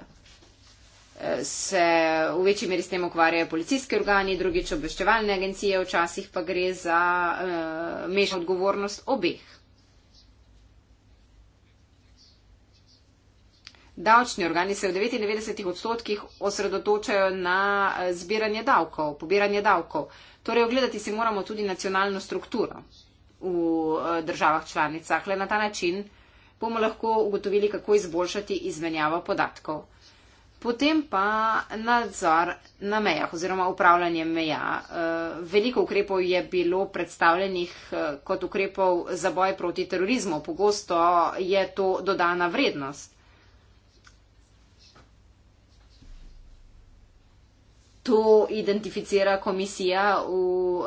se v večji meri s tem ukvarjajo policijski organi, drugič obveščevalne agencije, včasih pa gre za uh, eh, mešan odgovornost obeh. Davčni organi se v 99 odstotkih osredotočajo na eh, zbiranje davkov, pobiranje davkov. Torej, ogledati si moramo tudi nacionalno strukturo v eh, državah članicah. Le na ta način bomo lahko ugotovili, kako izboljšati izmenjavo podatkov. Potem pa nadzor na mejah oziroma upravljanje meja. Eh, veliko ukrepov je bilo predstavljenih eh, kot ukrepov za boj proti terorizmu. Pogosto je to dodana vrednost. To identificira komisija v uh,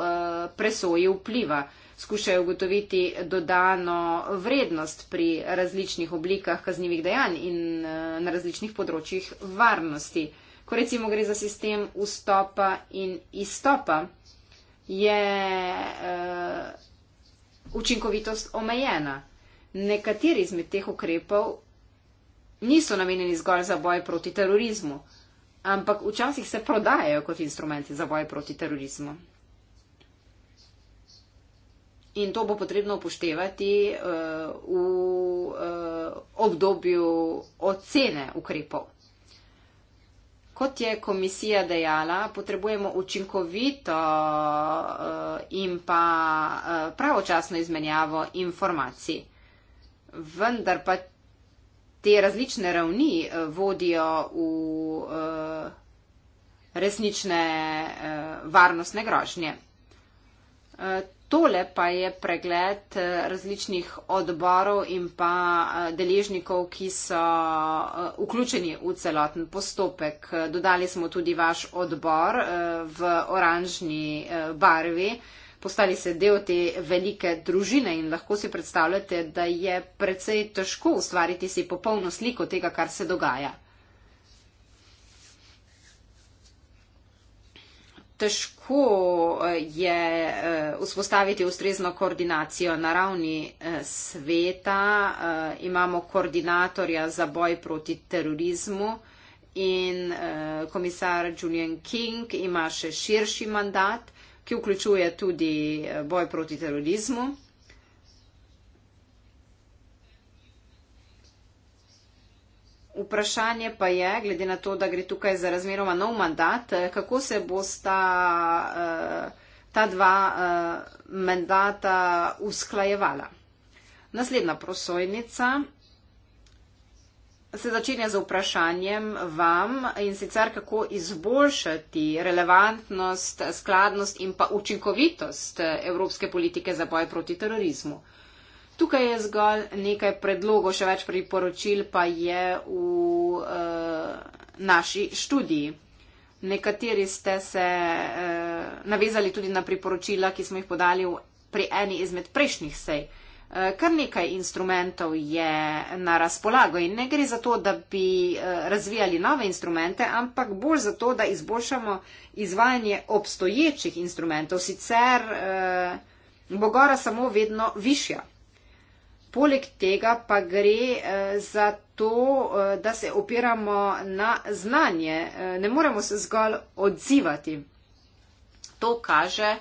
presoji vpliva. Uh, skušajo ugotoviti dodano vrednost pri različnih oblikah kaznjivih dejanj in eh, na različnih področjih varnosti. Ko recimo gre za sistem vstopa in izstopa, je uh, učinkovitost omejena. Nekateri izmed teh ukrepov niso namenjeni zgolj za boj proti terorizmu, ampak včasih se prodajajo kot instrumenti za boj proti terorizmu. In to bo potrebno upoštevati uh, v uh, obdobju ocene ukrepov. Kot je komisija dejala, potrebujemo učinkovito uh, in pa uh, pravočasno izmenjavo informacij. Vendar pa te različne ravni uh, vodijo v uh, resnične uh, varnostne grožnje. Uh, Tole pa je pregled eh, različnih odborov in pa eh, deležnikov, ki so eh, vključeni v celoten postopek. Dodali smo tudi vaš odbor v oranžni barvi. Postali ste del te velike družine in lahko si predstavljate, da je precej težko ustvariti si popolno sliko tega, kar se dogaja. težko eh, je eh, vzpostaviti ustrezno koordinacijo na ravni eh, sveta. Imamo koordinatorja za boj proti terorizmu in komisar Julian King ima še širši mandat, ki vključuje tudi boj proti terorizmu. Vprašanje pa je, glede na to, da gre tukaj za razmeroma nov mandat, kako se bosta eh, ta dva eh, mandata usklajevala. Naslednja prosojnica se začenja z vprašanjem vam in sicer kako izboljšati relevantnost, skladnost in pa učinkovitost eh, evropske politike za boj proti terorizmu. Tukaj je zgolj nekaj predlogov, še več priporočil pa je v uh, naši študiji. Nekateri ste se uh, navezali tudi na priporočila, ki smo jih podali pri eni izmed prejšnjih sej. Uh, kar nekaj instrumentov je na razpolago in ne gre za to, da bi uh, razvijali nove instrumente, ampak bolj za to, da izboljšamo izvajanje obstoječih instrumentov. Sicer uh, bo gora samo vedno višja. Poleg tega pa gre eh, za to, eh, da se opiramo na znanje. Eh, ne moremo se zgolj odzivati. To kaže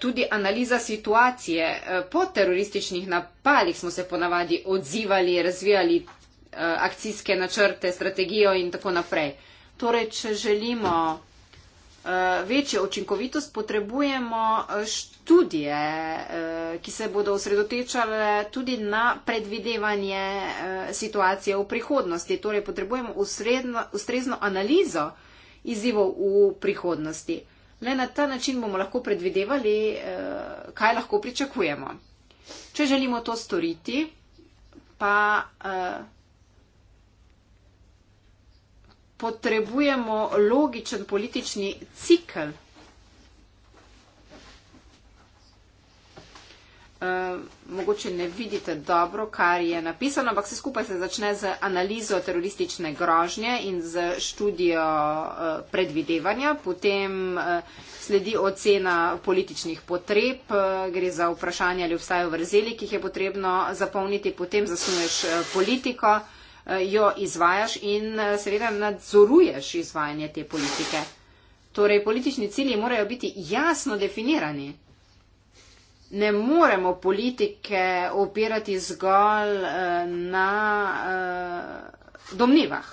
tudi analiza situacije. Po terorističnih napadih smo se ponavadi odzivali, razvijali akcijske načrte, strategijo in tako naprej. Torej, če želimo Eh, večjo učinkovitost potrebujemo eh, študije, eh, ki se bodo osredotečale tudi na predvidevanje situacije v prihodnosti. Torej potrebujemo ustrezno, ustrezno analizo izzivov v prihodnosti. Le na ta način bomo lahko predvidevali, kaj lahko pričakujemo. Če želimo to storiti, pa potrebujemo logičen politični cikl. Uh, eh, mogoče ne vidite dobro, kar je napisano, ampak vse skupaj se začne z analizo teroristične grožnje in z študijo uh, predvidevanja. Potem uh, sledi ocena političnih potreb, uh, gre za vprašanje, ali obstajajo vrzeli, ki jih je potrebno zapolniti, potem zasnuješ uh, politiko. Uh, jo izvajaš in eh, seveda nadzoruješ izvajanje te politike. Torej, politični cilji morajo biti jasno definirani. Ne moremo politike opirati zgolj eh, na eh, domnivah.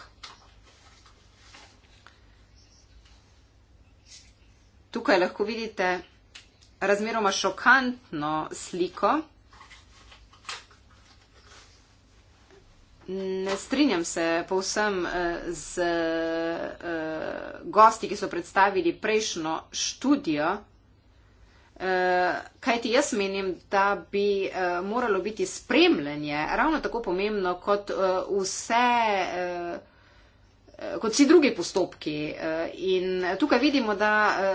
Tukaj lahko vidite razmeroma šokantno sliko. Ne strinjam se povsem eh, z eh, gosti, ki so predstavili prejšnjo študijo, eh, kajti jaz menim, da bi moralo biti spremljanje ravno tako pomembno kot vse, kot vsi drugi postopki. In tukaj vidimo, da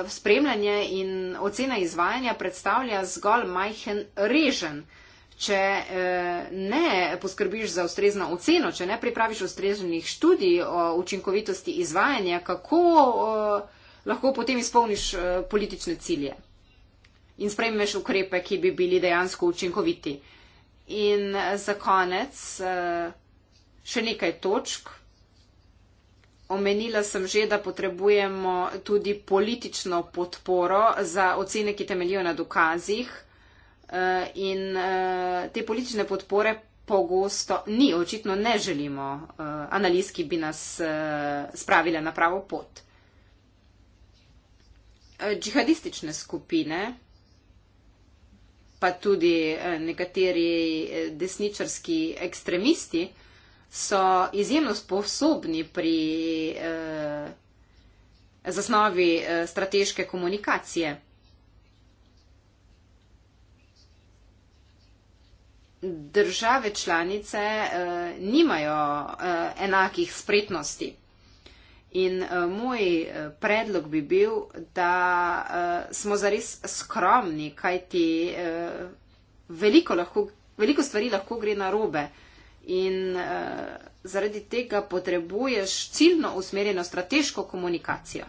spremljanje in ocena izvajanja predstavlja zgolj majhen režen če eh, ne poskrbiš za ustrezno oceno, če ne pripraviš ustreznih študij o učinkovitosti izvajanja, kako eh, lahko potem izpolniš eh, politične cilje in sprejmeš ukrepe, ki bi bili dejansko učinkoviti. In za konec še nekaj točk. Omenila sem že, da potrebujemo tudi politično podporo za ocene, ki temeljijo na dokazih. Eh, in uh, te politične podpore pogosto ni, očitno ne želimo uh, analiz, ki bi nas uh, spravile na pravo pot. Džihadistične skupine, pa tudi nekateri desničarski ekstremisti, so izjemno sposobni pri eh, zasnovi eh, strateške komunikacije. države članice uh, nimajo uh, enakih spretnosti. In uh, moj uh, predlog bi bil, da uh, smo zares skromni, kajti uh, veliko, lahko, veliko stvari lahko gre na robe. In uh, zaradi tega potrebuješ ciljno usmerjeno strateško komunikacijo.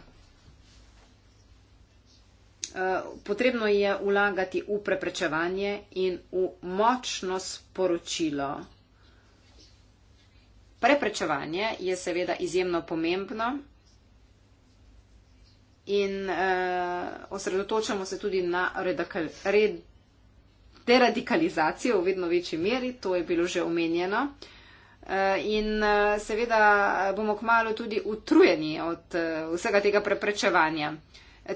Eh, potrebno je vlagati v preprečevanje in v močno sporočilo. Preprečevanje je seveda izjemno pomembno in uh, osredotočamo se tudi na redakal, red, deradikalizacijo v vedno večji meri, to je bilo že omenjeno. Eh, in seveda bomo kmalo tudi utrujeni od vsega tega preprečevanja.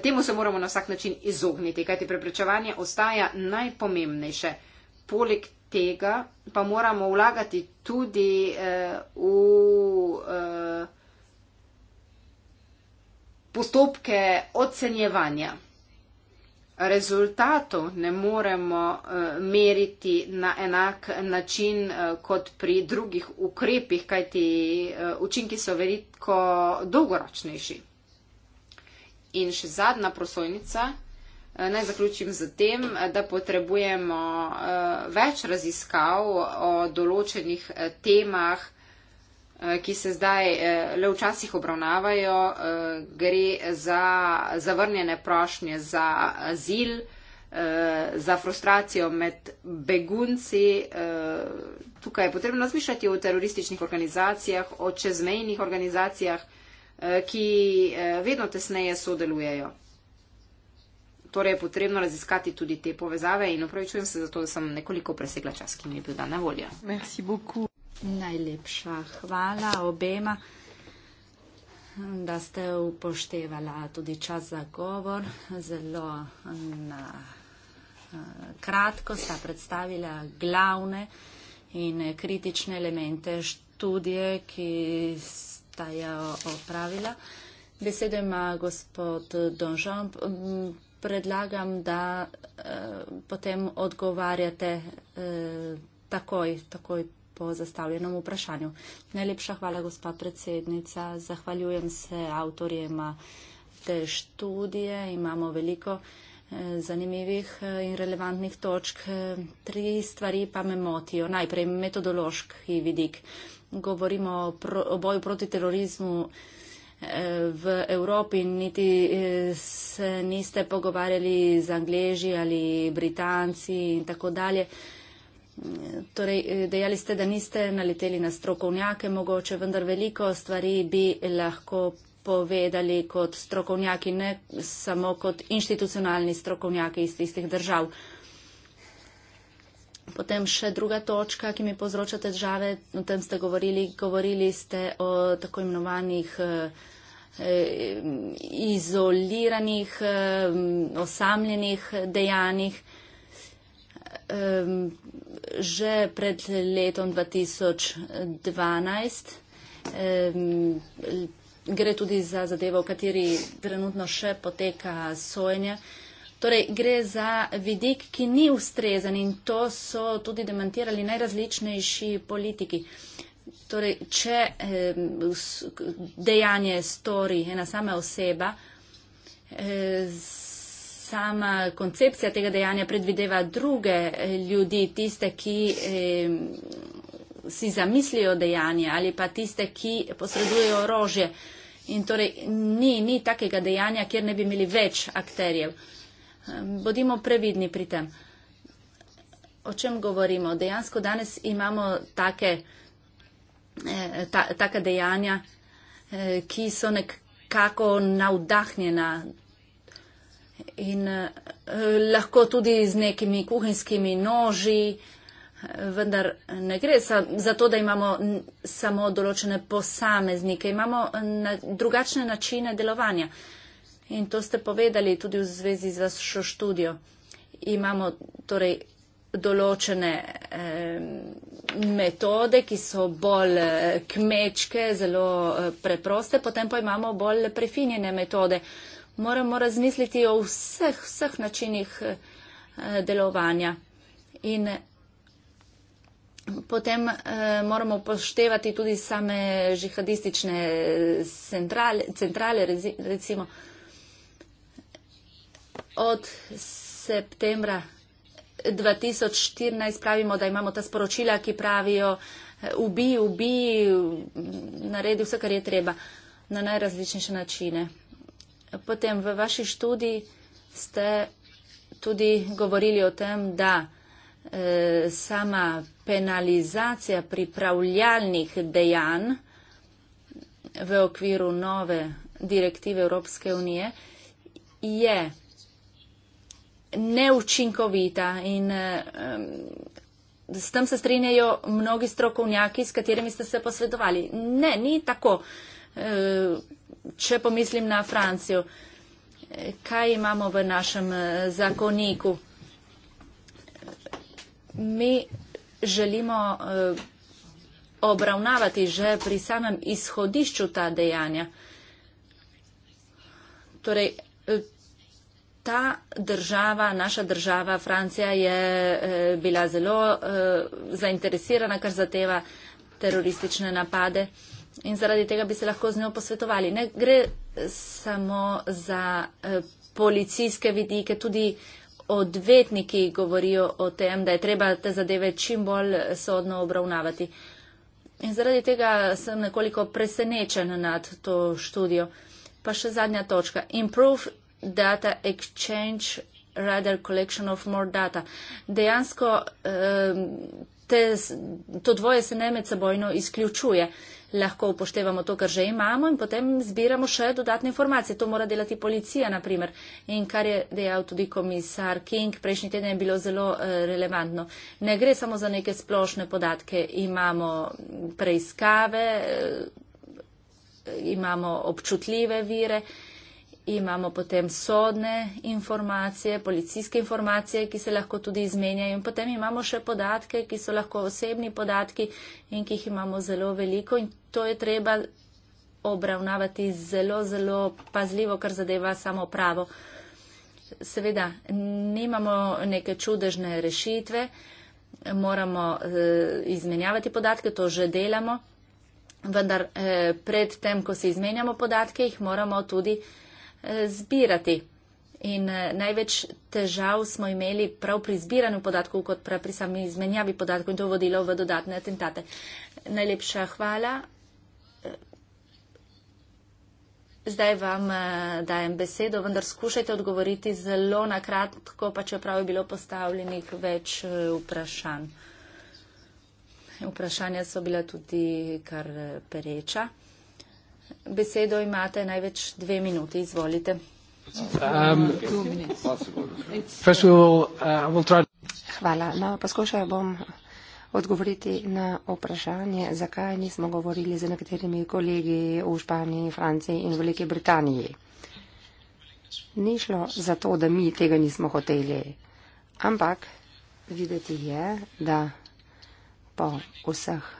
Temu se moramo na vsak način izogniti, kajti preprečevanje ostaja najpomembnejše. Poleg tega pa moramo vlagati tudi eh, v eh, postopke ocenjevanja. Rezultatov ne moremo eh, meriti na enak način eh, kot pri drugih ukrepih, kajti eh, učinki so veliko dolgoročnejši. In še zadnja prosojnica. Eh, naj zaključim z tem, eh, da potrebujemo eh, več raziskav o določenih temah, ki se zdaj le včasih obravnavajo. Gre za zavrnjene prošnje za azil, za frustracijo med begunci. Tukaj je potrebno razmišljati o terorističnih organizacijah, o čezmejnih organizacijah. Eh, ki eh, vedno tesneje sodelujejo. Torej je potrebno raziskati tudi te povezave in upravičujem se za to, da sem nekoliko presegla čas, ki mi je bil dan na voljo. Merci beaucoup. Najlepša hvala obema, da ste upoštevala tudi čas za govor. Zelo na, eh, kratko sta predstavila glavne in kritične elemente študije, ki so ta je opravila. Besedo ima gospod Donžon. Mm, predlagam, da eh, potem odgovarjate eh, takoj, takoj po zastavljenem vprašanju. Najlepša hvala, gospa predsednica. Zahvaljujem se avtorjema te študije. Imamo veliko eh, zanimivih in relevantnih točk. Tri stvari pa me motijo. Najprej metodološki vidik govorimo o boju proti terorizmu eh, v Evropi, niti eh, se niste pogovarjali z Angleži ali Britanci in tako dalje. Torej, eh, dejali ste, da niste naleteli na strokovnjake, mogoče vendar veliko stvari bi lahko povedali kot strokovnjaki, ne samo kot institucionalni strokovnjaki iz tistih držav. Potem še druga točka, ki mi povzroča težave, o tem ste govorili, govorili ste o tako imenovanih eh, eh izoliranih, eh, osamljenih dejanjih. Eh, že pred letom 2012 eh, gre tudi za zadevo, v kateri trenutno še poteka sojenje. Eh, Torej, gre za vidik, ki ni ustrezan in to so tudi demantirali najrazličnejši politiki. Torej, če dejanje stori ena sama oseba, eh, sama koncepcija tega dejanja predvideva druge eh, ljudi, tiste, ki si zamislijo dejanje ali pa tiste, ki posredujejo orožje. In torej ni, ni takega dejanja, kjer ne bi imeli več akterjev. Ehm, bodimo previdni pri tem. O čem govorimo? Dejansko danes imamo take, eh, ta, take dejanja, eh, ki so nekako navdahnjena in eh, lahko tudi z nekimi kuhinskimi noži, vendar ne gre za to, da imamo samo določene posameznike, imamo drugačne načine delovanja. In to ste povedali tudi v zvezi z vašo študijo. Imamo torej določene eh, metode, ki so bolj eh, kmečke, zelo eh, preproste, potem pa imamo bolj prefinjene metode. Moramo razmisliti o vseh, vseh načinih eh, delovanja. In eh, potem eh, moramo poštevati tudi same žihadistične centrale, centrale recimo od septembra 2014 pravimo, da imamo ta sporočila, ki pravijo ubi, ubi, naredi vse, kar je treba na najrazličnejše načine. Potem v vaši študiji ste tudi govorili o tem, da e, sama penalizacija pripravljalnih dejanj v okviru nove direktive Evropske unije je neučinkovita in um, s tem se strinjajo mnogi strokovnjaki, s katerimi ste se posvetovali. Ne, ni tako, eh, če pomislim na Francijo. Eh, kaj imamo v našem zakoniku? Mi želimo obravnavati že pri samem izhodišču ta dejanja. Torej, ta država, naša država, Francija je eh, bila zelo eh, zainteresirana, kar zateva teroristične napade in zaradi tega bi se lahko z njo posvetovali. Ne gre samo za eh, policijske vidike, tudi odvetniki govorijo o tem, da je treba te zadeve čim bolj sodno obravnavati. In zaradi tega sem nekoliko presenečen nad to študijo. Pa še zadnja točka. Improve data exchange rather collection of more data. Dejansko te, to dvoje se ne medsebojno izključuje. Lahko upoštevamo to, kar že imamo in potem zbiramo še dodatne informacije. To mora delati policija, naprimer. In kar je dejal tudi komisar King, prejšnji teden je bilo zelo eh, relevantno. Ne gre samo za neke splošne podatke. Imamo preiskave, eh, imamo občutljive vire imamo potem sodne informacije, policijske informacije, ki se lahko tudi izmenjajo in potem imamo še podatke, ki so lahko osebni podatki in ki jih imamo zelo veliko in to je treba obravnavati zelo, zelo pazljivo, kar zadeva samo pravo. Seveda, nimamo neke čudežne rešitve, moramo eh, izmenjavati podatke, to že delamo, vendar eh, pred tem, ko si izmenjamo podatke, jih moramo tudi eh, zbirati. In eh, največ težav smo imeli prav pri zbiranju podatkov, kot prav pri sami izmenjavi podatkov in to vodilo v dodatne atentate. Najlepša hvala. Eh, zdaj vam eh, dajem besedo, vendar skušajte odgovoriti zelo nakratko, pa čeprav je bilo postavljenih več vprašanj. Vprašanja so bila tudi kar pereča. Besedo imate največ dve minuti, izvolite. Um, uh, Hvala. No, poskušal bom odgovoriti na vprašanje, zakaj nismo govorili z nekaterimi kolegi v Španiji, Franciji in Veliki Britaniji. Ni šlo za to, da mi tega nismo hoteli, ampak videti je, da po vseh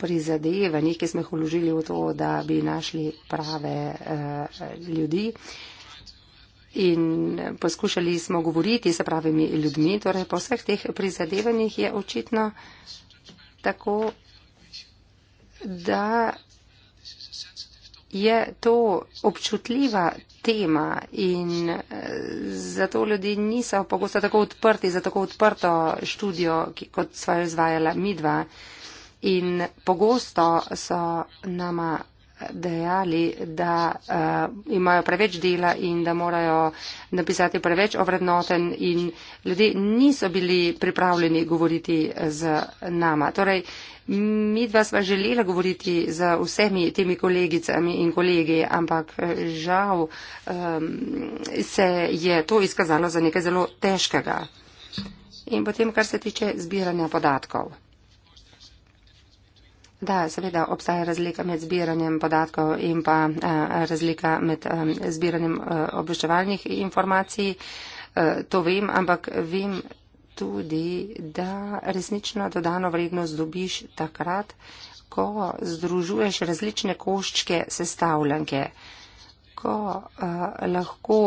prizadevanjih, ki smo jih vložili v to, da bi našli prave eh, ljudi. In poskušali smo govoriti s pravimi ljudmi, torej po vseh teh prizadevanjih je očitno tako, da je to občutljiva tema in eh, zato ljudi niso pogosto tako odprti za tako odprto študijo, kot so jo izvajala midva. In pogosto so nama dejali, da uh, imajo preveč dela in da morajo napisati preveč ovrednoten in ljudje niso bili pripravljeni govoriti z nama. Torej, mi dva sva želela govoriti z vsemi temi kolegicami in kolegi, ampak eh, žal um, se je to izkazalo za nekaj zelo težkega. In potem, kar se tiče zbiranja podatkov. Da, seveda obstaja razlika med zbiranjem podatkov in pa eh, razlika med eh, zbiranjem eh, obveščevalnih informacij. To vem, ampak vem tudi, da resnično dodano vrednost dobiš takrat, ko združuješ različne koščke sestavljanke. Ko uh, lahko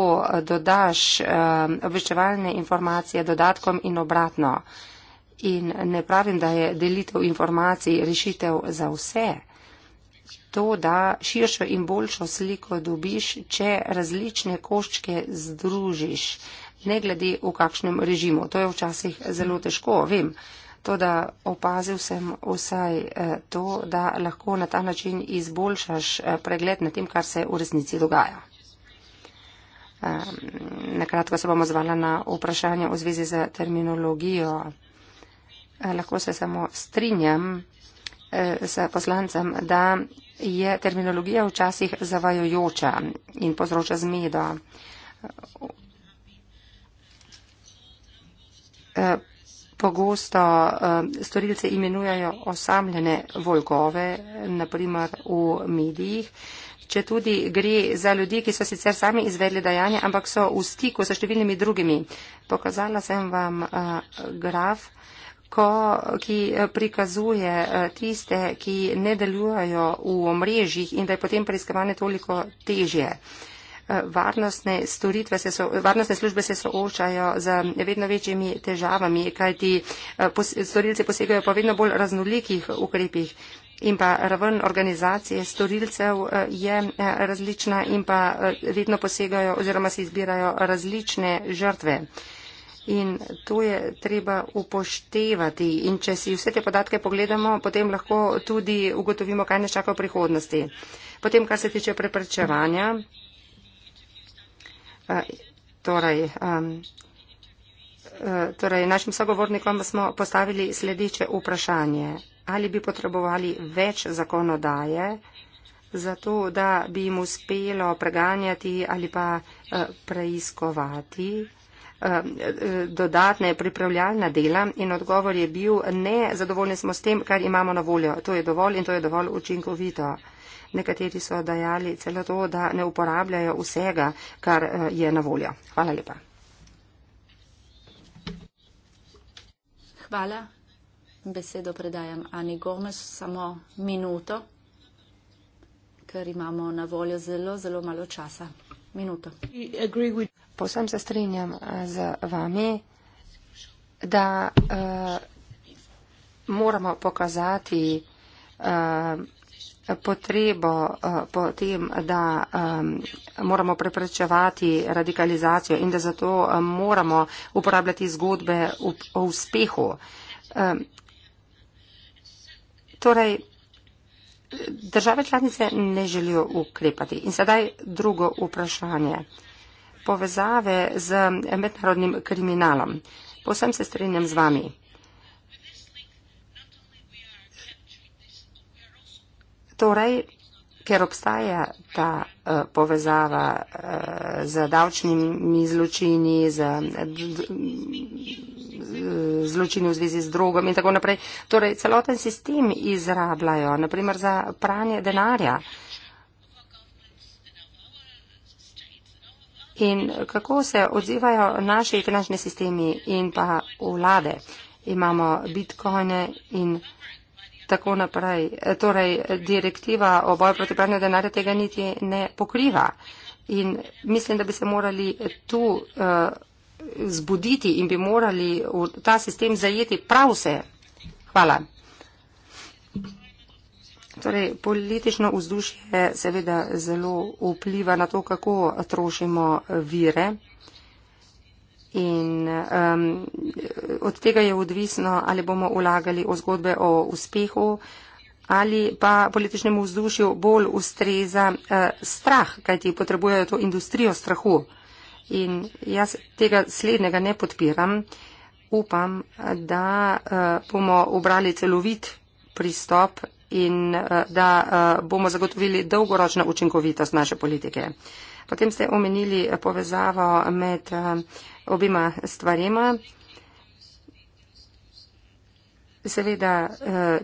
dodaš uh, obveščevalne informacije dodatkom in obratno. Uh, In ne pravim, da je delitev informacij rešitev za vse. To, da širšo in boljšo sliko dobiš, če različne koščke združiš, ne glede v kakšnem režimu. To je včasih zelo težko, vem. To, da opazil sem vsaj eh, to, da lahko na ta način izboljšaš eh, pregled na tem, kar se v resnici dogaja. Ehm, Nakratko se bom ozvala na vprašanje v zvezi z terminologijo lahko se samo strinjam eh, s poslancem, da je terminologija včasih zavajojoča in povzroča zmedo. Eh, pogosto eh, storilce imenujajo osamljene volgove, naprimer v medijih, če tudi gre za ljudi, ki so sicer sami izvedli dajanje, ampak so v stiku s številnimi drugimi. Pokazala sem vam graf, ko, ki eh, prikazuje eh, tiste, ki ne delujejo v omrežjih in da je potem preiskovanje toliko težje. Eh, varnostne, se so, varnostne službe se soočajo z vedno večjimi težavami, kajti storilce posegajo po vedno bolj raznolikih ukrepih in pa raven organizacije storilcev je različna in pa vedno posegajo oziroma se izbirajo različne žrtve in to je treba upoštevati. In če si vse te podatke pogledamo, potem lahko tudi ugotovimo, kaj nas čaka v prihodnosti. Potem, kar se tiče preprečevanja, eh, torej, eh, torej našim sogovornikom smo postavili sledeče vprašanje. Ali bi potrebovali več zakonodaje, zato da bi jim uspelo preganjati ali pa eh, preiskovati Um, dodatne pripravljalna dela in odgovor je bil ne, zadovoljni smo s tem, kar imamo na voljo. To je dovolj in to je dovolj učinkovito. Nekateri so dajali celo to, da ne uporabljajo vsega, kar eh, je na voljo. Hvala lepa. Hvala. Besedo predajam Ani Gomes. Samo minuto, ker imamo na voljo zelo, zelo malo časa. Minuto. Posem se strinjam eh, z vami, da uh, moramo pokazati uh, potrebo uh, po tem, da um, moramo preprečevati radikalizacijo in da zato uh, moramo uporabljati zgodbe v, o uspehu. Um, torej, države članice ne želijo ukrepati. In sedaj drugo vprašanje. Uh, povezave z mednarodnim kriminalom. Posem se strinjam z vami. Torej, ker obstaja ta eh, povezava eh, z davčnimi zločini, z zločini v zvezi z drugom in tako naprej. Torej, celoten sistem izrabljajo, naprimer za pranje denarja. in kako se odzivajo naši finančni sistemi in pa vlade. Imamo bitcoine in tako naprej. Torej, direktiva o boju proti pranju denarja tega niti ne pokriva. In mislim, da bi se morali tu uh, zbuditi in bi morali v ta sistem zajeti prav vse. Hvala. Torej, politično vzdušje seveda zelo vpliva na to, kako trošimo vire. In um, od tega je odvisno, ali bomo ulagali v zgodbe o uspehu ali pa političnemu vzdušju bolj ustreza uh, strah, kajti potrebujejo to industrijo strahu. In jaz tega slednjega ne podpiram. Upam, da uh, bomo obrali celovit pristop in eh, da eh, bomo zagotovili dolgoročno učinkovitost naše politike. Potem ste omenili povezavo med eh, obima stvarima. Seveda,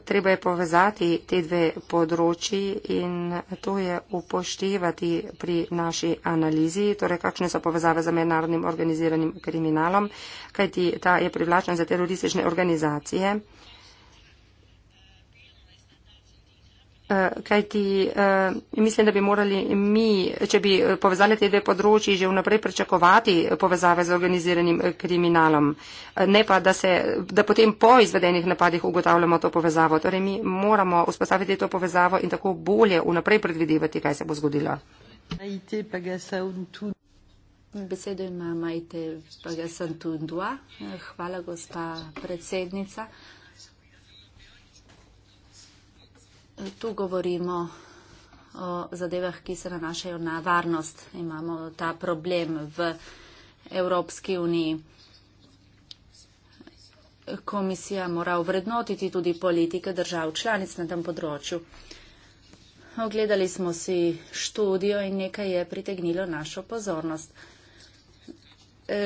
treba je povezati te dve področji in to je upoštevati pri naši analizi, torej kakšne so povezave za mednarodnim organiziranim kriminalom, kajti ta je privlačen za teroristične organizacije. Eh, kajti eh, mislim, da bi morali mi, če bi eh, povezali te dve področji, že vnaprej pričakovati povezave z organiziranim kriminalom, ne pa, da, se, da potem po izvedenih napadih ugotavljamo to povezavo. Torej, mi moramo vzpostaviti to povezavo in tako bolje vnaprej predvidevati, kaj se bo zgodilo. Besedo ima Majte Pagasantundua. Hvala, gospa predsednica. tu govorimo o zadevah, ki se nanašajo na varnost. Imamo ta problem v Evropski uniji. Komisija mora vrednotiti tudi politike držav članic na tem področju. Ogledali smo si študijo in nekaj je pritegnilo našo pozornost.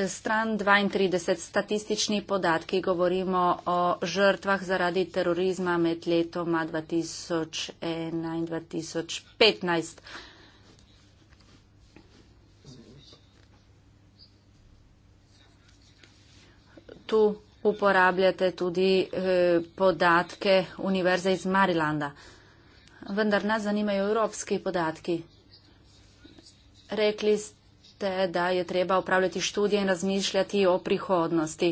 Stran 32. Statistični podatki govorimo o žrtvah zaradi terorizma med letoma 2001 in 2015. Tu uporabljate tudi e, podatke Univerze iz Marilanda. Vendar nas zanimajo evropski podatki. Rekli ste, te, da je treba upravljati študije in razmišljati o prihodnosti.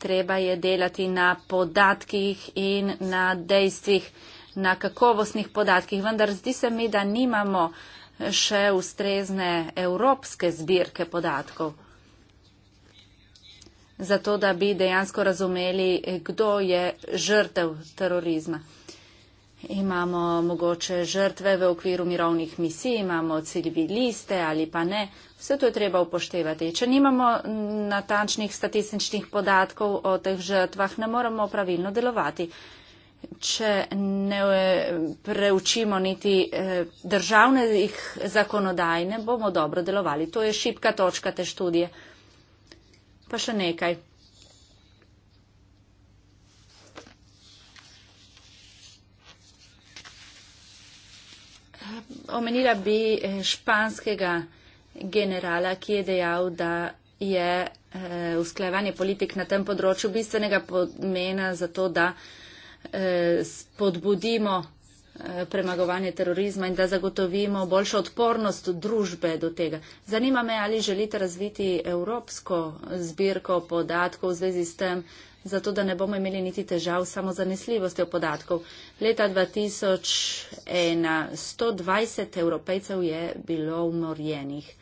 Treba je delati na podatkih in na dejstvih, na kakovostnih podatkih, vendar zdi se mi, da nimamo še ustrezne evropske zbirke podatkov. Zato, da bi dejansko razumeli, kdo je žrtev terorizma imamo mogoče žrtve v okviru mirovnih misij, imamo civiliste ali pa ne. Vse to je treba upoštevati. Če nimamo natančnih statističnih podatkov o teh žrtvah, ne moremo pravilno delovati. Če ne eh, preučimo niti eh, državnih zakonodaj, ne bomo dobro delovali. To je šipka točka te študije. Pa še nekaj. omenila bi eh, španskega generala, ki je dejal, da je eh, usklajevanje politik na tem področju bistvenega pomena za to, da eh, spodbudimo premagovanje terorizma in da zagotovimo boljšo odpornost družbe do tega. Zanima me, ali želite razviti evropsko zbirko podatkov v zvezi s tem, zato da ne bomo imeli niti težav s samozanesljivostjo podatkov. Leta 2001 120 evropejcev je bilo umorjenih.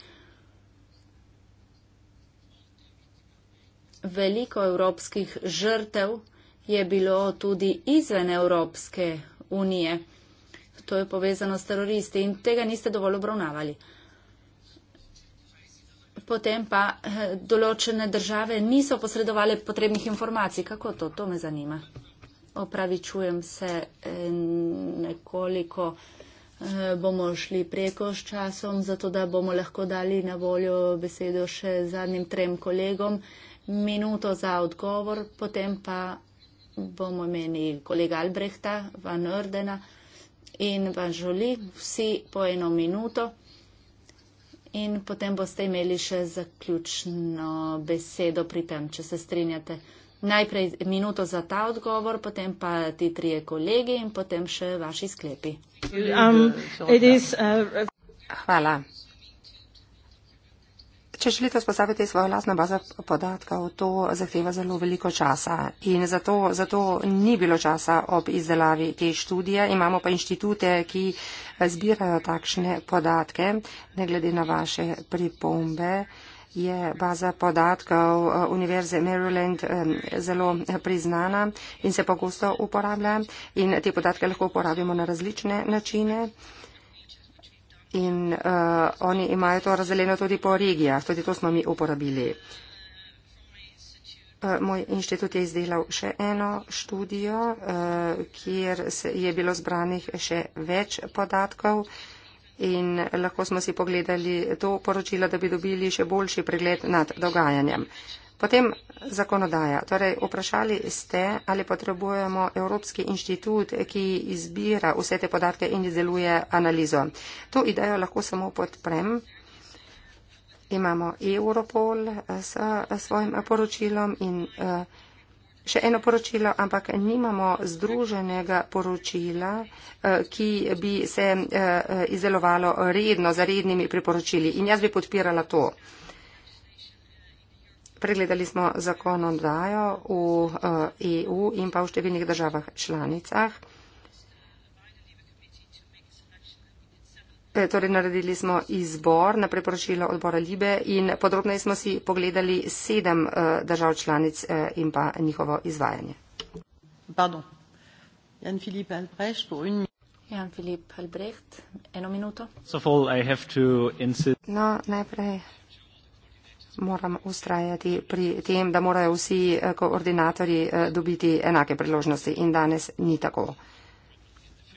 Veliko evropskih žrtev je bilo tudi izven Evropske unije. To je povezano s teroristi in tega niste dovolj obravnavali potem pa eh, določene države niso posredovali potrebnih informacij. Kako to? To me zanima. Opravičujem se eh, nekoliko. Eh, bomo šli preko s časom, zato da bomo lahko dali na voljo besedo še zadnjim trem kolegom. Minuto za odgovor, potem pa bomo imeli kolega Albrehta, Van Ordena in Van Žoli, vsi po eno minuto in potem boste imeli še zaključno besedo pri tem, če se strinjate. Najprej minuto za ta odgovor, potem pa ti trije kolegi in potem še vaši sklepi. Um, is, uh, Hvala. Če želite vzpostaviti svojo lastno bazo podatkov, to zahteva zelo veliko časa in zato, zato ni bilo časa ob izdelavi te študije. Imamo pa inštitute, ki eh, zbirajo takšne podatke, ne glede na vaše pripombe je baza podatkov eh, Univerze Maryland zelo eh, priznana in se pogosto uporablja in te podatke lahko uporabimo na različne načine in uh, oni imajo to razdeljeno tudi po regijah, tudi to smo mi uporabili. Eh, moj inštitut je izdelal še eno študijo, eh, kjer je bilo zbranih še več podatkov in lahko smo si pogledali to poročilo, da bi dobili še boljši pregled nad dogajanjem. Potem zakonodaja. Torej, vprašali ste, ali potrebujemo Evropski inštitut, ki izbira vse te podatke in izdeluje analizo. To idejo lahko samo podprem. Imamo Europol s svojim poročilom in eh, še eno poročilo, ampak nimamo združenega poročila, eh, ki bi se eh, izdelovalo redno, za rednimi priporočili. In jaz bi podpirala to. Pregledali smo zakonodajo v EU eh, e in pa v številnih državah članicah. Eh, torej, naredili smo izbor na preporočilo odbora Libe in podrobneje smo si pogledali sedem eh, držav članic in pa njihovo izvajanje. Pardon. Jan Filip Albrecht, Jan Filip Albrecht, eno minuto. No, najprej moram ustrajati pri tem, da morajo vsi eh, koordinatorji eh, dobiti enake priložnosti in danes ni tako.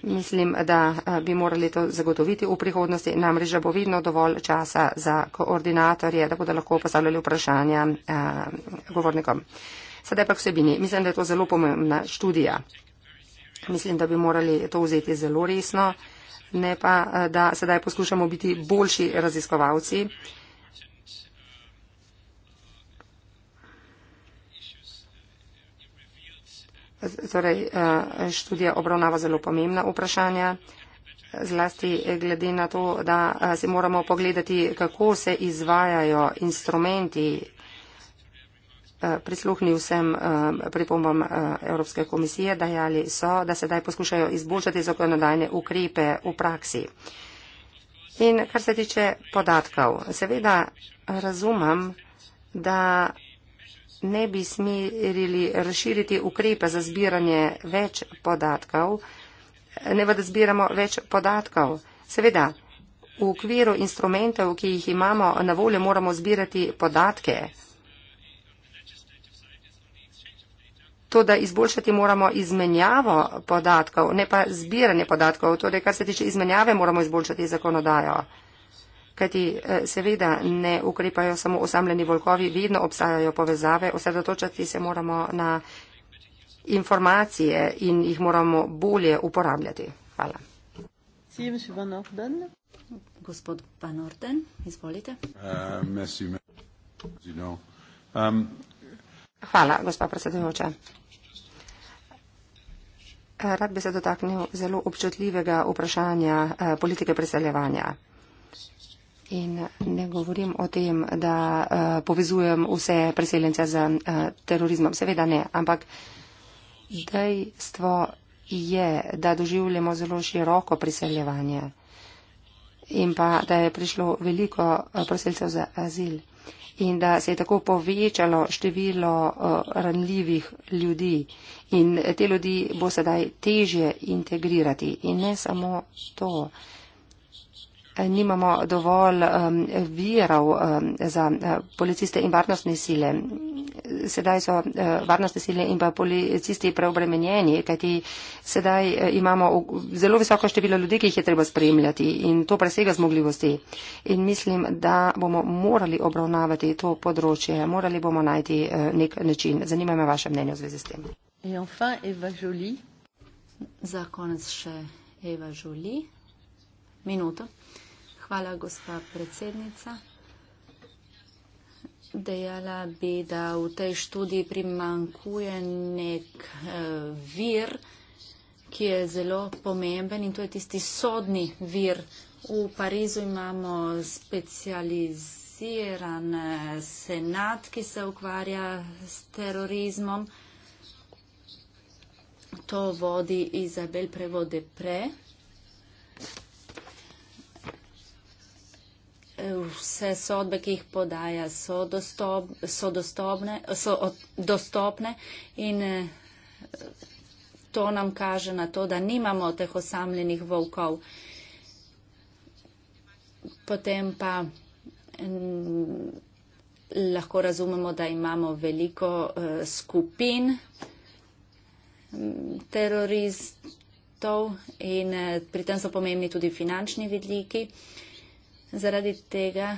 Mislim, da eh, bi morali to zagotoviti v prihodnosti, namreč, da bo vedno dovolj časa za koordinatorje, da bodo lahko postavljali vprašanja eh, govornikom. Sedaj pa k sebini. Mislim, da je to zelo pomembna študija. Mislim, da bi morali to vzeti zelo resno, ne pa, da sedaj poskušamo biti boljši raziskovalci. Eh, Torej, eh, študija obravnava zelo pomembna vprašanja, zlasti glede na to, da eh, se moramo pogledati, kako se izvajajo instrumenti. Eh, prisluhnil sem pripombam Evropske komisije, dajali so, da sedaj poskušajo izboljšati zakonodajne ukrepe v praksi. In kar se tiče podatkov, seveda razumem, da ne bi smerili razširiti ukrepe za zbiranje več podatkov, ne pa da zbiramo več podatkov. Seveda, v okviru instrumentov, ki jih imamo na voljo, moramo zbirati podatke. To, da izboljšati moramo izmenjavo podatkov, ne pa zbiranje podatkov. Torej, kar se tiče izmenjave, moramo izboljšati zakonodajo kajti eh, seveda ne ukrepajo samo osamljeni volkovi, vedno obstajajo povezave, osredotočati se moramo na informacije in jih moramo bolje uporabljati. Hvala. Gospod Van Orden, izvolite. Uh, um, Hvala, gospa predsedujoča. Rad bi se dotaknil zelo občutljivega vprašanja eh, politike priseljevanja. In ne govorim o tem, da uh, povezujem vse preseljence z uh, terorizmom. Seveda ne, ampak dejstvo je, da doživljamo zelo široko priseljevanje in pa da je prišlo veliko uh, eh, preseljcev za azil in da se je tako povečalo število uh, ranljivih ljudi in te ljudi bo sedaj težje integrirati. In ne samo to. Uh, Eh, nimamo dovolj um, virov um, za uh, policiste in varnostne sile. Sedaj so uh, varnostne sile in pa policisti preobremenjeni, kajti sedaj uh, imamo zelo visoko število ljudi, ki jih je treba spremljati in to presega zmogljivosti. In mislim, da bomo morali obravnavati to področje, morali bomo najti uh, nek način. Zanima me vaše mnenje v zvezi s tem. Enfin, Za konec še Eva Žuli. Minuto. Hvala, gospa predsednica. Dejala bi, da v tej študiji primankuje nek eh, vir, ki je zelo pomemben in to je tisti sodni vir. V Parizu imamo specializiran eh, senat, ki se ukvarja s terorizmom. To vodi Izabel Prevode Pre. -Depre. vse sodbe, ki jih podaja, so, dostop, so, dostopne, so od, dostopne in eh, to nam kaže na to, da nimamo teh osamljenih volkov. Potem pa lahko razumemo, da imamo veliko eh, skupin teroristov in eh, pri tem so pomembni tudi finančni vidliki. Zaradi tega,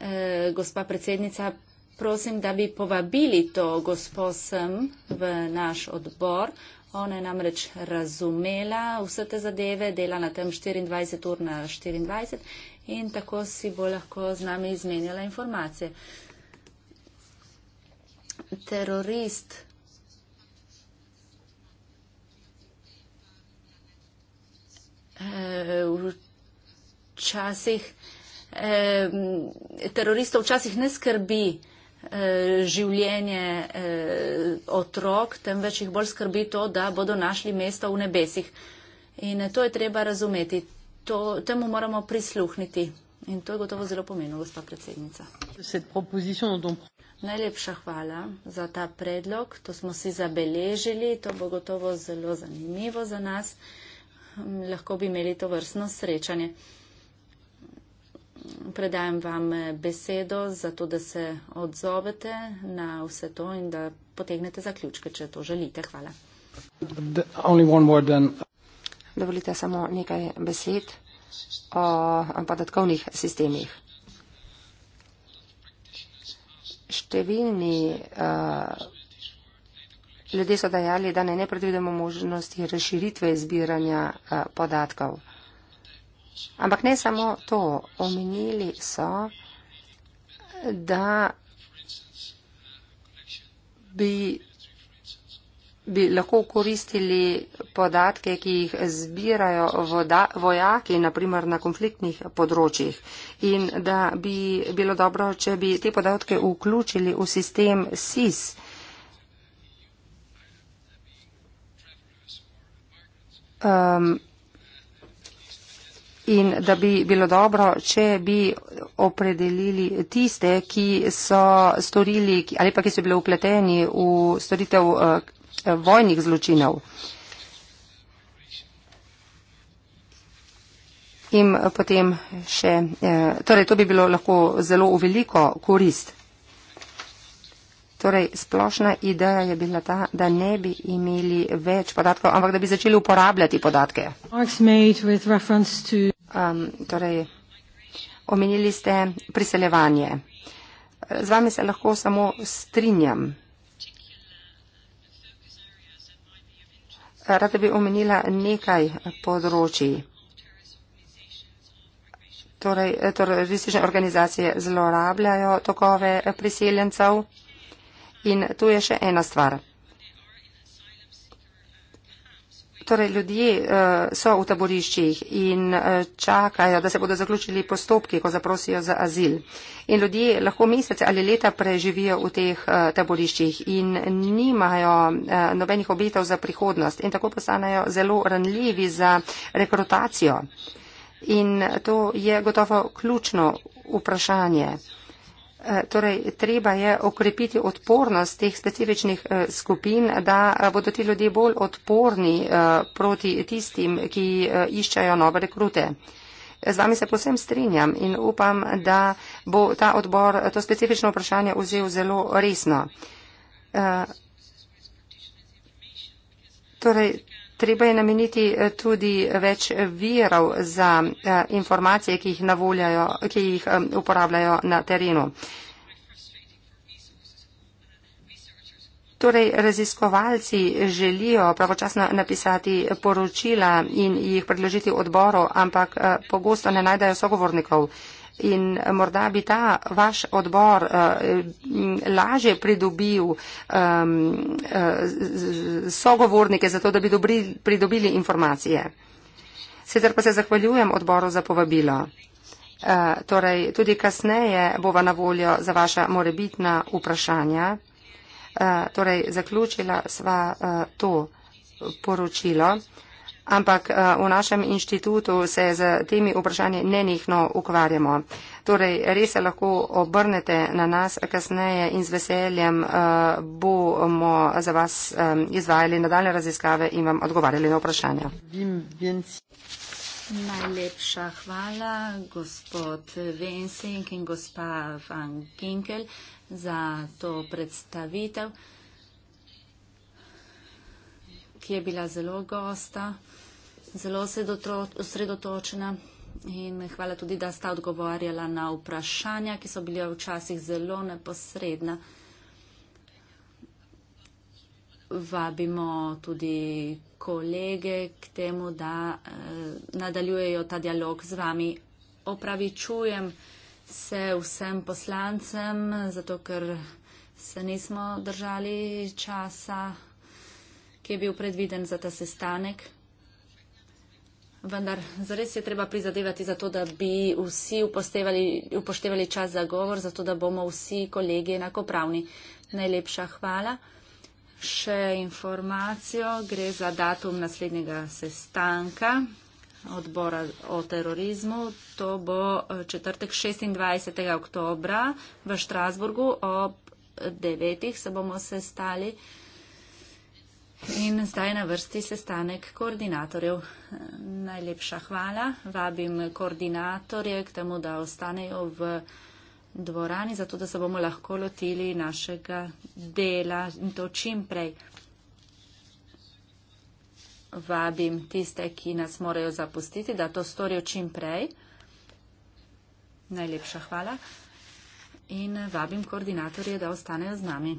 eh, gospa predsednica, prosim, da bi povabili to gospo sem v naš odbor. Ona je namreč razumela vse te zadeve, dela na tem 24 ur na 24 in tako si bo lahko z nami izmenjala informacije. Terorist. Eh, včasih. Eh, eh, teroristov včasih ne skrbi eh, življenje eh, otrok, temveč jih bolj skrbi to, da bodo našli mesto v nebesih. In eh, to je treba razumeti. To, temu moramo prisluhniti. In to je gotovo zelo pomenilo, gospa predsednica. Najlepša hvala za ta predlog. To smo si zabeležili. To bo gotovo zelo zanimivo za nas. Hm, lahko bi imeli to vrstno srečanje predajam vam eh, besedo, zato da se odzovete na vse to in da potegnete zaključke, če to želite. Hvala. Dovolite samo nekaj besed o podatkovnih sistemih. Številni uh, ljudje so dajali, da ne predvidimo možnosti razširitve izbiranja uh, eh, podatkov. Ampak ne samo to, omenili so, da bi, bi lahko koristili podatke, ki jih zbirajo voda, vojaki, naprimer na konfliktnih področjih, in da bi bilo dobro, če bi te podatke vključili v sistem SIS. Um, in da bi bilo dobro, če bi opredelili tiste, ki so storili ali pa ki so bili upleteni v storitev uh, vojnih zločinov. In potem še, uh, torej to bi bilo lahko zelo v veliko korist. Torej, splošna ideja je bila ta, da ne bi imeli več podatkov, ampak da bi začeli uporabljati podatke. Um, torej, omenili ste priseljevanje. Z vami se lahko samo strinjam. Rada bi omenila nekaj področji. Torej, eh, teroristične organizacije zlorabljajo tokove priseljencev in tu je še ena stvar. torej ljudje uh, so v taboriščih in uh, čakajo, da se bodo zaključili postopki, ko zaprosijo za azil. In ljudje lahko mesece ali leta preživijo v teh uh, taboriščih in nimajo uh, nobenih obetov za prihodnost in tako postanejo zelo ranljivi za rekrutacijo. In to je gotovo ključno vprašanje. Eh, torej, treba je okrepiti odpornost teh specifičnih eh, skupin, da eh, bodo ti ljudje bolj odporni proti tistim, ki iščajo nove rekrute. Z vami se posem strinjam in upam, da bo ta odbor to specifično vprašanje vzel zelo resno. Torej, Treba je nameniti eh, tudi eh, več eh, virov za informacije, ki jih, ki jih uporabljajo na terenu. Torej, raziskovalci želijo pravočasno napisati poročila in jih predložiti odboru, ampak pogosto ne najdejo sogovornikov in morda bi ta vaš odbor eh, laže pridobil eh, sogovornike, zato da bi pridobili informacije. Sedaj pa se zahvaljujem odboru za povabilo. Eh, torej, tudi kasneje bova na voljo za vaša morebitna vprašanja. Torej, zaključila sva to poročilo ampak eh, v našem inštitutu se z temi vprašanji nenihno ukvarjamo. Torej, res se lahko obrnete na nas kasneje in z veseljem eh, bomo za vas eh, izvajali nadaljne raziskave in vam odgovarjali na vprašanja. Najlepša hvala, gospod Vensink in gospa Van Ginkel, za to predstavitev, ki je bila zelo gosta zelo osredotočena in hvala tudi, da sta odgovarjala na vprašanja, ki so bila včasih zelo neposredna. Vabimo tudi kolege k temu, da eh, nadaljujejo ta dialog z vami. Opravičujem se vsem poslancem, zato ker se nismo držali časa, ki je bil predviden za ta sestanek. Vendar zares je treba prizadevati za to, da bi vsi upoštevali, upoštevali čas za govor, zato da bomo vsi kolegi enakopravni. Najlepša hvala. Še informacijo gre za datum naslednjega sestanka odbora o terorizmu. To bo eh, četrtek 26. oktobra v Štrasburgu ob 9. se bomo sestali. In zdaj na vrsti sestanek koordinatorjev. Najlepša hvala. Vabim koordinatorje k temu, da ostanejo v dvorani, zato da se bomo lahko lotili našega dela in to čim prej. Vabim tiste, ki nas morajo zapustiti, da to storijo čim prej. Najlepša hvala. In vabim koordinatorje, da ostanejo z nami.